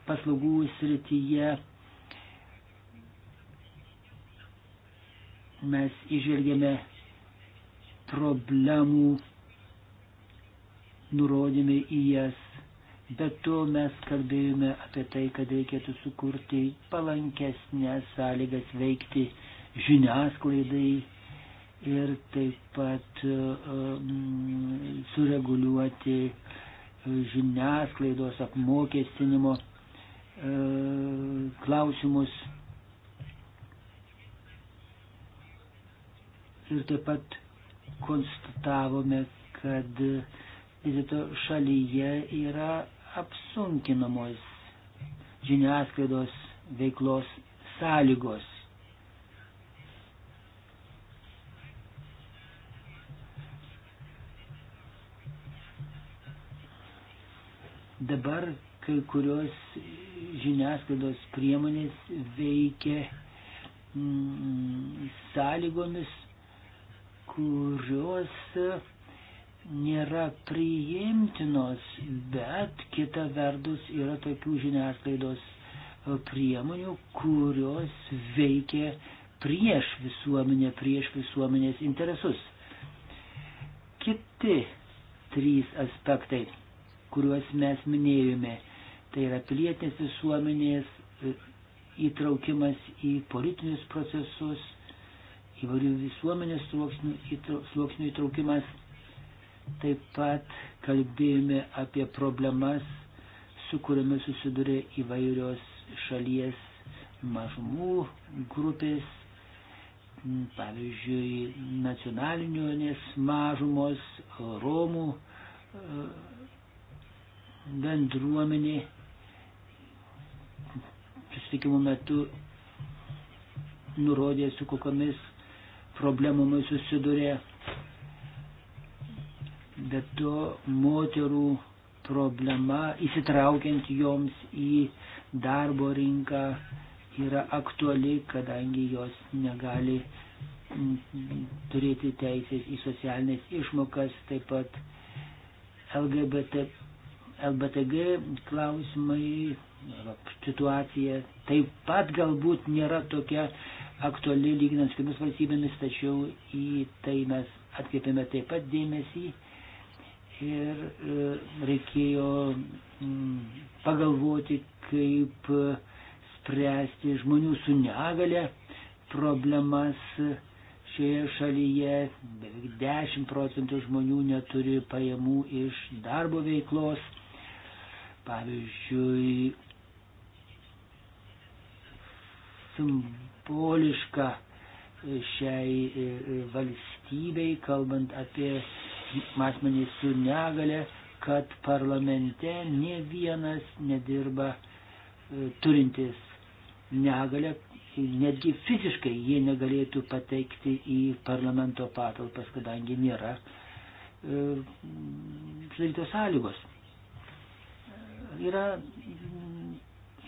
paslaugų srityje. Mes išvelgėme problemų, nurodėme į jas Bet to mes kalbėjome apie tai, kad reikėtų sukurti palankesnės sąlygas veikti žiniasklaidai ir taip pat um, sureguliuoti uh, žiniasklaidos apmokestinimo um, klausimus. Ir taip pat konstatavome, kad uh, vis dėlto šalyje yra apsunkinamos žiniasklaidos veiklos sąlygos. Dabar kai kurios žiniasklaidos priemonės veikia mm, sąlygomis, kurios nėra priimtinos, bet kita vertus yra tokių žiniasklaidos e, priemonių, kurios veikia prieš visuomenę, prieš visuomenės interesus. Kiti trys aspektai, kuriuos mes minėjome, tai yra pilietinės visuomenės e, įtraukimas į politinius procesus, įvairių visuomenės sluoksnių įtraukimas Taip pat kalbėjome apie problemas, su kuriomis susiduria įvairios šalies mažumų grupės, pavyzdžiui, nacionalinės mažumos, Romų e, bendruomenė. Susitikimo metu nurodė, su kokiamis problemomis susiduria bet to moterų problema įsitraukiant joms į darbo rinką yra aktuali, kadangi jos negali turėti teisės į socialinės išmokas, taip pat LGBT, LBTG klausimai, situacija taip pat galbūt nėra tokia aktuali lyginant su kitomis valstybėmis, tačiau į tai mes atkreipiame taip pat dėmesį ir e, reikėjo mm, pagalvoti, kaip spręsti žmonių su negale problemas šioje šalyje. Beveik 10 procentų žmonių neturi pajamų iš darbo veiklos. Pavyzdžiui, simboliška šiai e, valstybei, kalbant apie asmenys su negale, kad parlamente ne vienas nedirba e, turintis negalę, netgi fiziškai jie negalėtų patekti į parlamento patalpas, kadangi nėra e, sudarytos sąlygos. Yra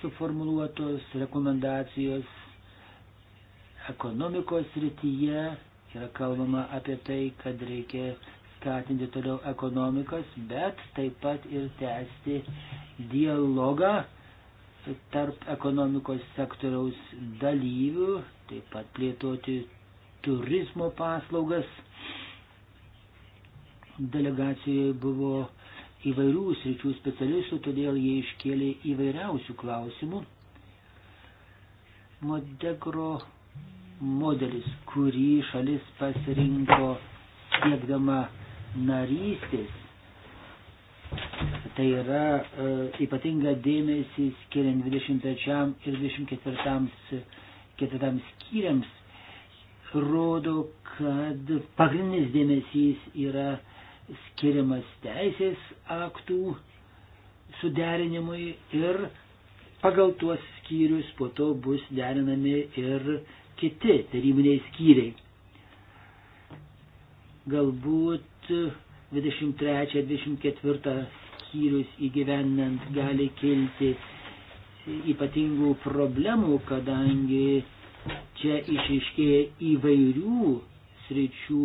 suformuluotos rekomendacijos ekonomikos rytyje, yra kalbama apie tai, kad reikia skatinti toliau ekonomikas, bet taip pat ir tęsti dialogą tarp ekonomikos sektoriaus dalyvių, taip pat plėtoti turizmo paslaugas. Delegacijoje buvo įvairių sričių specialistų, todėl jie iškėlė įvairiausių klausimų. Modegro modelis, kurį šalis pasirinko siekdama narystės. Tai yra e, ypatinga dėmesį skiriant 23 ir 24, 24 skyriams, rodo, kad pagrindinis dėmesys yra skiriamas teisės aktų suderinimui ir pagal tuos skyrius po to bus derinami ir kiti tarybiniai skyriai. Galbūt 23-24 skyrius įgyvendant gali kilti ypatingų problemų, kadangi čia išiškėja įvairių sričių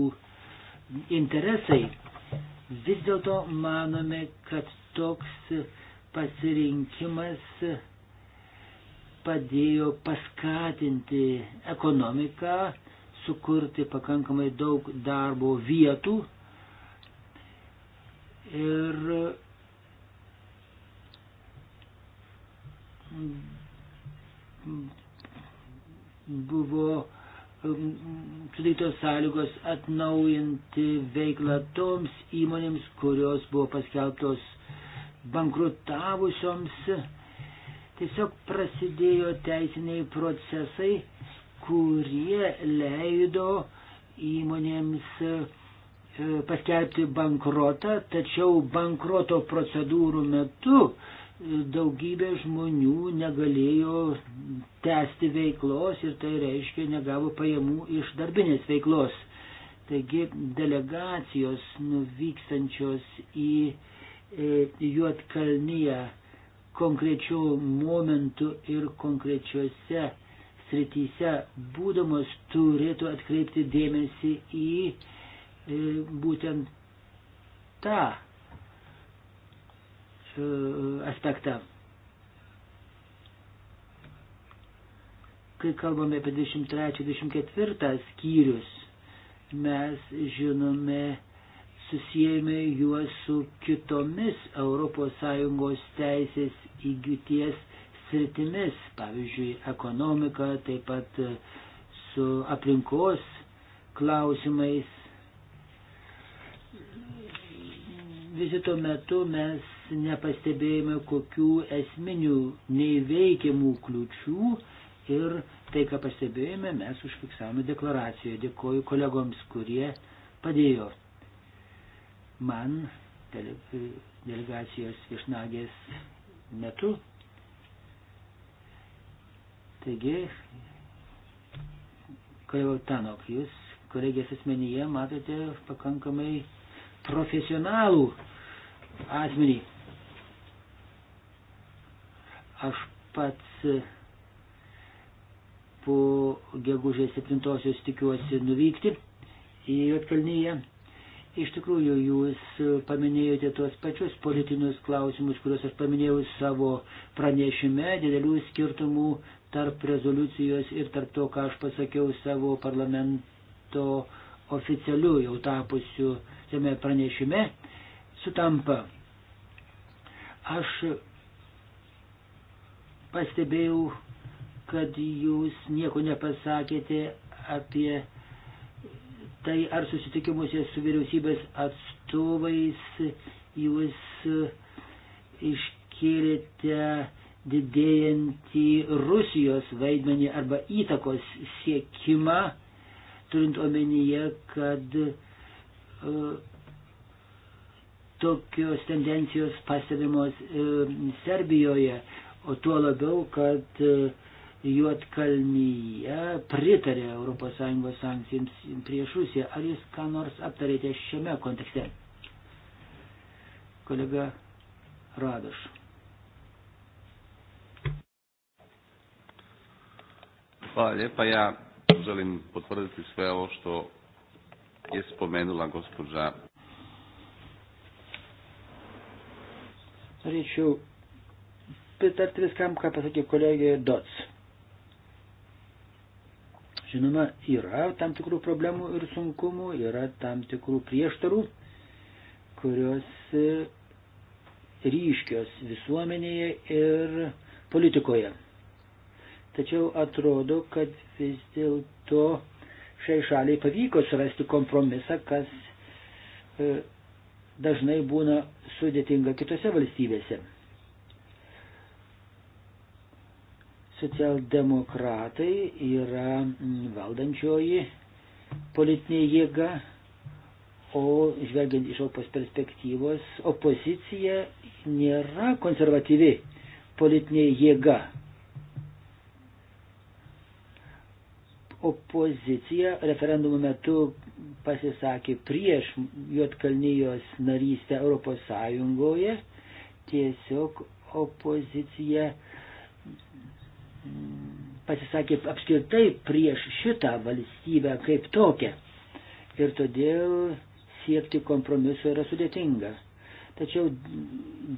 interesai. Vis dėlto manome, kad toks pasirinkimas padėjo paskatinti ekonomiką, sukurti pakankamai daug darbo vietų ir mm, buvo mm, sudarytos sąlygos atnaujinti veiklą toms įmonėms, kurios buvo paskelbtos bankrutavusioms. Tiesiog prasidėjo teisiniai procesai, kurie leido įmonėms E, paskelbti bankrotą, tačiau bankroto procedūrų metu e, daugybė žmonių negalėjo tęsti veiklos ir tai reiškia negavo pajamų iš darbinės veiklos. Taigi delegacijos nuvykstančios į e, Juotkalnyje konkrečių momentų ir konkrečiose srityse būdamos turėtų atkreipti dėmesį į būtent tą e, aspektą. Kai kalbame apie 23-24 skyrius, mes žinome, susijęme juos su kitomis ES teisės įgyties sritimis, pavyzdžiui, ekonomika, taip pat e, su aplinkos klausimais vizito metu mes nepastebėjome kokių esminių neįveikiamų kliučių ir tai, ką pastebėjome, mes užfiksavome deklaracijoje. Dėkoju kolegoms, kurie padėjo man dele, delegacijos viešnagės metu. Taigi, kolegau Tanok, jūs kolegės asmenyje matote pakankamai profesionalų asmenį. Aš pats e, po gegužės 7-osios tikiuosi nuvykti į Jotkalnyje. Iš tikrųjų, jūs paminėjote tuos pačius politinius klausimus, kuriuos aš paminėjau savo pranešime, didelių skirtumų tarp rezoliucijos ir tarp to, ką aš pasakiau savo parlamento uh, oficialiu jau tapusiu šiame pranešime sutampa. Aš pastebėjau, kad jūs nieko nepasakėte apie tai, ar susitikimuose su vyriausybės atstovais jūs iškėlėte didėjantį Rusijos vaidmenį arba įtakos siekimą turint omenyje, kad uh, tokios tendencijos pastebimos uh, Serbijoje, o tuo labiau, kad uh, e, Juotkalnyje pritarė ES sankcijams prieš Rusiją. Ar jūs ką nors aptarėte šiame kontekste? Kolega Radoš. Hvala lijepa. Ja želim potvrditi sve ovo što je spomenula gospođa. Norėčiau pritarti viskam, ką pasakė kolegė Dots. Žinoma, yra tam tikrų problemų ir sunkumų, yra tam tikrų prieštarų, kurios ryškios visuomenėje ir politikoje. Tačiau atrodo, kad vis dėlto šiai šaliai pavyko surasti kompromisą, kas e, dažnai būna sudėtinga kitose valstybėse. Socialdemokratai yra valdančioji politinė jėga, o žvelgiant iš opos perspektyvos, opozicija nėra konservatyvi politinė jėga. Opozicija referendumo metu pasisakė prieš Jotkalnyjos narystę Europos Sąjungoje. Tiesiog opozicija mm, pasisakė apskritai prieš šitą valstybę kaip tokią. Ir todėl siekti kompromiso yra sudėtinga. Tačiau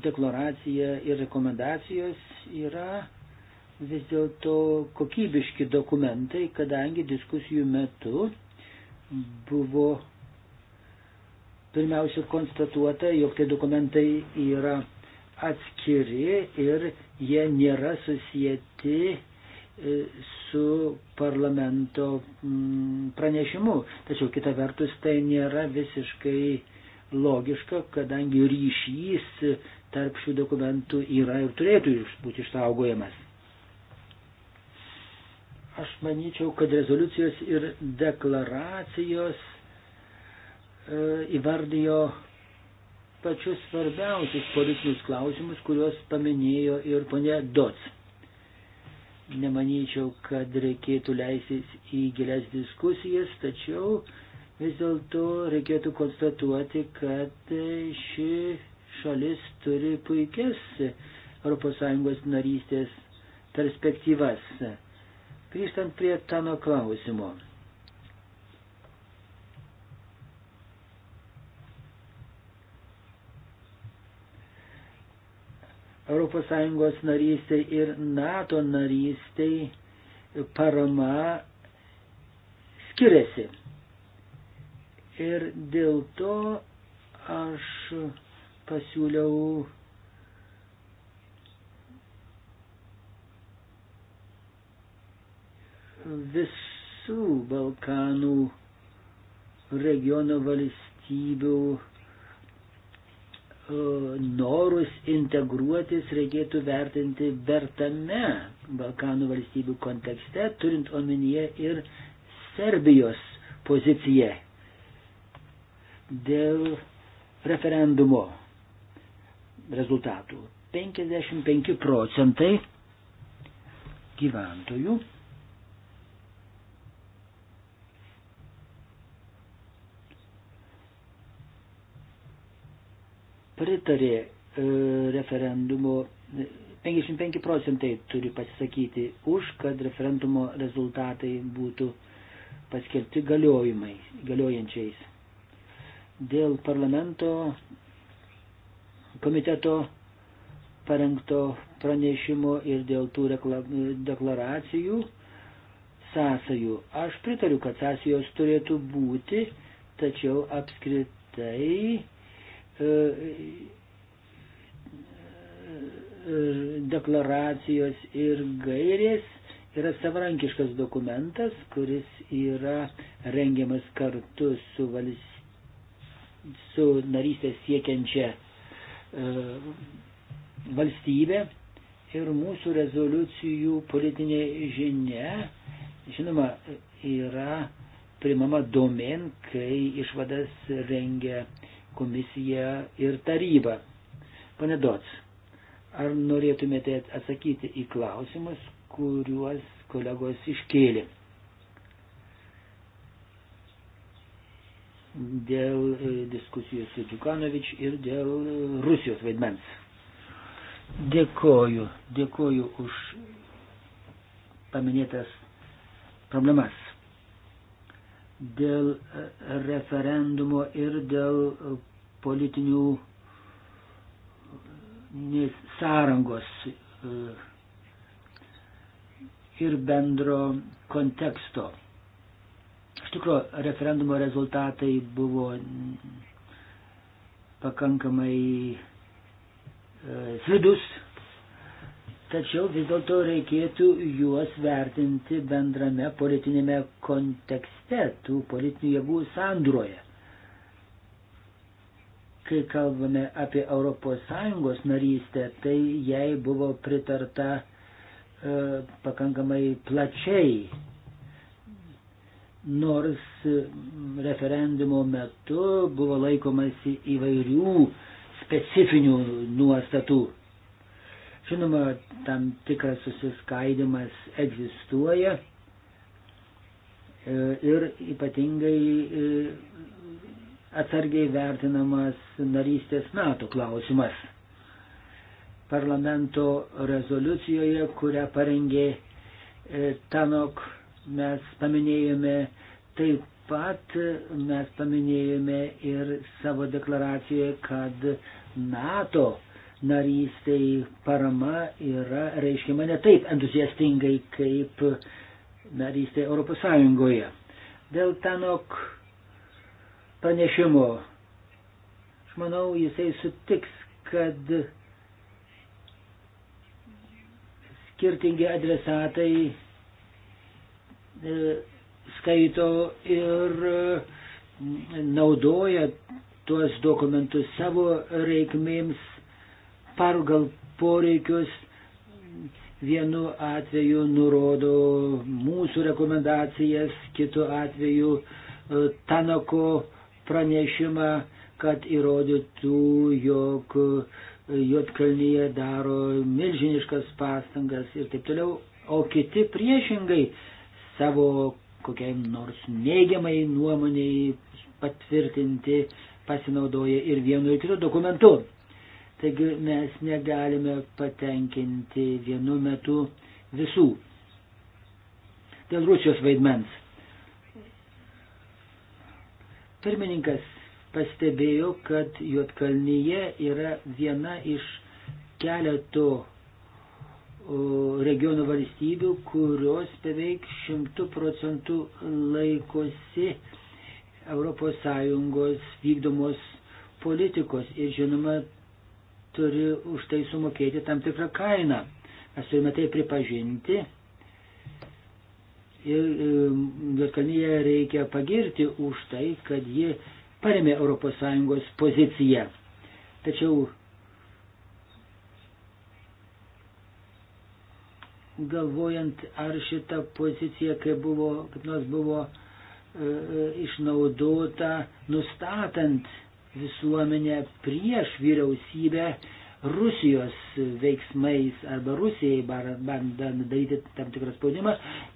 deklaracija ir rekomendacijos yra vis dėlto kokybiški dokumentai, kadangi diskusijų metu buvo pirmiausia konstatuota, jog tie dokumentai yra atskiri ir jie nėra susijęti e, su parlamento mm, pranešimu. Tačiau kita vertus tai nėra visiškai logiška, kadangi ryšys tarp šių dokumentų yra ir turėtų būti išsaugojamas. Aš manyčiau, kad rezoliucijos ir deklaracijos e, įvardijo pačius svarbiausius politinius klausimus, kuriuos paminėjo ir ponė Dots. Nemanyčiau, kad reikėtų leisis į gilias diskusijas, tačiau vis dėlto reikėtų konstatuoti, kad ši šalis turi puikias ES narystės perspektyvas. Grįžtant prie Tano klausimo. ES narystė ir NATO narystė parama skiriasi. Ir dėl to aš pasiūliau visų Balkanų regiono valstybių e, norus integruotis reikėtų vertinti vertame Balkanų valstybių kontekste, turint omenyje ir Serbijos poziciją dėl referendumo rezultatų. 55 procentai gyventojų pritarė e, referendumo, 55 e, procentai turi pasisakyti už, kad referendumo rezultatai būtų paskelbti galiojimai, galiojančiais. Dėl parlamento komiteto parengto pranešimo ir dėl tų deklaracijų sąsajų. Aš pritariu, kad sąsajos turėtų būti, tačiau apskritai E, e, e, deklaracijos ir gairės yra savarankiškas dokumentas, kuris yra rengiamas kartu su, valis, su narystės siekiančia uh, valstybė. Ir mūsų rezoliucijų politinė žinia, žinoma, yra primama domen, kai išvadas rengia uh, komisija ir taryba. Pane Dots, ar norėtumėte atsakyti į klausimus, kuriuos kolegos iškėlė? Dėl e, diskusijos su Džukanovič ir dėl Rusijos vaidmens. Dėkoju, dėkoju už paminėtas problemas dėl e, referendumo ir dėl politinių sąrangos e, ir bendro konteksto. Iš tikrųjų, referendumo rezultatai buvo pakankamai e, slidus, tačiau vis dėlto reikėtų juos vertinti bendrame politinėme kontekste, tų politinių jėgų sandroje kai kalbame apie ES narystę, tai jai buvo pritarta e, pakankamai plačiai. Nors e, referendumo metu buvo laikomasi įvairių specifinių nuostatų. Žinoma, tam tikras susiskaidimas egzistuoja e, ir ypatingai e, atsargiai vertinamas narystės NATO klausimas. Parlamento rezoliucijoje, kurią parengė e, Tanok, mes paminėjome taip pat, mes paminėjome ir savo deklaracijoje, kad NATO narystai parama yra reiškiama ne taip entuziastingai kaip narystė Europos Sąjungoje. Dėl Tanok panešimo. Aš manau, jisai sutiks, kad skirtingi adresatai e, skaito ir e, naudoja tuos dokumentus savo reikmėms, pagal poreikius. Vienu atveju nurodo mūsų rekomendacijas, kitu atveju e, Tanako pranešimą, kad įrodytų, jog Jotkalnyje daro milžiniškas pastangas ir taip toliau, o kiti priešingai savo kokiai nors neigiamai nuomoniai patvirtinti pasinaudoja ir vienu ir kitu dokumentu. Taigi mes negalime patenkinti vienu metu visų. Dėl Rusijos vaidmens Pirmininkas pastebėjo, kad Juotkalnyje yra viena iš keleto regionų valstybių, kurios beveik šimtų procentų laikosi ES vykdomos politikos ir žinoma turi už tai sumokėti tam tikrą kainą. Mes turime tai pripažinti, ir Jotkalnyje reikia pagirti už tai, kad ji paremė ES poziciją. Tačiau galvojant, ar šita pozicija, kaip, buvo, kaip nors buvo e, e išnaudota, nustatant visuomenę prieš vyriausybę, Rusijos veiksmais arba Rusijai bandant daryti tam tikrą spaudimą,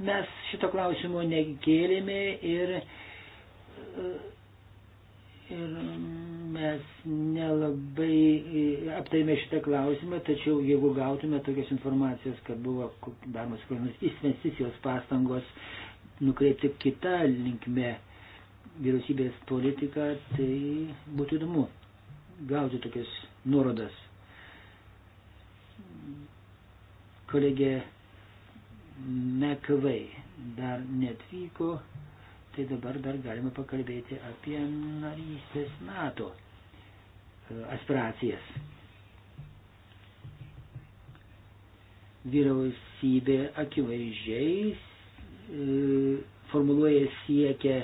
mes šito klausimo nekėlėme ir, ir mes nelabai e, aptarėme šitą klausimą, tačiau jeigu gautume tokios informacijos, kad buvo daromas kokios investicijos pastangos nukreipti kitą linkme vyriausybės politiką, tai būtų įdomu gauti tokias nuorodas. kolegė Mekvai dar netvyko, tai dabar dar galima pakalbėti apie narystės NATO e, aspiracijas. Vyriausybė akivaizdžiai e, formuluoja siekia e,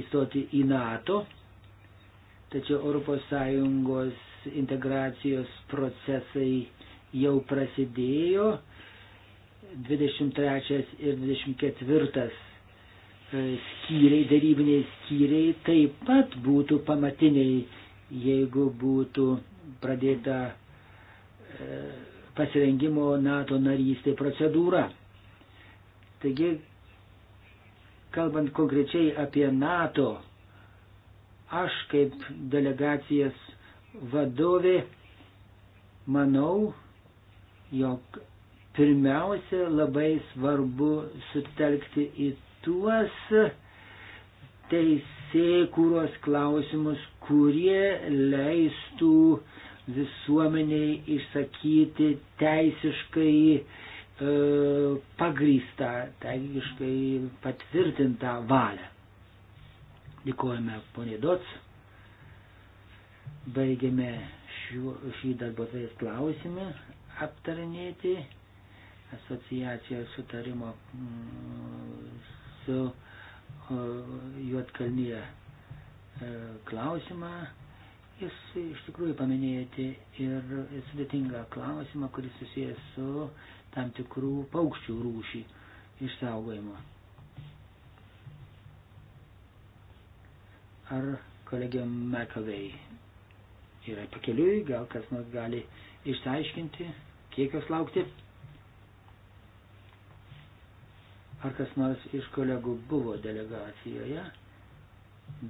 įstoti į NATO Tačiau ES integracijos procesai jau prasidėjo. 23 ir 24 e, skyriai, darybiniai skyriai taip pat būtų pamatiniai, jeigu būtų pradėta e, pasirengimo NATO narystė procedūra. Taigi, kalbant konkrečiai apie NATO Aš kaip delegacijos vadovė manau, jog pirmiausia labai svarbu sutelkti į tuos teisėkūros klausimus, kurie leistų visuomeniai išsakyti teisiškai e, pagrįstą, teisiškai patvirtintą valią. Dėkojame ponė Dots. Baigėme šiuo, šį darbo tvarkės klausimą aptarinėti asociacijos sutarimo mm, su Juotkalnyje klausimą. Jūs iš tikrųjų paminėjote ir sudėtingą klausimą, kuris susijęs su tam tikrų paukščių rūšį išsaugojimo. Ar kolegė McAvey yra pakeliui, gal kas nors gali išsiaiškinti, kiek jos laukti. Ar kas nors iš kolegų buvo delegacijoje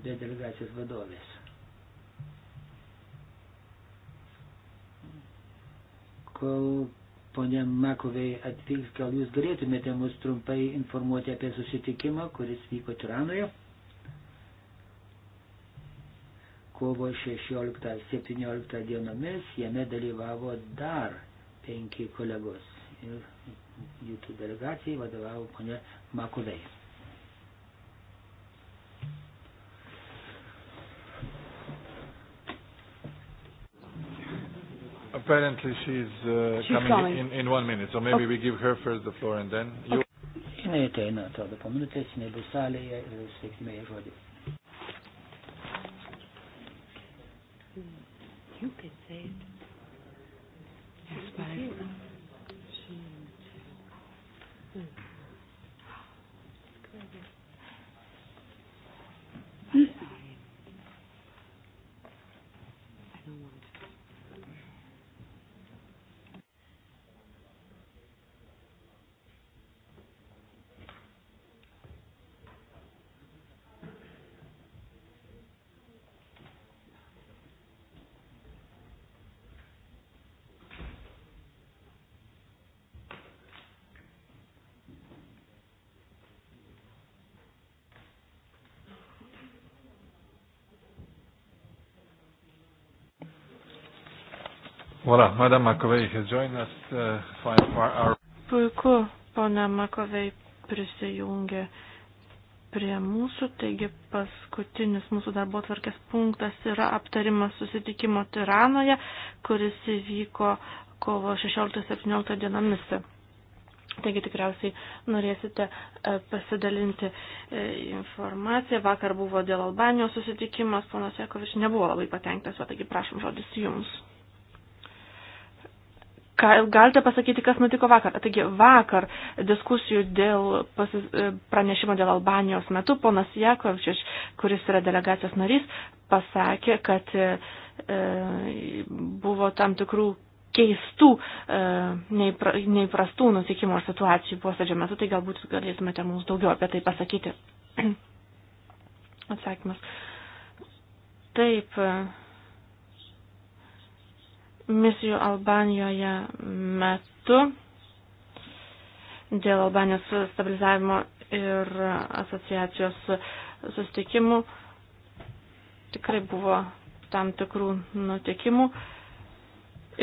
be delegacijos vadovės? Kol ponė Makovei atvyks, gal jūs galėtumėte mus trumpai informuoti apie susitikimą, kuris vyko Tiranoje? kovo 16-17 dienomis jame dalyvavo dar penki kolegos ir jų delegacijai vadovavo ponė Makovei. Apparently she's, uh, she's coming, coming. In, in one minute, so maybe okay. we give her first the floor and then you. Jinai ateina, atrodo, po minutės, jinai bus salėje ir sveiksime į žodį. You can say it. That's fine. Mm. Voilà, Madame McAvey has joined us uh, for our... Puiku, ponia McAvey prisijungė prie mūsų, taigi paskutinis mūsų darbo tvarkės punktas yra aptarimas susitikimo Tiranoje, kuris įvyko kovo 16-17 dienomis. Taigi tikriausiai norėsite e, pasidalinti e, informaciją. Vakar buvo dėl Albanijos susitikimas, ponas Jakovič nebuvo labai patenktas, o taigi prašom žodis jums. Ką, galite pasakyti, kas nutiko vakar? Taigi vakar diskusijų dėl pasis, e, pranešimo dėl Albanijos metu ponas Jakovčiš, kuris yra delegacijos narys, pasakė, kad e, e, buvo tam tikrų keistų, e, neįpra, neįprastų nusikimo situacijų posėdžio metu, tai galbūt galėtumėte mums daugiau apie tai pasakyti. Atsakymas. Taip. E, misijų Albanijoje metu dėl Albanijos stabilizavimo ir asociacijos sustikimų tikrai buvo tam tikrų nutikimų.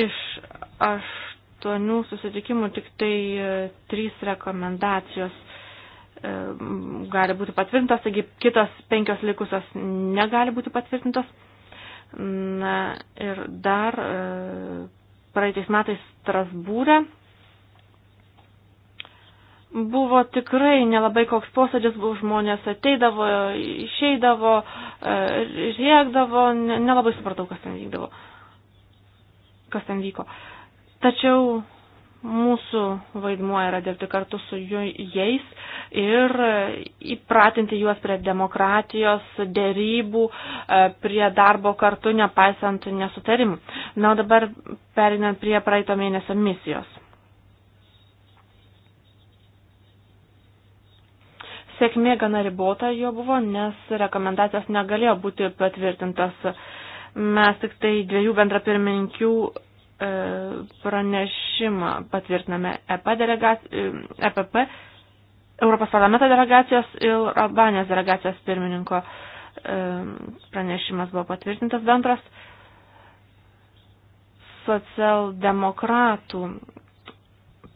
Iš aštuonių susitikimų tik tai e, trys rekomendacijos e, gali būti patvirtintos, taigi kitos penkios likusios negali būti patvirtintos. Na ir dar e, praeitais metais Strasbūrė buvo tikrai nelabai koks posėdis, buvo žmonės ateidavo, išeidavo, žiekdavo, nelabai supratau, kas ten vykdavo, kas ten vyko. Tačiau Mūsų vaidmuo yra dirbti kartu su jais ir įpratinti juos prie demokratijos, dėrybų, e, prie darbo kartu, nepaisant nesutarimų. Na, o dabar perinant prie praeito mėnesio misijos. Sėkmė gana ribota jo buvo, nes rekomendacijos negalėjo būti patvirtintas. Mes tik tai dviejų bendrapirmininkių e, pranešimus pranešimą patvirtiname EP, delegac... EPP, e Europos parlamento delegacijos ir Albanijos delegacijos pirmininko e, pranešimas buvo patvirtintas bendras socialdemokratų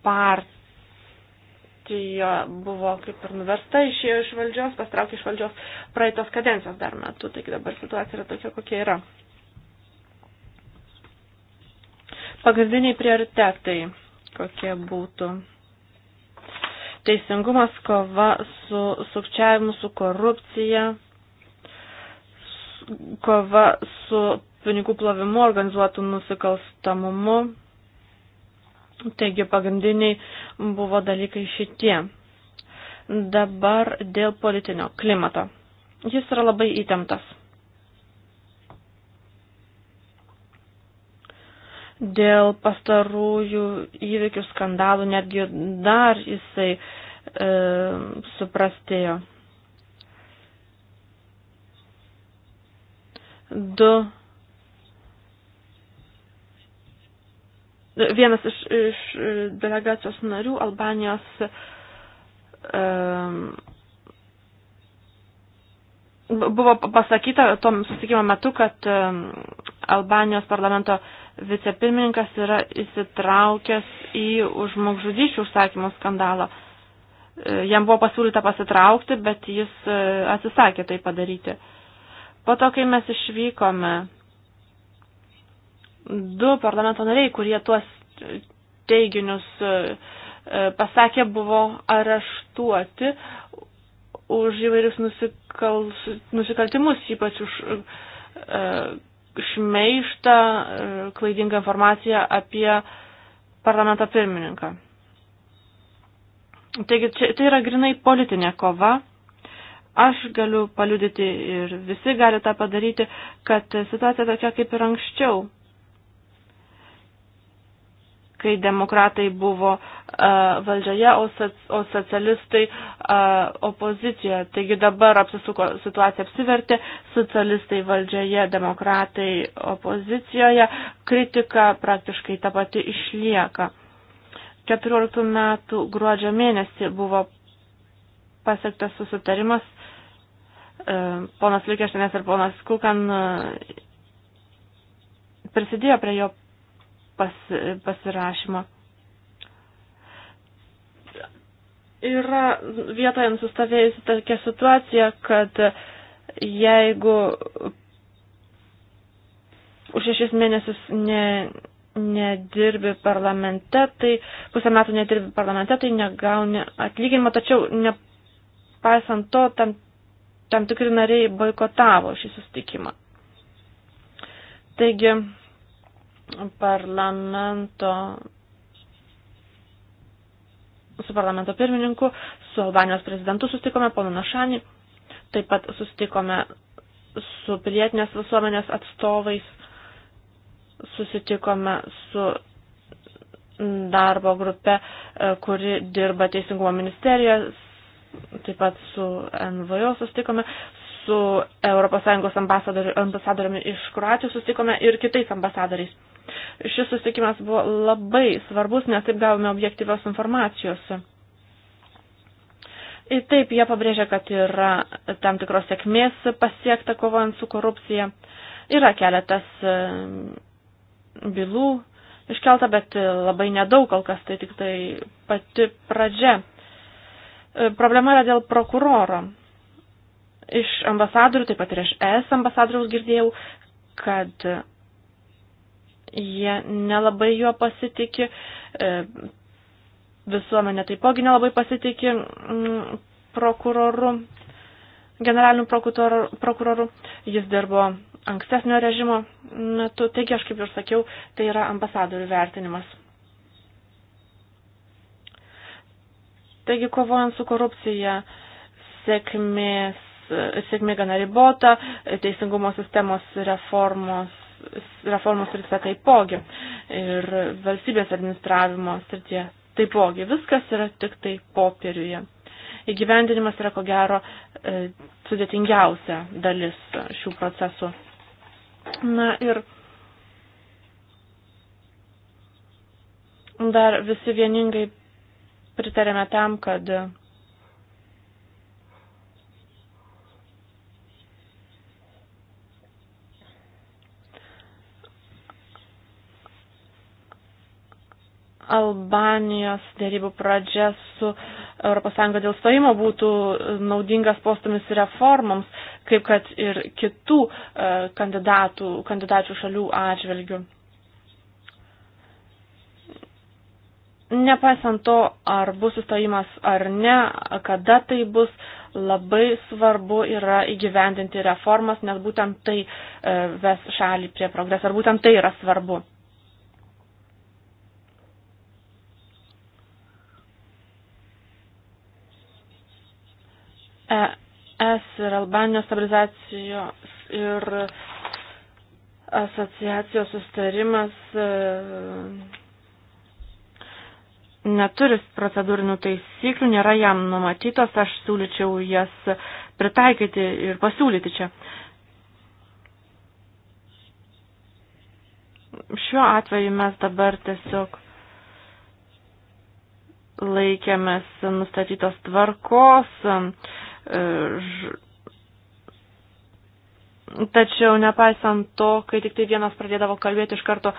partija buvo kaip ir nuversta, išėjo iš valdžios, pastraukė iš valdžios praeitos kadencijos dar metu, taigi dabar situacija yra tokia, kokia yra. Pagrindiniai prioritetai kokie būtų. Teisingumas, kova su sukčiavimu, su korupcija, kova su pinigų plovimu, organizuotų nusikalstamumu. Taigi pagrindiniai buvo dalykai šitie. Dabar dėl politinio klimato. Jis yra labai įtemptas. dėl pastarųjų įvykių skandalų netgi dar jisai e, suprastėjo. Du. Vienas iš, iš delegacijos narių Albanijos e, buvo pasakyta tuo susitikimo metu, kad Albanijos parlamento vicepirmininkas yra įsitraukęs į užmogžudyšių užsakymų skandalą. E, jam buvo pasiūlyta pasitraukti, bet jis e, atsisakė tai padaryti. Po to, kai mes išvykome, du parlamento nariai, kurie tuos teiginius e, pasakė, buvo areštuoti, už įvairius nusikal, nusikaltimus, ypač už e, šmeištą, e, klaidingą informaciją apie parlamento pirmininką. Taigi čia, tai yra grinai politinė kova. Aš galiu paliudyti ir visi gali tą padaryti, kad situacija tokia kaip ir anksčiau kai demokratai buvo e, valdžioje, o socialistai e, opozicijoje. Taigi dabar apsisuko situacija apsivertė, socialistai valdžioje, demokratai opozicijoje, kritika praktiškai ta pati išlieka. 14 metų gruodžio mėnesį buvo pasiektas susitarimas, e, ponas Liukeštinės ir ponas Kukan prisidėjo prie jo pas, pasirašymo. Yra vietoje nusistovėjusi tokia situacija, kad jeigu už šešis mėnesius ne, nedirbi parlamente, tai pusę metų nedirbi parlamente, tai negauni atlyginimo, tačiau nepaisant to, tam, tam tikri nariai boikotavo šį sustikimą. Taigi, parlamento su parlamento pirmininku, su Albanijos prezidentu sustikome, ponu Našani, taip pat sustikome su pilietinės visuomenės atstovais, susitikome su darbo grupe, e, kuri dirba Teisingumo ministerijoje, taip pat su NVO sustikome, su ES ambasadoriumi iš Kroatijos sustikome ir kitais ambasadoriais. Šis susitikimas buvo labai svarbus, nes taip gavome objektyvios informacijos. Ir taip, jie pabrėžia, kad yra tam tikros sėkmės pasiekta kovojant su korupcija. Yra keletas e, bylų iškelta, bet labai nedaug kol kas, tai tik tai pati pradžia. E, problema yra dėl prokuroro. Iš ambasadorių, taip pat ir iš ES ambasadoriaus girdėjau, kad jie nelabai juo pasitikė, e, visuomenė taipogi nelabai pasitikė mm, prokuroru, generaliniu prokuroru, prokuroru. jis dirbo ankstesnio režimo metu, taigi aš kaip ir sakiau, tai yra ambasadorių vertinimas. Taigi kovojant su korupcija, sėkmės, sėkmė gana ribota, teisingumo sistemos reformos reformos srityse taipogi ir valstybės administravimo srityje taipogi. Viskas yra tik tai popieriuje. Įgyvendinimas yra ko gero e, sudėtingiausia dalis šių procesų. Na ir dar visi vieningai pritarėme tam, kad Albanijos dėrybų pradžia su ES dėl stojimo būtų naudingas postumis reformoms, kaip kad ir kitų e, kandidatų, kandidačių šalių atžvilgių. Nepaisant to, ar bus įstojimas ar ne, kada tai bus, labai svarbu yra įgyvendinti reformas, nes būtent tai e, ves šalį prie progreso, ar būtent tai yra svarbu. ES ir Albanijos stabilizacijos ir asociacijos sustarimas e, neturi procedūrinių taisyklių, nėra jam numatytos, aš siūlyčiau jas pritaikyti ir pasiūlyti čia. Šiuo atveju mes dabar tiesiog laikėmės nustatytos tvarkos, uh, E, tačiau nepaisant to, kai tik tai vienas pradėdavo kalbėti iš karto, e,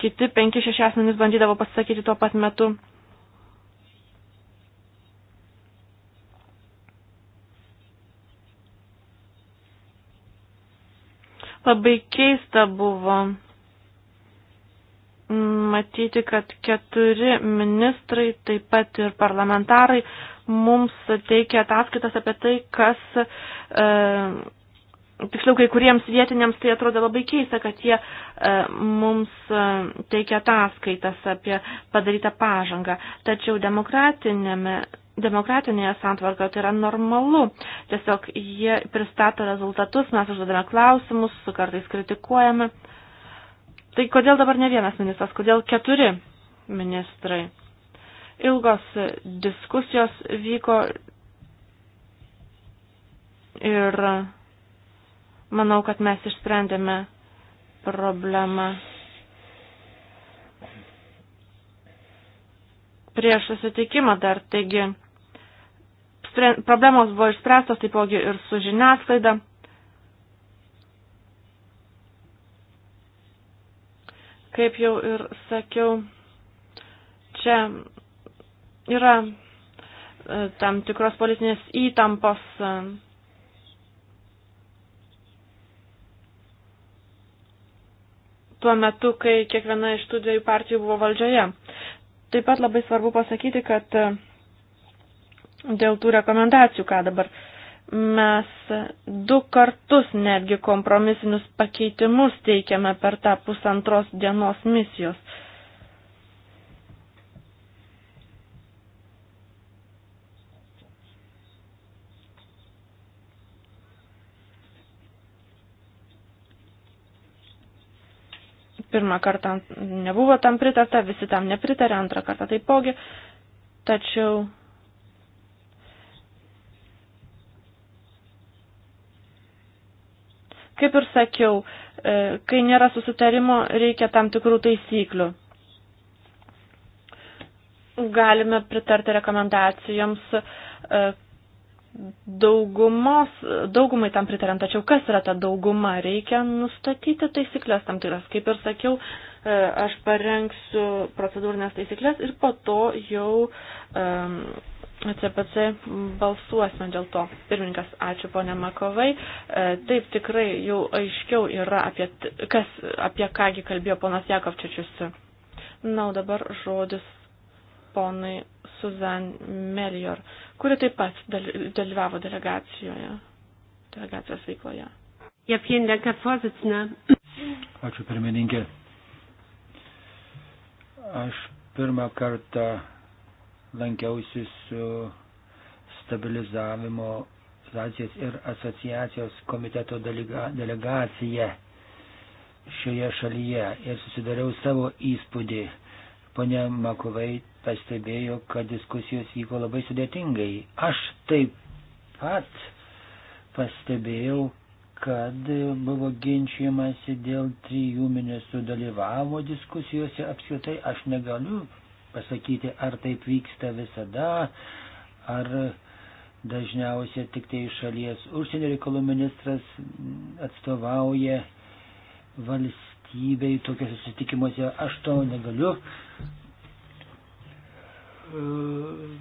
kiti penki šeši asmenys bandydavo pasakyti tuo pat metu. Labai keista buvo matyti, kad keturi ministrai, taip pat ir parlamentarai, mums teikia ataskaitas apie tai, kas, e, tiksliau, kai kuriems vietiniams tai atrodo labai keista, kad jie e, mums e, teikia ataskaitas apie padarytą pažangą. Tačiau demokratinėme demokratinėje santvarkoje tai yra normalu. Tiesiog jie pristato rezultatus, mes užduodame klausimus, kartais kritikuojame. E, Tai kodėl dabar ne vienas ministras, kodėl keturi ministrai? Ilgos diskusijos vyko ir manau, kad mes išsprendėme problemą. Prieš susitikimą dar, taigi, problemos buvo išspręstos taipogi ir su žiniasklaida. Kaip jau ir sakiau, čia yra e, tam tikros politinės įtampos. Tuo metu, kai kiekviena iš tų dviejų partijų buvo valdžioje. Taip pat labai svarbu pasakyti, kad e, dėl tų rekomendacijų, ką dabar uh, Mes du kartus netgi kompromisinius pakeitimus teikiame per tą pusantros dienos misijos. pirmą kartą nebuvo tam pritarta, visi tam nepritarė, antrą kartą taipogi. Tačiau Kaip ir sakiau, e, kai nėra susitarimo, reikia tam tikrų taisyklių. Galime pritarti rekomendacijoms e, daugumos, daugumai tam pritarant, tačiau kas yra ta dauguma, reikia nustatyti taisyklės tam tikras. Kaip ir sakiau, e, aš parengsiu procedūrinės taisyklės ir po to jau um, CPC balsuosime dėl to. Pirmininkas, ačiū ponė Makovai. E, taip tikrai jau aiškiau yra apie, kas, apie kągi kalbėjo ponas Jakovčičius. Na, o dabar žodis ponai Suzan Melior, kuri taip pat dalyvavo delegacijoje, delegacijos veikloje. Ja, vielen Dank, Herr Vorsitzender. Ačiū pirmininkė. Aš pirmą kartą lankiausi su stabilizavimo asociacijos ir asociacijos komiteto delega, delegacija šioje šalyje ir susidariau savo įspūdį. Pone Makovai pastebėjo, kad diskusijos vyko labai sudėtingai. Aš taip pat pastebėjau, kad buvo ginčiamasi dėl trijų ministrų dalyvavo diskusijose. Apskritai aš negaliu pasakyti, ar taip vyksta visada, ar dažniausiai tik tai šalies užsienio reikalų ministras atstovauja valstybei tokiuose susitikimuose. Aš to negaliu e,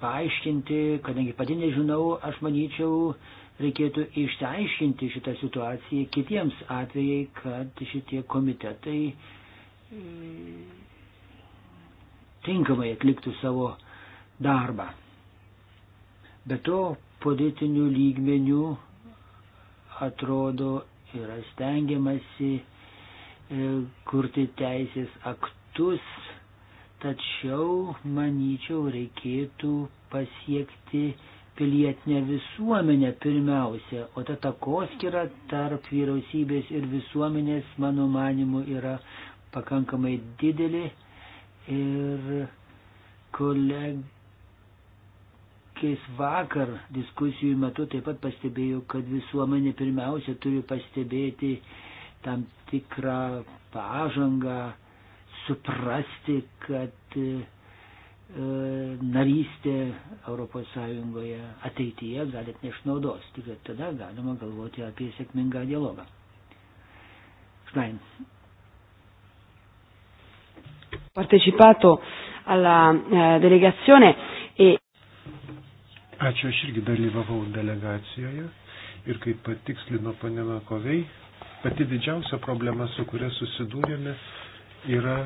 paaiškinti, kadangi pati nežinau, aš manyčiau, reikėtų išsiaiškinti šitą situaciją kitiems atvejai, kad šitie komitetai e, tinkamai atliktų savo darbą. Be to, politinių lygmenių atrodo yra stengiamasi e, kurti teisės aktus, tačiau, manyčiau, reikėtų pasiekti pilietinę visuomenę pirmiausia, o ta takoskira tarp vyriausybės ir visuomenės, mano manimu, yra pakankamai didelė ir kolegės vakar diskusijų metu taip pat pastebėjau, kad visuomenė pirmiausia turi pastebėti tam tikrą pažangą, suprasti, kad e, narystė ES ateityje gali atnešti naudos. Tik tada galima galvoti apie sėkmingą dialogą. Štai partecipato alla eh, delegazione. E... Ačiū, aš irgi dalyvavau delegacijoje ir kaip patikslino panė Makovei, pati didžiausia problema, su kuria susidūrėme, yra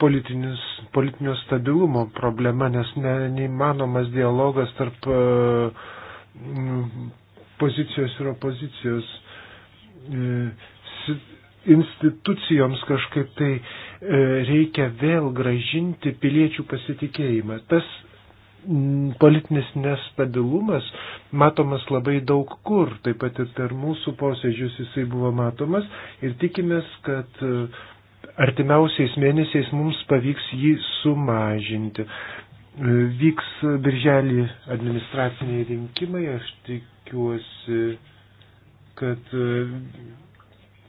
politinis, politinio stabilumo problema, nes ne, neįmanomas dialogas tarp e, pozicijos ir opozicijos e, institucijoms kažkaip tai E, reikia vėl gražinti piliečių pasitikėjimą. Tas politinis nestabilumas matomas labai daug kur, taip pat ir per mūsų posėdžius jisai buvo matomas ir tikimės, kad e, artimiausiais mėnesiais mums pavyks jį sumažinti. E, vyks birželį administraciniai rinkimai, aš tikiuosi, kad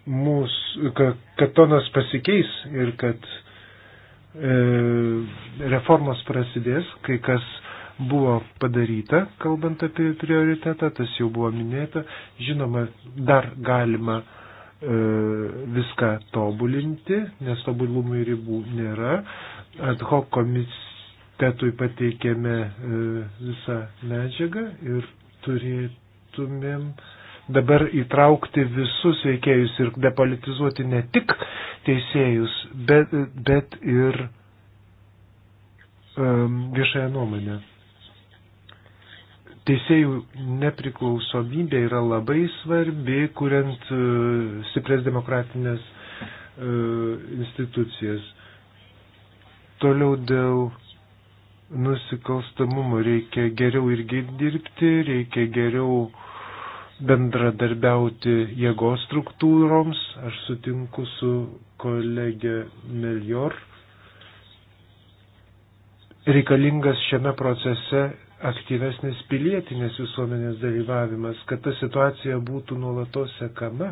mūsų, kad, kad tonas pasikeis ir kad e, reformos prasidės, kai kas buvo padaryta, kalbant apie prioritetą, tas jau buvo minėta. Žinoma, dar galima e, viską tobulinti, nes tobulumui ribų nėra. Ad hoc komitetui pateikėme e, visą medžiagą ir turėtumėm e, dabar įtraukti visus veikėjus ir depolitizuoti ne tik teisėjus, bet, bet ir um, viešąją nuomonę. Teisėjų nepriklausomybė yra labai svarbi, kuriant uh, stiprias demokratinės uh, institucijas. Toliau dėl nusikalstamumo reikia geriau irgi dirbti, reikia geriau uh, bendradarbiauti jėgos struktūroms. Aš sutinku su kolegė Melior. Reikalingas šiame procese aktyvesnis pilietinės visuomenės dalyvavimas, kad ta situacija būtų nuolatos sekama.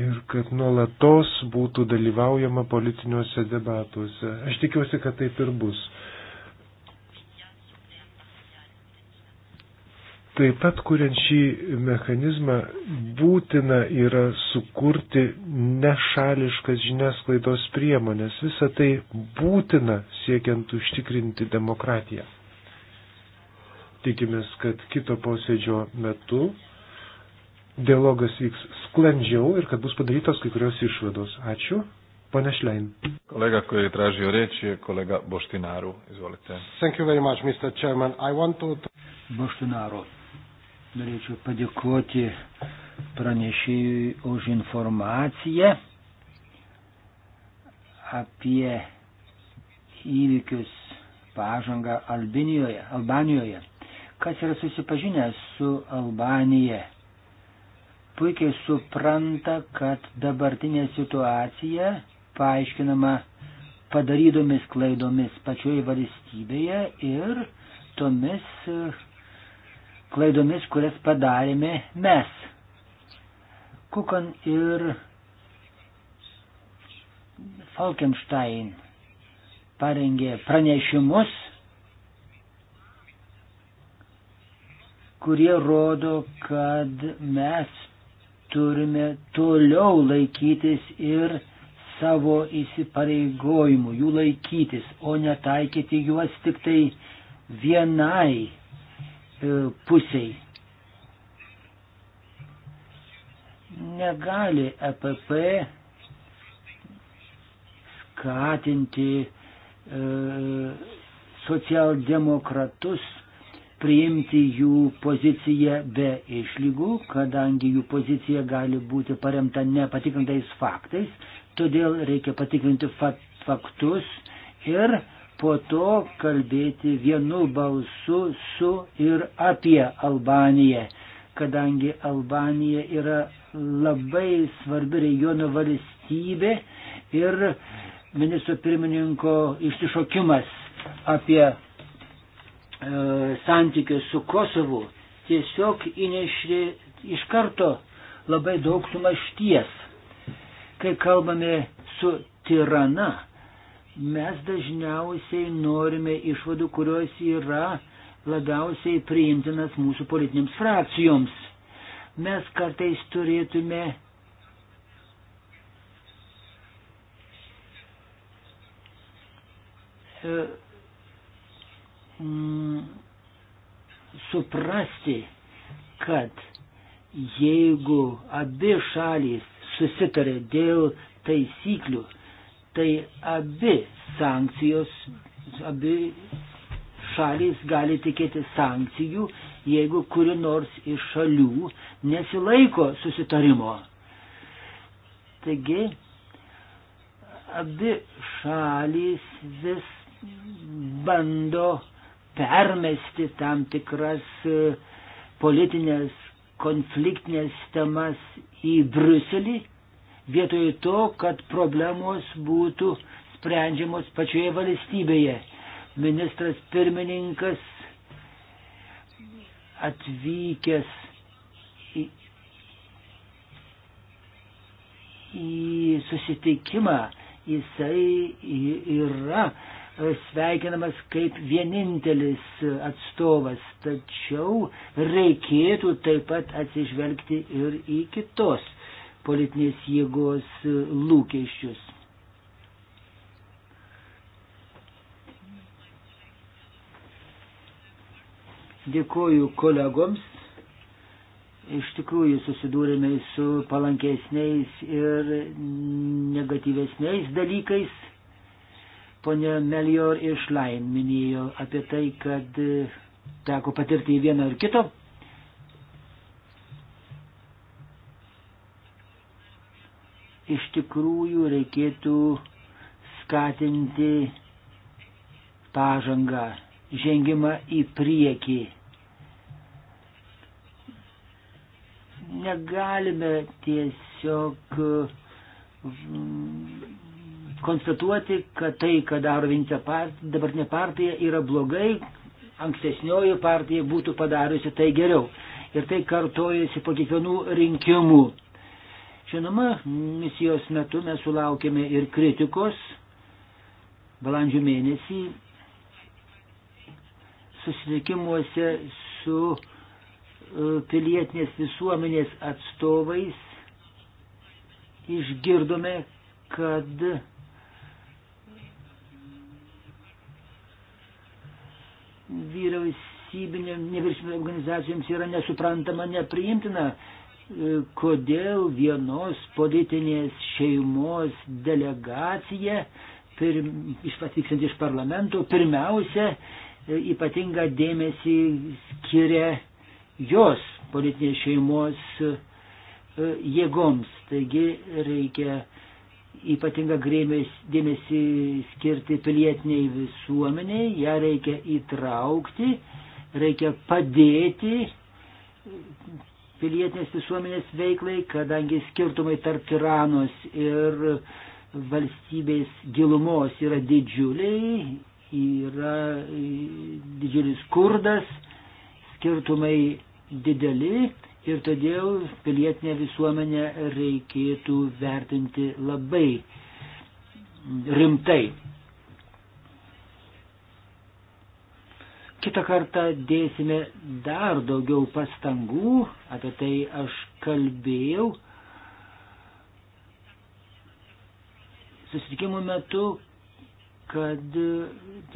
Ir kad nuolatos būtų dalyvaujama politiniuose debatuose. Aš tikiuosi, kad taip ir bus. Taip pat, kuriant šį mechanizmą, būtina yra sukurti nešališkas žiniasklaidos priemonės. Visą tai būtina siekiant užtikrinti demokratiją. Tikimės, kad kito posėdžio metu dialogas vyks sklandžiau ir kad bus padarytos kai kurios išvados. Ačiū. Pane Šlein. Kolega koji je tražio riječ je kolega Boštinaru. Izvolite. Thank you very much, Mr. Chairman. I want to... Boštinaru. Norėčiau padėkoti pranešėjui už informaciją apie įvykius pažangą Albinijoje, Albanijoje. Kas yra susipažinęs su Albanija, puikiai supranta, kad dabartinė situacija paaiškinama padarydomis klaidomis pačioje valstybėje ir tomis klaidomis, kurias padarėme mes. Kukan ir Falkenstein parengė pranešimus, kurie rodo, kad mes turime toliau laikytis ir savo įsipareigojimų, jų laikytis, o netaikyti juos tik tai vienai E, pusiai. Negali EPP skatinti e, socialdemokratus priimti jų poziciją be išlygų, kadangi jų pozicija gali būti paremta nepatikrintais faktais, todėl reikia patikrinti faktus ir po to kalbėti vienu balsu su ir apie Albaniją, kadangi Albanija yra labai svarbi regiono valstybė ir ministro pirmininko išsišokimas apie e, santykius su Kosovu tiesiog įnešė iš karto labai daug sumašties. Kai kalbame su tirana, mes dažniausiai norime išvadų, kurios yra labiausiai priimtinas mūsų politinėms frakcijoms. Mes kartais turėtume e, mm, suprasti, kad jeigu abi šalys susitarė dėl taisyklių, tai abi sankcijos, abi šalys gali tikėti sankcijų, jeigu kuri nors iš šalių nesilaiko susitarimo. Taigi, abi šalys vis bando permesti tam tikras e, politinės konfliktinės temas į Bruselį vietoj to, kad problemos būtų sprendžiamos pačioje valstybėje. Ministras pirmininkas atvykęs į, į susitikimą, jisai yra sveikinamas kaip vienintelis atstovas, tačiau reikėtų taip pat atsižvelgti ir į kitos politinės jėgos e, lūkesčius. Dėkoju kolegoms. Iš tikrųjų susidūrėme su palankesniais ir negatyvesniais dalykais. Pone Melior iš Laim minėjo apie tai, kad e, teko patirti vieną ar kitą iš tikrųjų reikėtų skatinti pažangą, žengimą į priekį. Negalime tiesiog mm, konstatuoti, kad tai, ką daro vienintelė partija, dabartinė partija yra blogai, ankstesnioji partija būtų padariusi tai geriau. Ir tai kartojasi po kiekvienų rinkimų. Žinoma, misijos metu mes sulaukėme ir kritikos. Balandžio mėnesį susitikimuose su e, pilietinės visuomenės atstovais išgirdome, kad vyriausybinėms nevyriausybinėms organizacijoms yra nesuprantama, nepriimtina kodėl vienos politinės šeimos delegacija pirm, iš atvykstant iš parlamento pirmiausia e, ypatingą dėmesį skiria jos politinės šeimos e, e, jėgoms. Taigi reikia ypatingą dėmesį skirti pilietiniai visuomeniai, ją reikia įtraukti, reikia padėti pilietinės visuomenės veiklai, kadangi skirtumai tarp tiranos ir valstybės gilumos yra didžiuliai, yra didžiulis kurdas, skirtumai dideli ir todėl pilietinę visuomenę reikėtų vertinti labai rimtai. Kita kartą dėsime dar daugiau pastangų, apie tai aš kalbėjau. Susitikimų metu, kad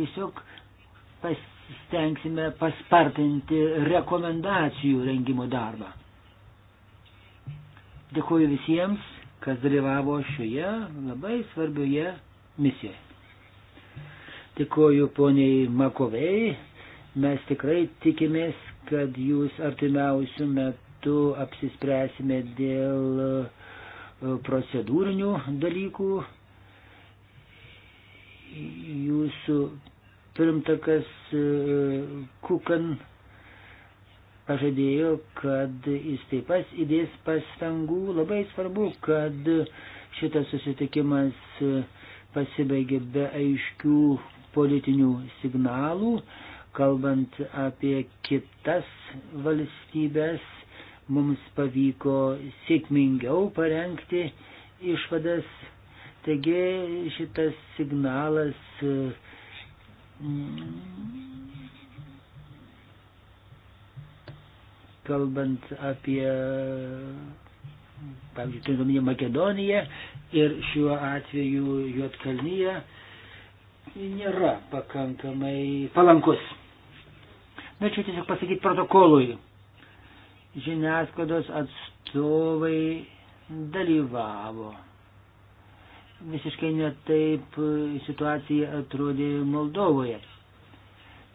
tiesiog pasistengsime paspartinti rekomendacijų rengimo darbą. Dėkuoju visiems, kas dalyvavo šioje labai svarbioje misijoje. Dėkuoju poniai Makovei, Mes tikrai tikimės, kad jūs artimiausių metų apsispręsime dėl e, procedūrinių dalykų. Jūsų pirmtakas e, Kukan pažadėjo, kad jis taip pat įdės pastangų. Labai svarbu, kad šitas susitikimas e, pasibaigė be aiškių politinių signalų kalbant apie kitas valstybės, mums pavyko sėkmingiau parengti išvadas. Taigi šitas signalas kalbant apie, pavyzdžiui, turintuomenį Makedoniją ir šiuo atveju Juotkalnyje, nėra pakankamai palankus. Norėčiau tiesiog pasakyti protokolui. Žiniasklaidos atstovai dalyvavo. Visiškai netaip situacija atrodė Moldovoje.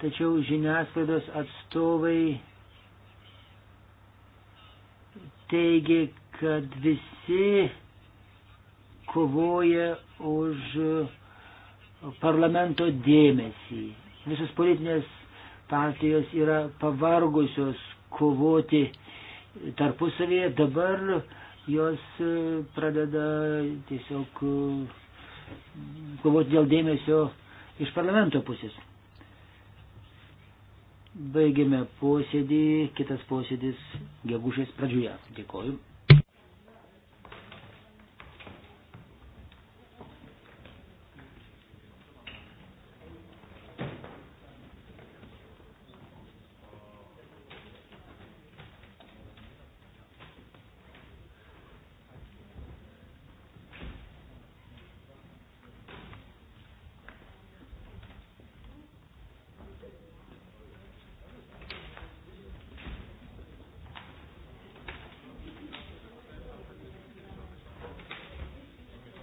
Tačiau žiniasklaidos atstovai teigia, kad visi kovoja už parlamento dėmesį. Visos politinės partijos yra pavargusios kovoti tarpusavėje, dabar jos e, pradeda tiesiog e, kovoti dėl dėmesio iš parlamento pusės. Baigėme posėdį, kitas posėdis gegužės pradžioje. Dėkoju.